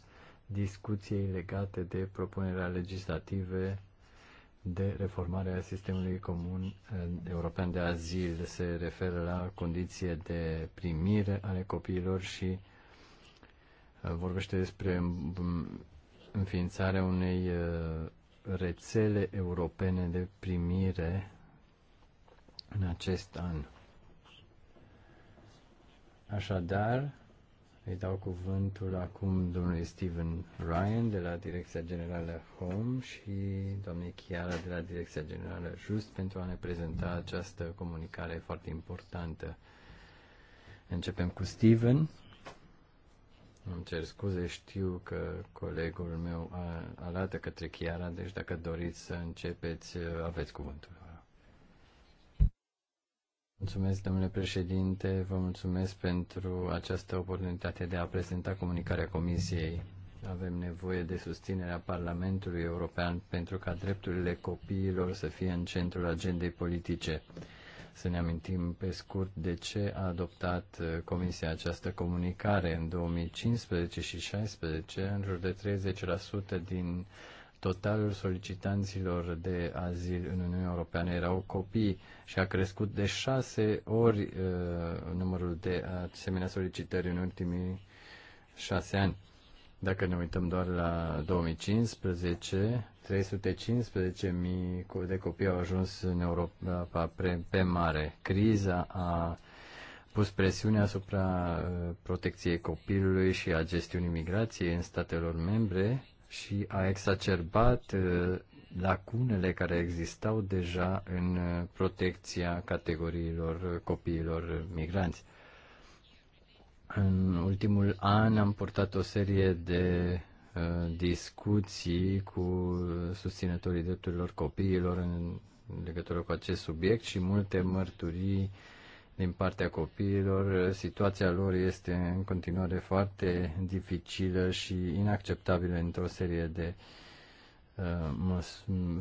discuției legate de propunerea legislative de reformare a sistemului comun eh, european de azil se referă la condiție de primire ale copiilor și eh, vorbește despre înființarea unei eh, rețele europene de primire în acest an. Așadar, îi dau cuvântul acum domnului Steven Ryan de la Direcția Generală Home și doamnei Chiara de la Direcția Generală Just pentru a ne prezenta această comunicare foarte importantă. Începem cu Steven. Îmi cer scuze, știu că colegul meu arată către Chiara, deci dacă doriți să începeți, aveți cuvântul. Mulțumesc, domnule președinte, vă mulțumesc pentru această oportunitate de a prezenta comunicarea Comisiei. Avem nevoie de susținerea Parlamentului European pentru ca drepturile copiilor să fie în centrul agendei politice. Să ne amintim pe scurt de ce a adoptat uh, Comisia această comunicare în 2015 și 2016. În jur de 30% din uh, totalul solicitanților de azil în Uniunea Europeană erau copii și a crescut de șase ori uh, numărul de asemenea solicitări în ultimii șase ani. Dacă ne uităm doar la 2015, 315.000 de copii au ajuns în Europa pe mare. Criza a pus presiune asupra uh, protecției copilului și a gestiunii migrației în statelor membre și a exacerbat uh, lacunele care existau deja în uh, protecția categoriilor uh, copiilor migranți. În ultimul an am purtat o serie de discuții cu susținătorii drepturilor copiilor în legătură cu acest subiect și multe mărturii uh, din partea copiilor, situația lor este în continuare foarte dificilă și inacceptabilă într-o serie de uh,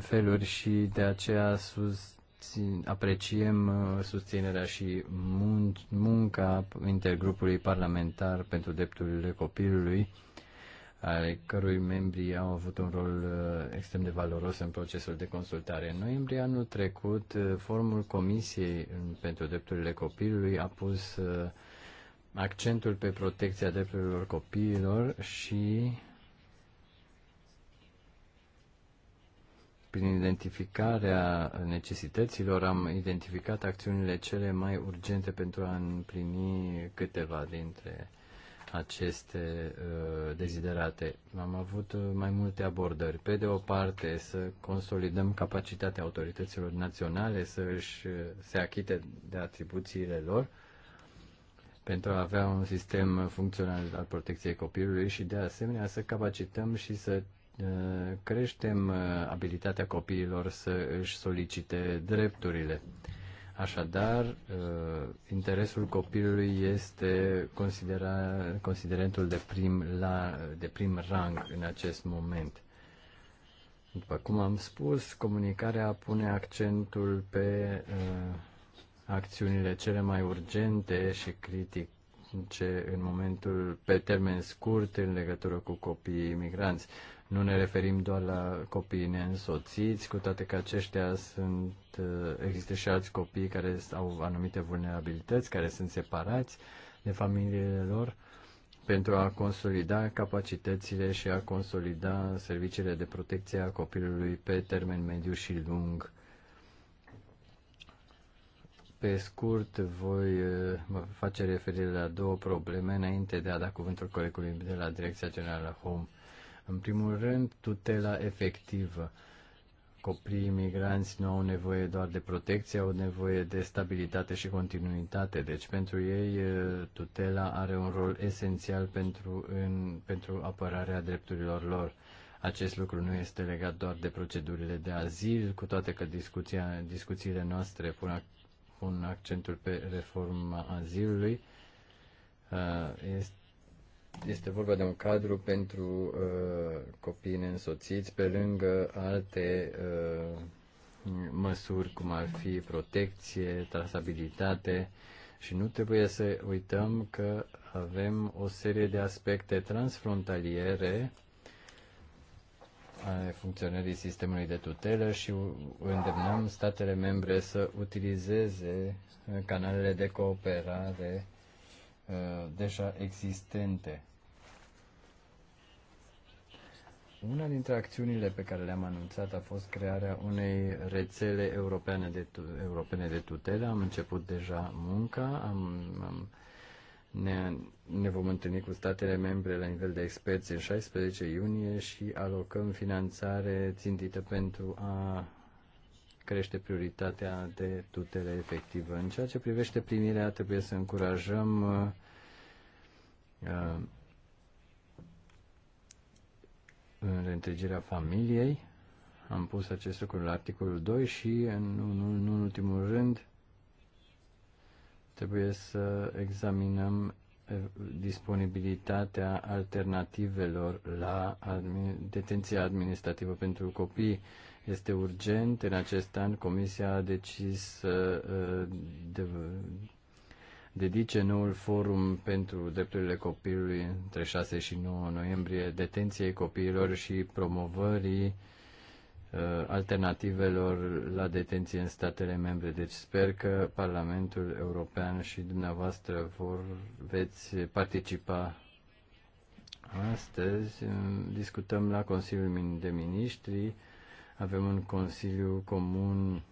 feluri și de aceea susțin, apreciem uh, susținerea și mun- munca intergrupului parlamentar pentru drepturile copilului ale cărui membri au avut un rol uh, extrem de valoros în procesul de consultare. În noiembrie anul trecut, uh, formul Comisiei pentru Drepturile Copilului a pus uh, accentul pe protecția drepturilor copiilor și prin identificarea necesităților am identificat acțiunile cele mai urgente pentru a împlini câteva dintre aceste uh, deziderate. Am avut uh, mai multe abordări. Pe de o parte, să consolidăm capacitatea autorităților naționale să își uh, se achite de atribuțiile lor pentru a avea un sistem funcțional al protecției copilului și de asemenea să capacităm și să uh, creștem uh, abilitatea copiilor să își solicite drepturile. Uh, Așadar, uh, interesul copilului este considera, considerentul de prim, la, de prim rang în acest moment. După cum am spus, comunicarea pune accentul pe uh, acțiunile cele mai urgente și critice în momentul pe termen scurt în legătură cu copiii migranți. Nu ne referim doar la copiii neînsoțiți, cu toate că aceștia sunt, uh, există și alți copii care au anumite vulnerabilități, care sunt separați de familiile lor pentru a consolida capacitățile și a consolida serviciile de protecție a copilului pe termen mediu și lung. Pe scurt, voi uh, face referire la două probleme înainte de a da cuvântul colegului de la Direcția Generală Home în primul rând, tutela efectivă. Copiii imigranți nu au nevoie doar de protecție, au nevoie de stabilitate și continuitate. Deci pentru ei tutela are un rol esențial pentru, în, pentru apărarea drepturilor lor. Acest lucru nu este legat doar de procedurile de azil, cu toate că discuția, discuțiile noastre pun, pun accentul pe reforma azilului. Uh, este este vorba de un cadru pentru uh, copii neînsoțiți pe lângă alte uh, măsuri cum ar fi protecție, trasabilitate și nu trebuie să uităm că avem o serie de aspecte transfrontaliere ale funcționării sistemului de tutelă și îndemnăm statele membre să utilizeze uh, canalele de cooperare Uh, deja existente. Una dintre acțiunile pe care le-am anunțat a fost crearea unei rețele europene de, europene de tutele. Am început deja munca, am, am, ne, ne vom întâlni cu statele membre la nivel de experți în 16 iunie și alocăm finanțare țintită pentru a crește prioritatea de tutele efectivă. În ceea ce privește primirea, trebuie să încurajăm uh, reîntregirea familiei. Am pus acest lucru la articolul 2 și, în, în, în ultimul rând, trebuie să examinăm uh, disponibilitatea alternativelor la admi- detenția administrativă pentru copii. Uh, este urgent. În acest an Comisia a decis să uh, de, dedice noul forum pentru drepturile copilului între 6 și 9 noiembrie detenției copiilor și promovării uh, alternativelor la detenție în statele membre. Deci sper că Parlamentul European și dumneavoastră vor, veți participa astăzi. Uh, discutăm la Consiliul de Ministri avem un Consiliu Comun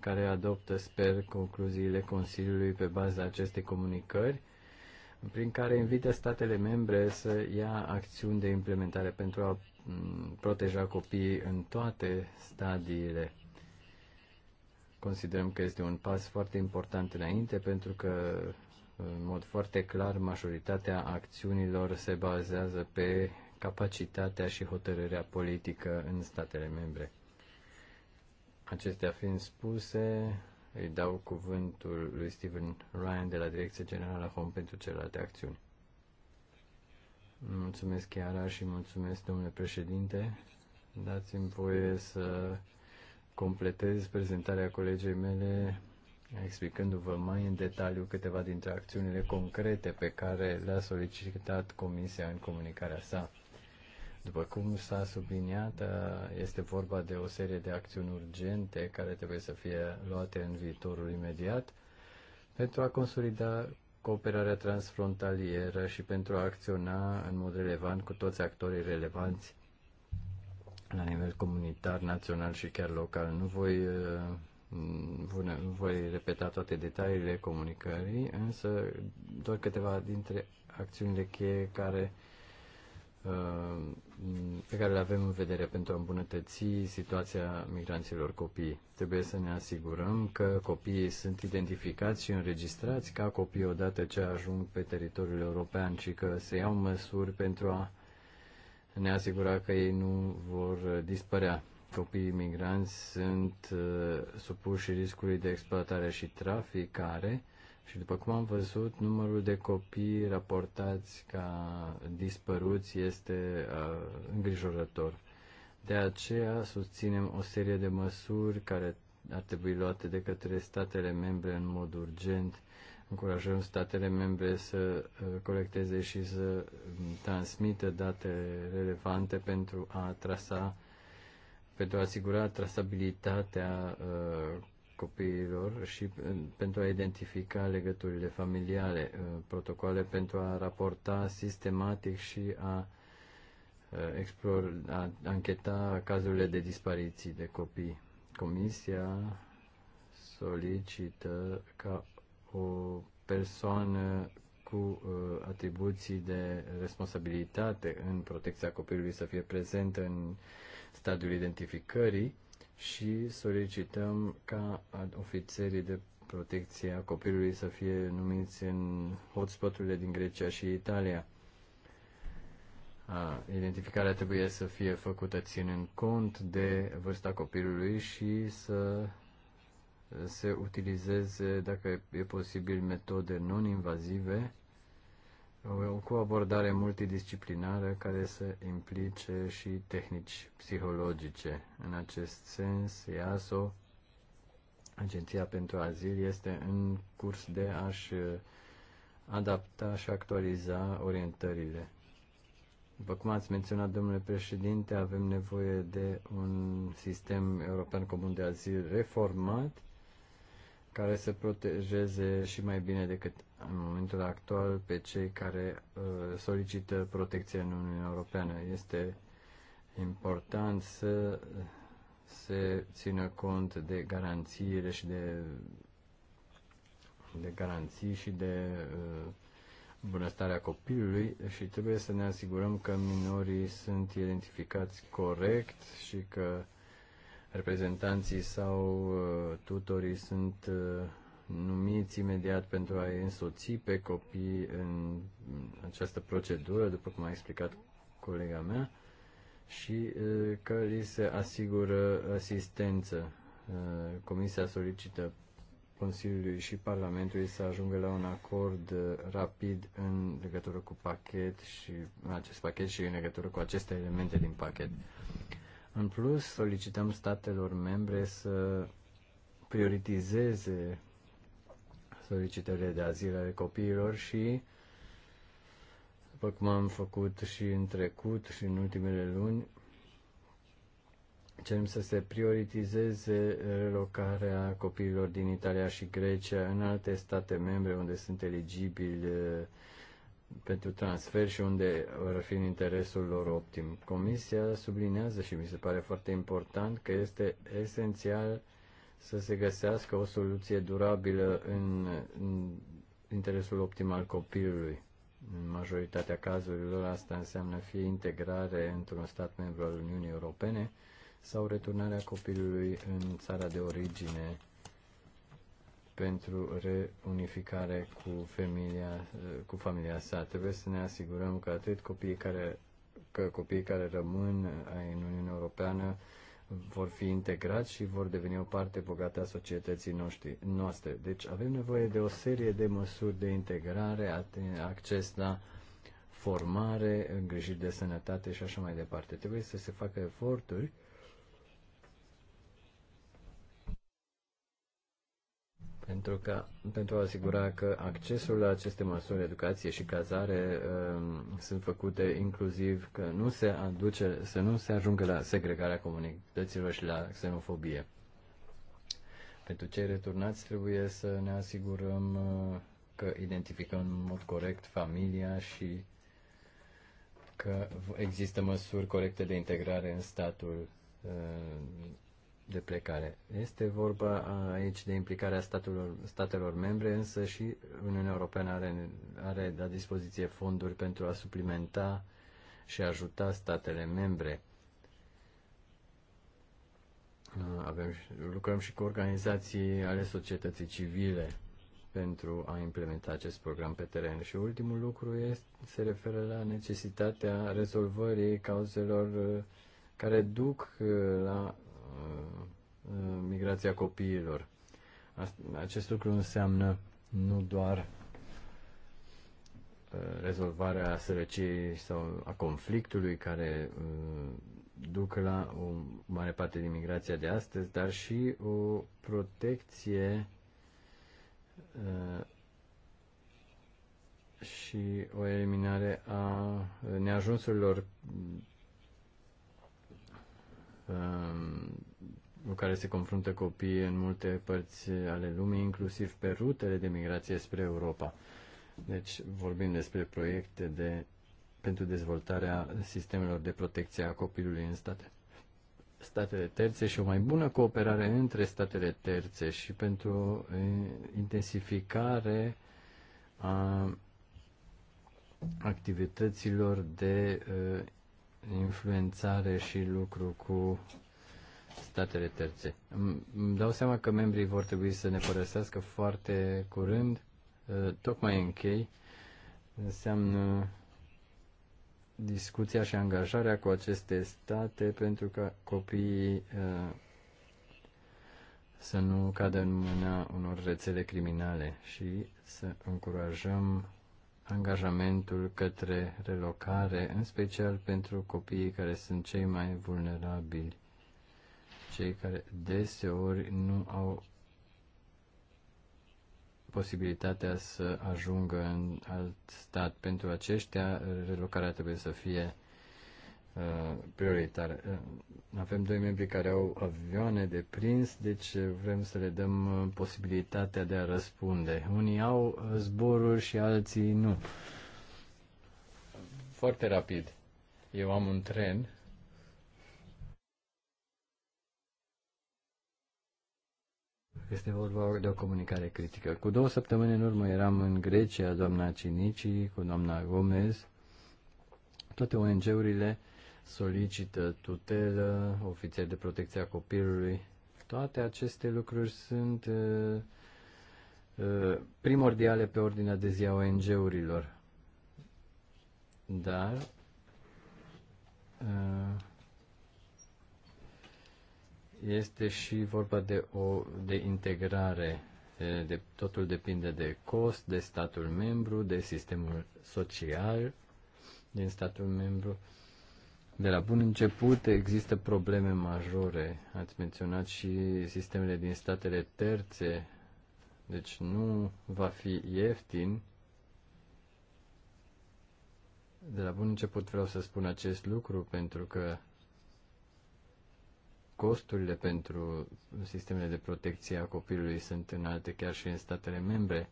care adoptă, sper, concluziile Consiliului pe baza acestei comunicări, prin care invită statele membre să ia acțiuni de implementare pentru a proteja copiii în toate stadiile. Considerăm că este un pas foarte important înainte pentru că în mod foarte clar majoritatea acțiunilor se bazează pe capacitatea și hotărârea politică în statele membre. Acestea fiind spuse, îi dau cuvântul lui Steven Ryan de la Direcția Generală Home pentru celelalte acțiuni. Mulțumesc, Chiara, și mulțumesc, domnule președinte. Dați-mi voie să completez prezentarea colegei mele explicându-vă mai în detaliu câteva dintre acțiunile concrete pe care le-a solicitat Comisia în comunicarea sa. După cum s-a subliniat, este vorba de o serie de acțiuni urgente care trebuie să fie luate în viitorul imediat pentru a consolida cooperarea transfrontalieră și pentru a acționa în mod relevant cu toți actorii relevanți la nivel comunitar, național și chiar local. Nu voi, nu voi repeta toate detaliile comunicării, însă doar câteva dintre acțiunile cheie care uh, Uh, pe care le avem în vedere pentru a îmbunătăți situația migranților copii. Trebuie să ne asigurăm că copiii sunt identificați și înregistrați ca copii odată ce ajung pe teritoriul european și că se iau măsuri pentru a ne asigura că ei nu vor dispărea. Copiii migranți sunt uh, supuși riscului de exploatare și traficare și după cum am văzut, numărul de copii raportați ca dispăruți este uh, îngrijorător. De aceea susținem o serie de măsuri care ar trebui luate de către statele membre în mod urgent. Încurajăm statele membre să uh, colecteze și să um, transmită date relevante pentru a trasa, pentru a asigura trasabilitatea uh, copiilor și uh, pentru a identifica legăturile familiale, uh, protocoale pentru a raporta sistematic și a, uh, explore, a ancheta cazurile de dispariții de copii. Comisia solicită ca o persoană cu atribuții de responsabilitate în protecția copilului să fie prezentă în stadiul identificării și solicităm ca ofițerii de protecție a copilului să fie numiți în hotspoturile din Grecia și Italia. A, identificarea trebuie să fie făcută ținând cont de vârsta copilului și să se utilizeze, dacă e posibil, metode non-invazive cu o abordare multidisciplinară care să implice și tehnici psihologice. În acest sens, IASO, Agenția pentru Azil, este în curs de a-și uh, adapta și actualiza orientările. După cum ați menționat, domnule președinte, avem nevoie de un sistem european comun de azil reformat care să protejeze și mai bine decât în momentul actual pe cei care uh, solicită protecție în Uniunea Europeană. Este important să se țină cont de garanțiile și de, de garanții și de uh, bunăstarea copilului și trebuie să ne asigurăm că minorii sunt identificați corect și că uh, reprezentanții sau uh, tutorii sunt uh, numiți imediat pentru a însoți pe copii în această procedură, după cum a explicat colega mea, și uh, că li se asigură asistență. Comisia solicită Consiliului și Parlamentului să ajungă la un acord rapid în legătură cu pachet și în acest pachet și în legătură cu aceste elemente din pachet. În plus, solicităm statelor membre să prioritizeze solicitările de azil ale copiilor și, după cum am făcut și în trecut și în ultimele luni, cerem să se prioritizeze relocarea copiilor din Italia și Grecia în alte state membre unde sunt eligibili pentru transfer și unde ar fi în interesul lor optim. Comisia sublinează și mi se pare foarte important că este esențial să se găsească o soluție durabilă în, în interesul optim al copilului. În majoritatea cazurilor asta înseamnă fie integrare într-un stat membru al Uniunii Europene sau returnarea copilului în țara de origine pentru reunificare cu familia, cu familia sa. Trebuie să ne asigurăm că atât copiii care, că copiii care rămân în Uniunea Europeană vor fi integrați și vor deveni o parte bogată a societății noștri, noastre. Deci avem nevoie de o serie de măsuri de integrare, acces la formare, îngrijiri de sănătate și așa mai departe. Trebuie să se facă eforturi pentru, că pentru a asigura că accesul la aceste măsuri, educație și cazare uh, sunt făcute inclusiv că nu se aduce, să nu se ajungă la segregarea comunităților și la xenofobie. Pentru cei returnați trebuie să ne asigurăm uh, că identificăm în mod corect familia și că există măsuri corecte de integrare în statul uh, de plecare. Este vorba aici de implicarea statelor, statelor membre, însă și Uniunea Europeană are, are la dispoziție fonduri pentru a suplimenta și ajuta statele membre. Avem, lucrăm și cu organizații ale societății civile pentru a implementa acest program pe teren. Și ultimul lucru este, se referă la necesitatea rezolvării cauzelor uh, care duc uh, la Uh, uh, migrația copiilor. Acest lucru înseamnă nu doar uh, rezolvarea sărăciei sau a conflictului care duc la o mare parte din migrația de astăzi, dar și o protecție și o eliminare a neajunsurilor cu um, care se confruntă copiii în multe părți ale lumii, inclusiv pe rutele de migrație spre Europa. Deci vorbim despre proiecte de, pentru dezvoltarea sistemelor de protecție a copilului în state, statele terțe și o mai bună cooperare între statele terțe și pentru intensificare a activităților de uh, influențare și lucru cu statele terțe. Îmi dau seama că membrii vor trebui să ne părăsească foarte curând, tocmai închei, înseamnă discuția și angajarea cu aceste state pentru ca copiii să nu cadă în mâna unor rețele criminale și să încurajăm angajamentul către relocare, în special pentru copiii care sunt cei mai vulnerabili, cei care deseori nu au posibilitatea să ajungă în alt stat. Pentru aceștia, relocarea trebuie să fie Uh, prioritar. Uh, avem doi membri care au avioane de prins, deci uh, vrem să le dăm posibilitatea de a răspunde. Unii au zboruri și alții nu. Foarte rapid. Eu am un tren Este vorba de o comunicare critică. Cu două săptămâni în urmă eram în Grecia, doamna Cinici, cu doamna Gomez, toate ONG-urile uh, solicită tutelă, ofițer de protecție a copilului. Toate aceste lucruri sunt uh, uh, primordiale pe ordinea de zi a ONG-urilor. Dar uh, este și vorba de, o, de integrare. De, totul depinde de cost, de statul membru, de sistemul social din statul membru. Uh, de la bun început există probleme majore. Ați menționat și sistemele din statele terțe. Deci nu va fi ieftin. De la bun început vreau să spun acest lucru pentru că costurile pentru sistemele de protecție a copilului sunt înalte chiar și în statele membre.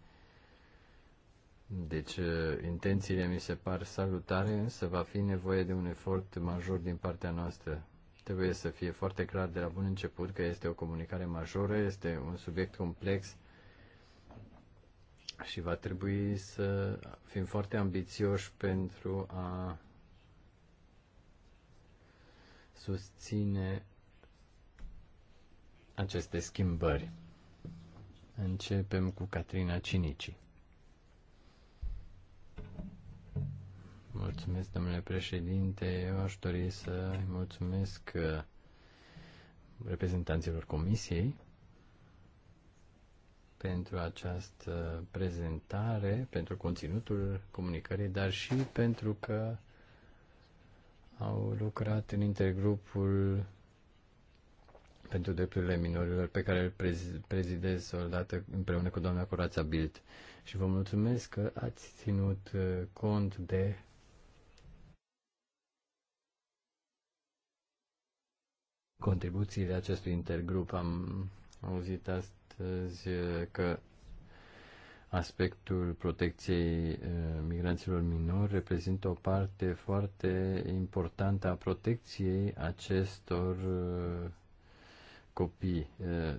Deci, uh, intențiile mi se par salutare, însă va fi nevoie de un efort major din partea noastră. Trebuie să fie foarte clar de la bun început că este o comunicare majoră, este un subiect complex și va trebui să fim foarte ambițioși pentru a susține aceste schimbări. Începem cu Catrina Cinici. Mulțumesc, domnule președinte. Eu aș dori să mulțumesc uh, reprezentanților comisiei pentru această prezentare, pentru conținutul comunicării, dar și pentru că au lucrat în intergrupul pentru drepturile minorilor pe care îl prezidez odată împreună cu doamna Curața Bilt. Și vă mulțumesc că ați ținut uh, cont de contribuțiile acestui intergrup. Am auzit astăzi că aspectul protecției eh, migranților minori reprezintă o parte foarte importantă a protecției acestor eh, copii eh,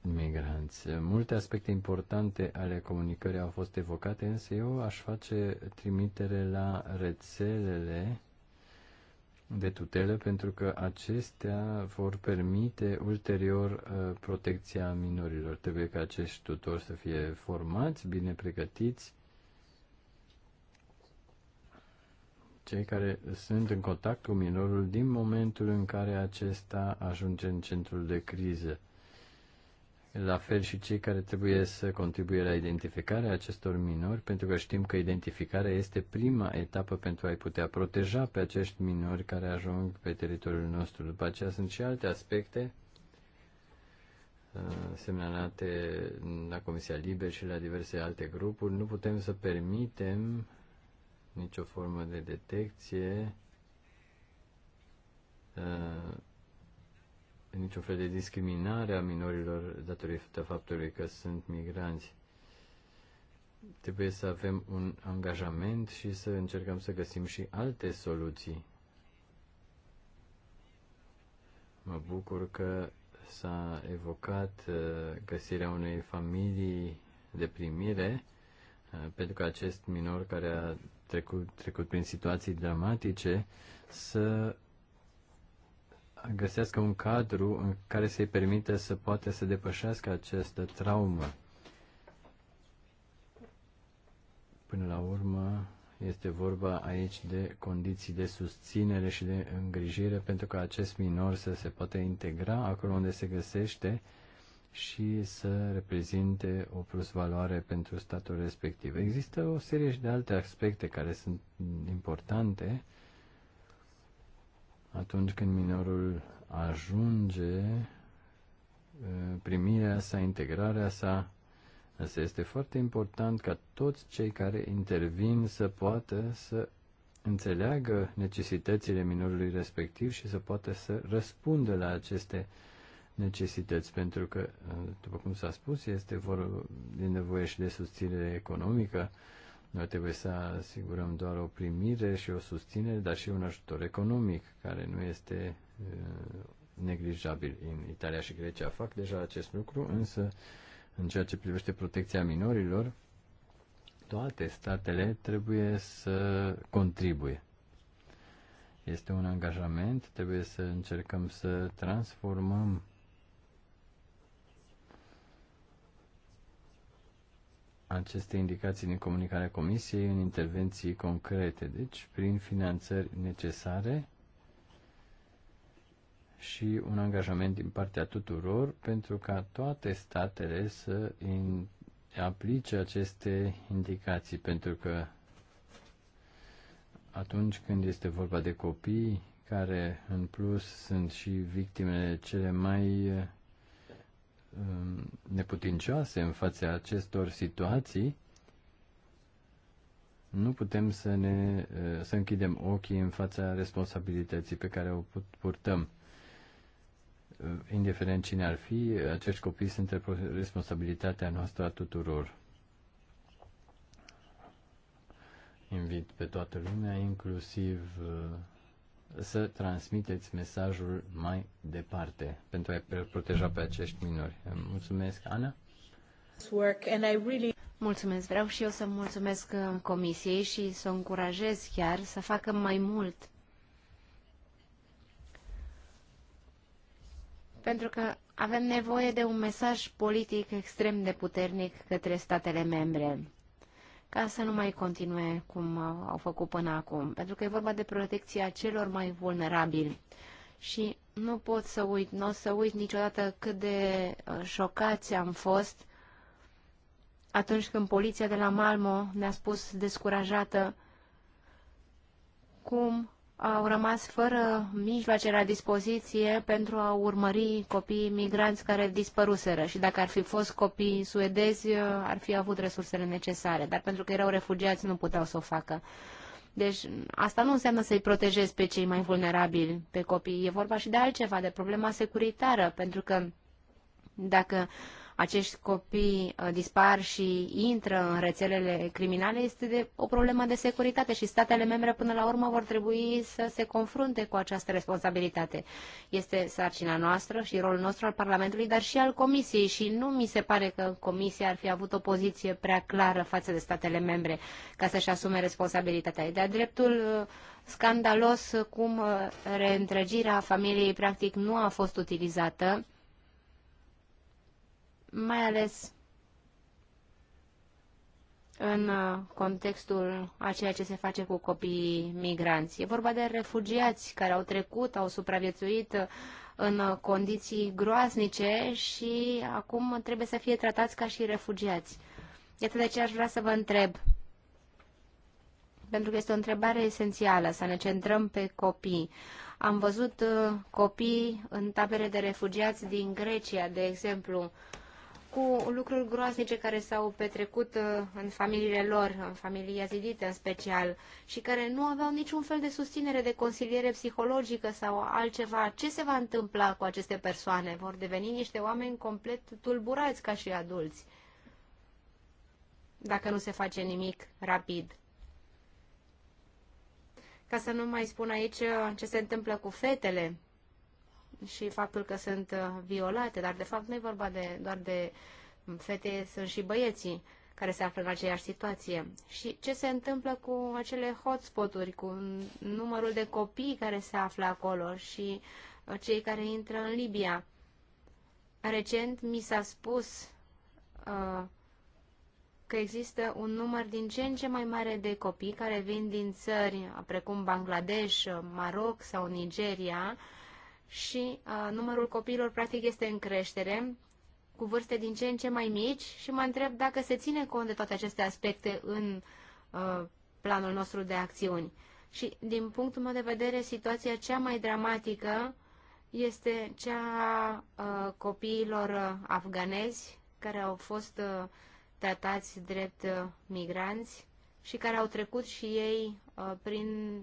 migranți. Multe aspecte importante ale comunicării au fost evocate, însă eu aș face trimitere la rețelele de tutelă pentru că acestea vor permite ulterior uh, protecția minorilor. Trebuie ca acești tutori să fie formați, bine pregătiți. Cei care sunt în contact cu minorul din momentul în care acesta ajunge în centrul de criză la fel și cei care trebuie să contribuie la identificarea acestor minori, pentru că știm că identificarea este prima etapă pentru a-i putea proteja pe acești minori care ajung pe teritoriul nostru. După aceea sunt și alte aspecte uh, semnalate la Comisia Liber și la diverse alte grupuri. Nu putem să permitem nicio formă de detecție uh, niciun fel de discriminare a minorilor datorită faptului că sunt migranți. Trebuie să avem un angajament și să încercăm să găsim și alte soluții. Mă bucur că s-a evocat uh, găsirea unei familii de primire, uh, pentru că acest minor care a trecut, trecut prin situații dramatice să găsească un cadru în care să-i permită să poată să depășească această traumă. Până la urmă, este vorba aici de condiții de susținere și de îngrijire pentru ca acest minor să se poată integra acolo unde se găsește și să reprezinte o plusvaloare pentru statul respectiv. Există o serie și de alte aspecte care sunt importante atunci când minorul ajunge, ă, primirea sa, integrarea sa, Asta este foarte important ca toți cei care intervin să poată să înțeleagă necesitățile minorului respectiv și să poată să răspundă la aceste necesități, pentru că, ă, după cum s-a spus, este vor, de nevoie și de susținere economică, noi trebuie să asigurăm doar o primire și o susținere, dar și un ajutor economic, care nu este neglijabil. În Italia și Grecia fac deja acest lucru, însă în ceea ce privește protecția minorilor, toate statele trebuie să contribuie. Este un angajament, trebuie să încercăm să transformăm aceste indicații din comunicarea Comisiei în intervenții concrete, deci prin finanțări necesare și un angajament din partea tuturor pentru ca toate statele să in, aplice aceste indicații, pentru că atunci când este vorba de copii care în plus sunt și victimele cele mai Um, neputincioase în fața acestor situații, nu putem să ne uh, să închidem ochii în fața responsabilității pe care o purtăm. Uh, indiferent cine ar fi, acești copii sunt responsabilitatea noastră a tuturor. Invit pe toată lumea, inclusiv uh, să transmiteți mesajul mai departe pentru a proteja pe acești minori. Mulțumesc, Ana. Mulțumesc, vreau și eu să mulțumesc uh, comisiei și să o încurajez chiar să facă mai mult. Pentru că avem nevoie de un mesaj politic extrem de puternic către statele membre ca să nu mai continue cum au făcut până acum, pentru că e vorba de protecția celor mai vulnerabili. Și nu pot să uit, nu o să uit niciodată cât de uh, șocați am fost atunci când poliția de la Malmo ne-a spus descurajată cum au rămas fără mijloace la dispoziție pentru a urmări copiii migranți care dispăruseră și dacă ar fi fost copii suedezi, ar fi avut resursele necesare, dar pentru că erau refugiați nu puteau să o facă. Deci asta nu înseamnă să-i protejezi pe cei mai vulnerabili, pe copii. E vorba și de altceva, de problema securitară, pentru că dacă uh, acești copii uh, dispar și intră în rețelele criminale este de o problemă de securitate și statele membre până la urmă vor trebui să se confrunte cu această responsabilitate. Este sarcina noastră și rolul nostru al Parlamentului, dar și al Comisiei și nu mi se pare că Comisia ar fi avut o poziție prea clară față de statele membre ca să-și asume responsabilitatea. De-a dreptul uh, scandalos cum uh, reîntregirea familiei practic nu a fost utilizată mai ales în uh, contextul a ceea ce se face cu copiii migranți. E vorba de refugiați care au trecut, au supraviețuit uh, în uh, condiții groaznice și acum trebuie să fie tratați ca și refugiați. Iată de ce aș vrea să vă întreb, pentru că este o întrebare esențială, să ne centrăm pe copii. Am văzut copii în tabere de refugiați din Grecia, de exemplu, cu lucruri groaznice care s-au petrecut uh, în familiile lor, în familii yazidite în special, și care nu aveau niciun fel de susținere de consiliere psihologică sau altceva. Ce se va întâmpla cu aceste persoane? Vor deveni niște oameni complet tulburați ca și adulți, dacă nu se face nimic rapid. Ca să nu mai spun aici uh, ce se întâmplă cu fetele și faptul că sunt uh, violate, dar de fapt nu e vorba de, doar de fete, sunt și băieții care se află în aceeași situație. Și ce se întâmplă cu acele hotspot-uri, cu numărul de copii care se află acolo și uh, cei care intră în Libia. Recent mi s-a spus uh, că există un număr din ce în ce mai mare de copii care vin din țări precum Bangladesh, Maroc sau Nigeria, uh, și a, numărul copiilor practic este în creștere, cu vârste din ce în ce mai mici și mă întreb dacă se ține cont de toate aceste aspecte în a, planul nostru de acțiuni. Și din punctul meu de vedere, situația cea mai dramatică este cea a, copiilor afganezi care au fost a, tratați drept a, migranți și care au trecut și ei a, prin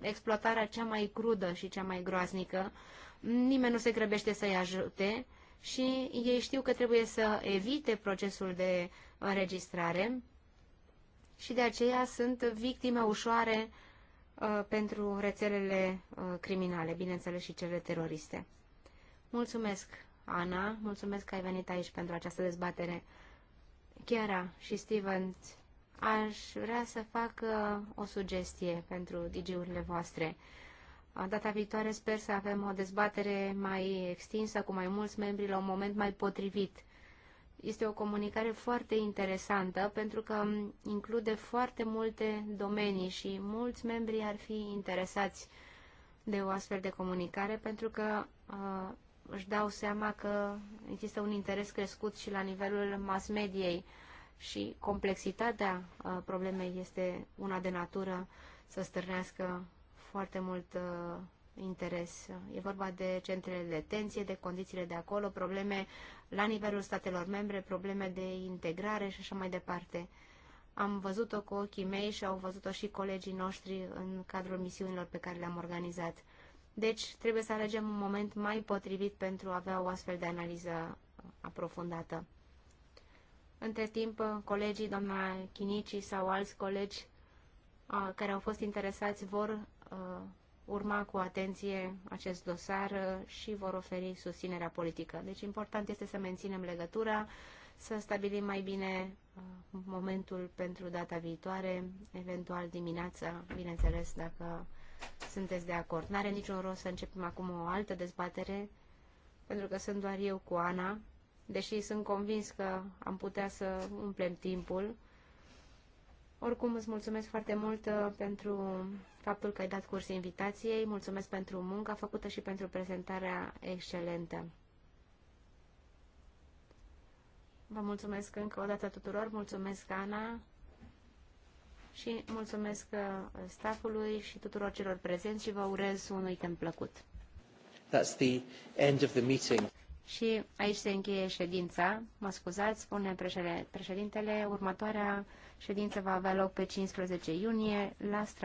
exploatarea cea mai crudă și cea mai groaznică. Nimeni nu se grăbește să-i ajute și ei știu că trebuie să evite procesul de înregistrare și de aceea sunt victime ușoare uh, pentru rețelele uh, criminale, bineînțeles și cele teroriste. Mulțumesc, Ana, mulțumesc că ai venit aici pentru această dezbatere. Chiara și Steven, Aș vrea să fac uh, o sugestie pentru digiurile urile voastre. Data viitoare sper să avem o dezbatere mai extinsă cu mai mulți membri la un moment mai potrivit. Este o comunicare foarte interesantă pentru că um, include foarte multe domenii și mulți membri ar fi interesați de o astfel de comunicare pentru că uh, își dau seama că există un interes crescut și la nivelul mass mediei. Uh, și complexitatea uh, problemei este una de natură să stârnească foarte mult uh, interes. E vorba de centrele de detenție, de condițiile de acolo, probleme la nivelul statelor membre, probleme de integrare și așa mai departe. Am văzut-o cu ochii mei și au văzut-o și colegii noștri în cadrul misiunilor pe care le-am organizat. Deci trebuie să alegem un moment mai potrivit pentru a avea o astfel de analiză aprofundată. Între timp, colegii, doamna Chinici sau alți colegi care au fost interesați vor urma cu atenție acest dosar și vor oferi susținerea politică. Deci important este să menținem legătura, să stabilim mai bine momentul pentru data viitoare, eventual dimineața, bineînțeles, dacă sunteți de acord. N-are niciun rost să începem acum o altă dezbatere, pentru că sunt doar eu cu Ana deși sunt convins că am putea să umplem timpul. Oricum, îți mulțumesc foarte mult uh, pentru faptul că ai dat curs invitației, mulțumesc pentru munca făcută și pentru prezentarea excelentă. Vă mulțumesc încă o dată tuturor, mulțumesc Ana și mulțumesc uh, staffului și tuturor celor prezenți și vă urez un weekend plăcut. That's the end of the meeting. Și aici se încheie ședința. Mă scuzați, spune președintele, următoarea ședință va avea loc pe 15 iunie la Strasbourg.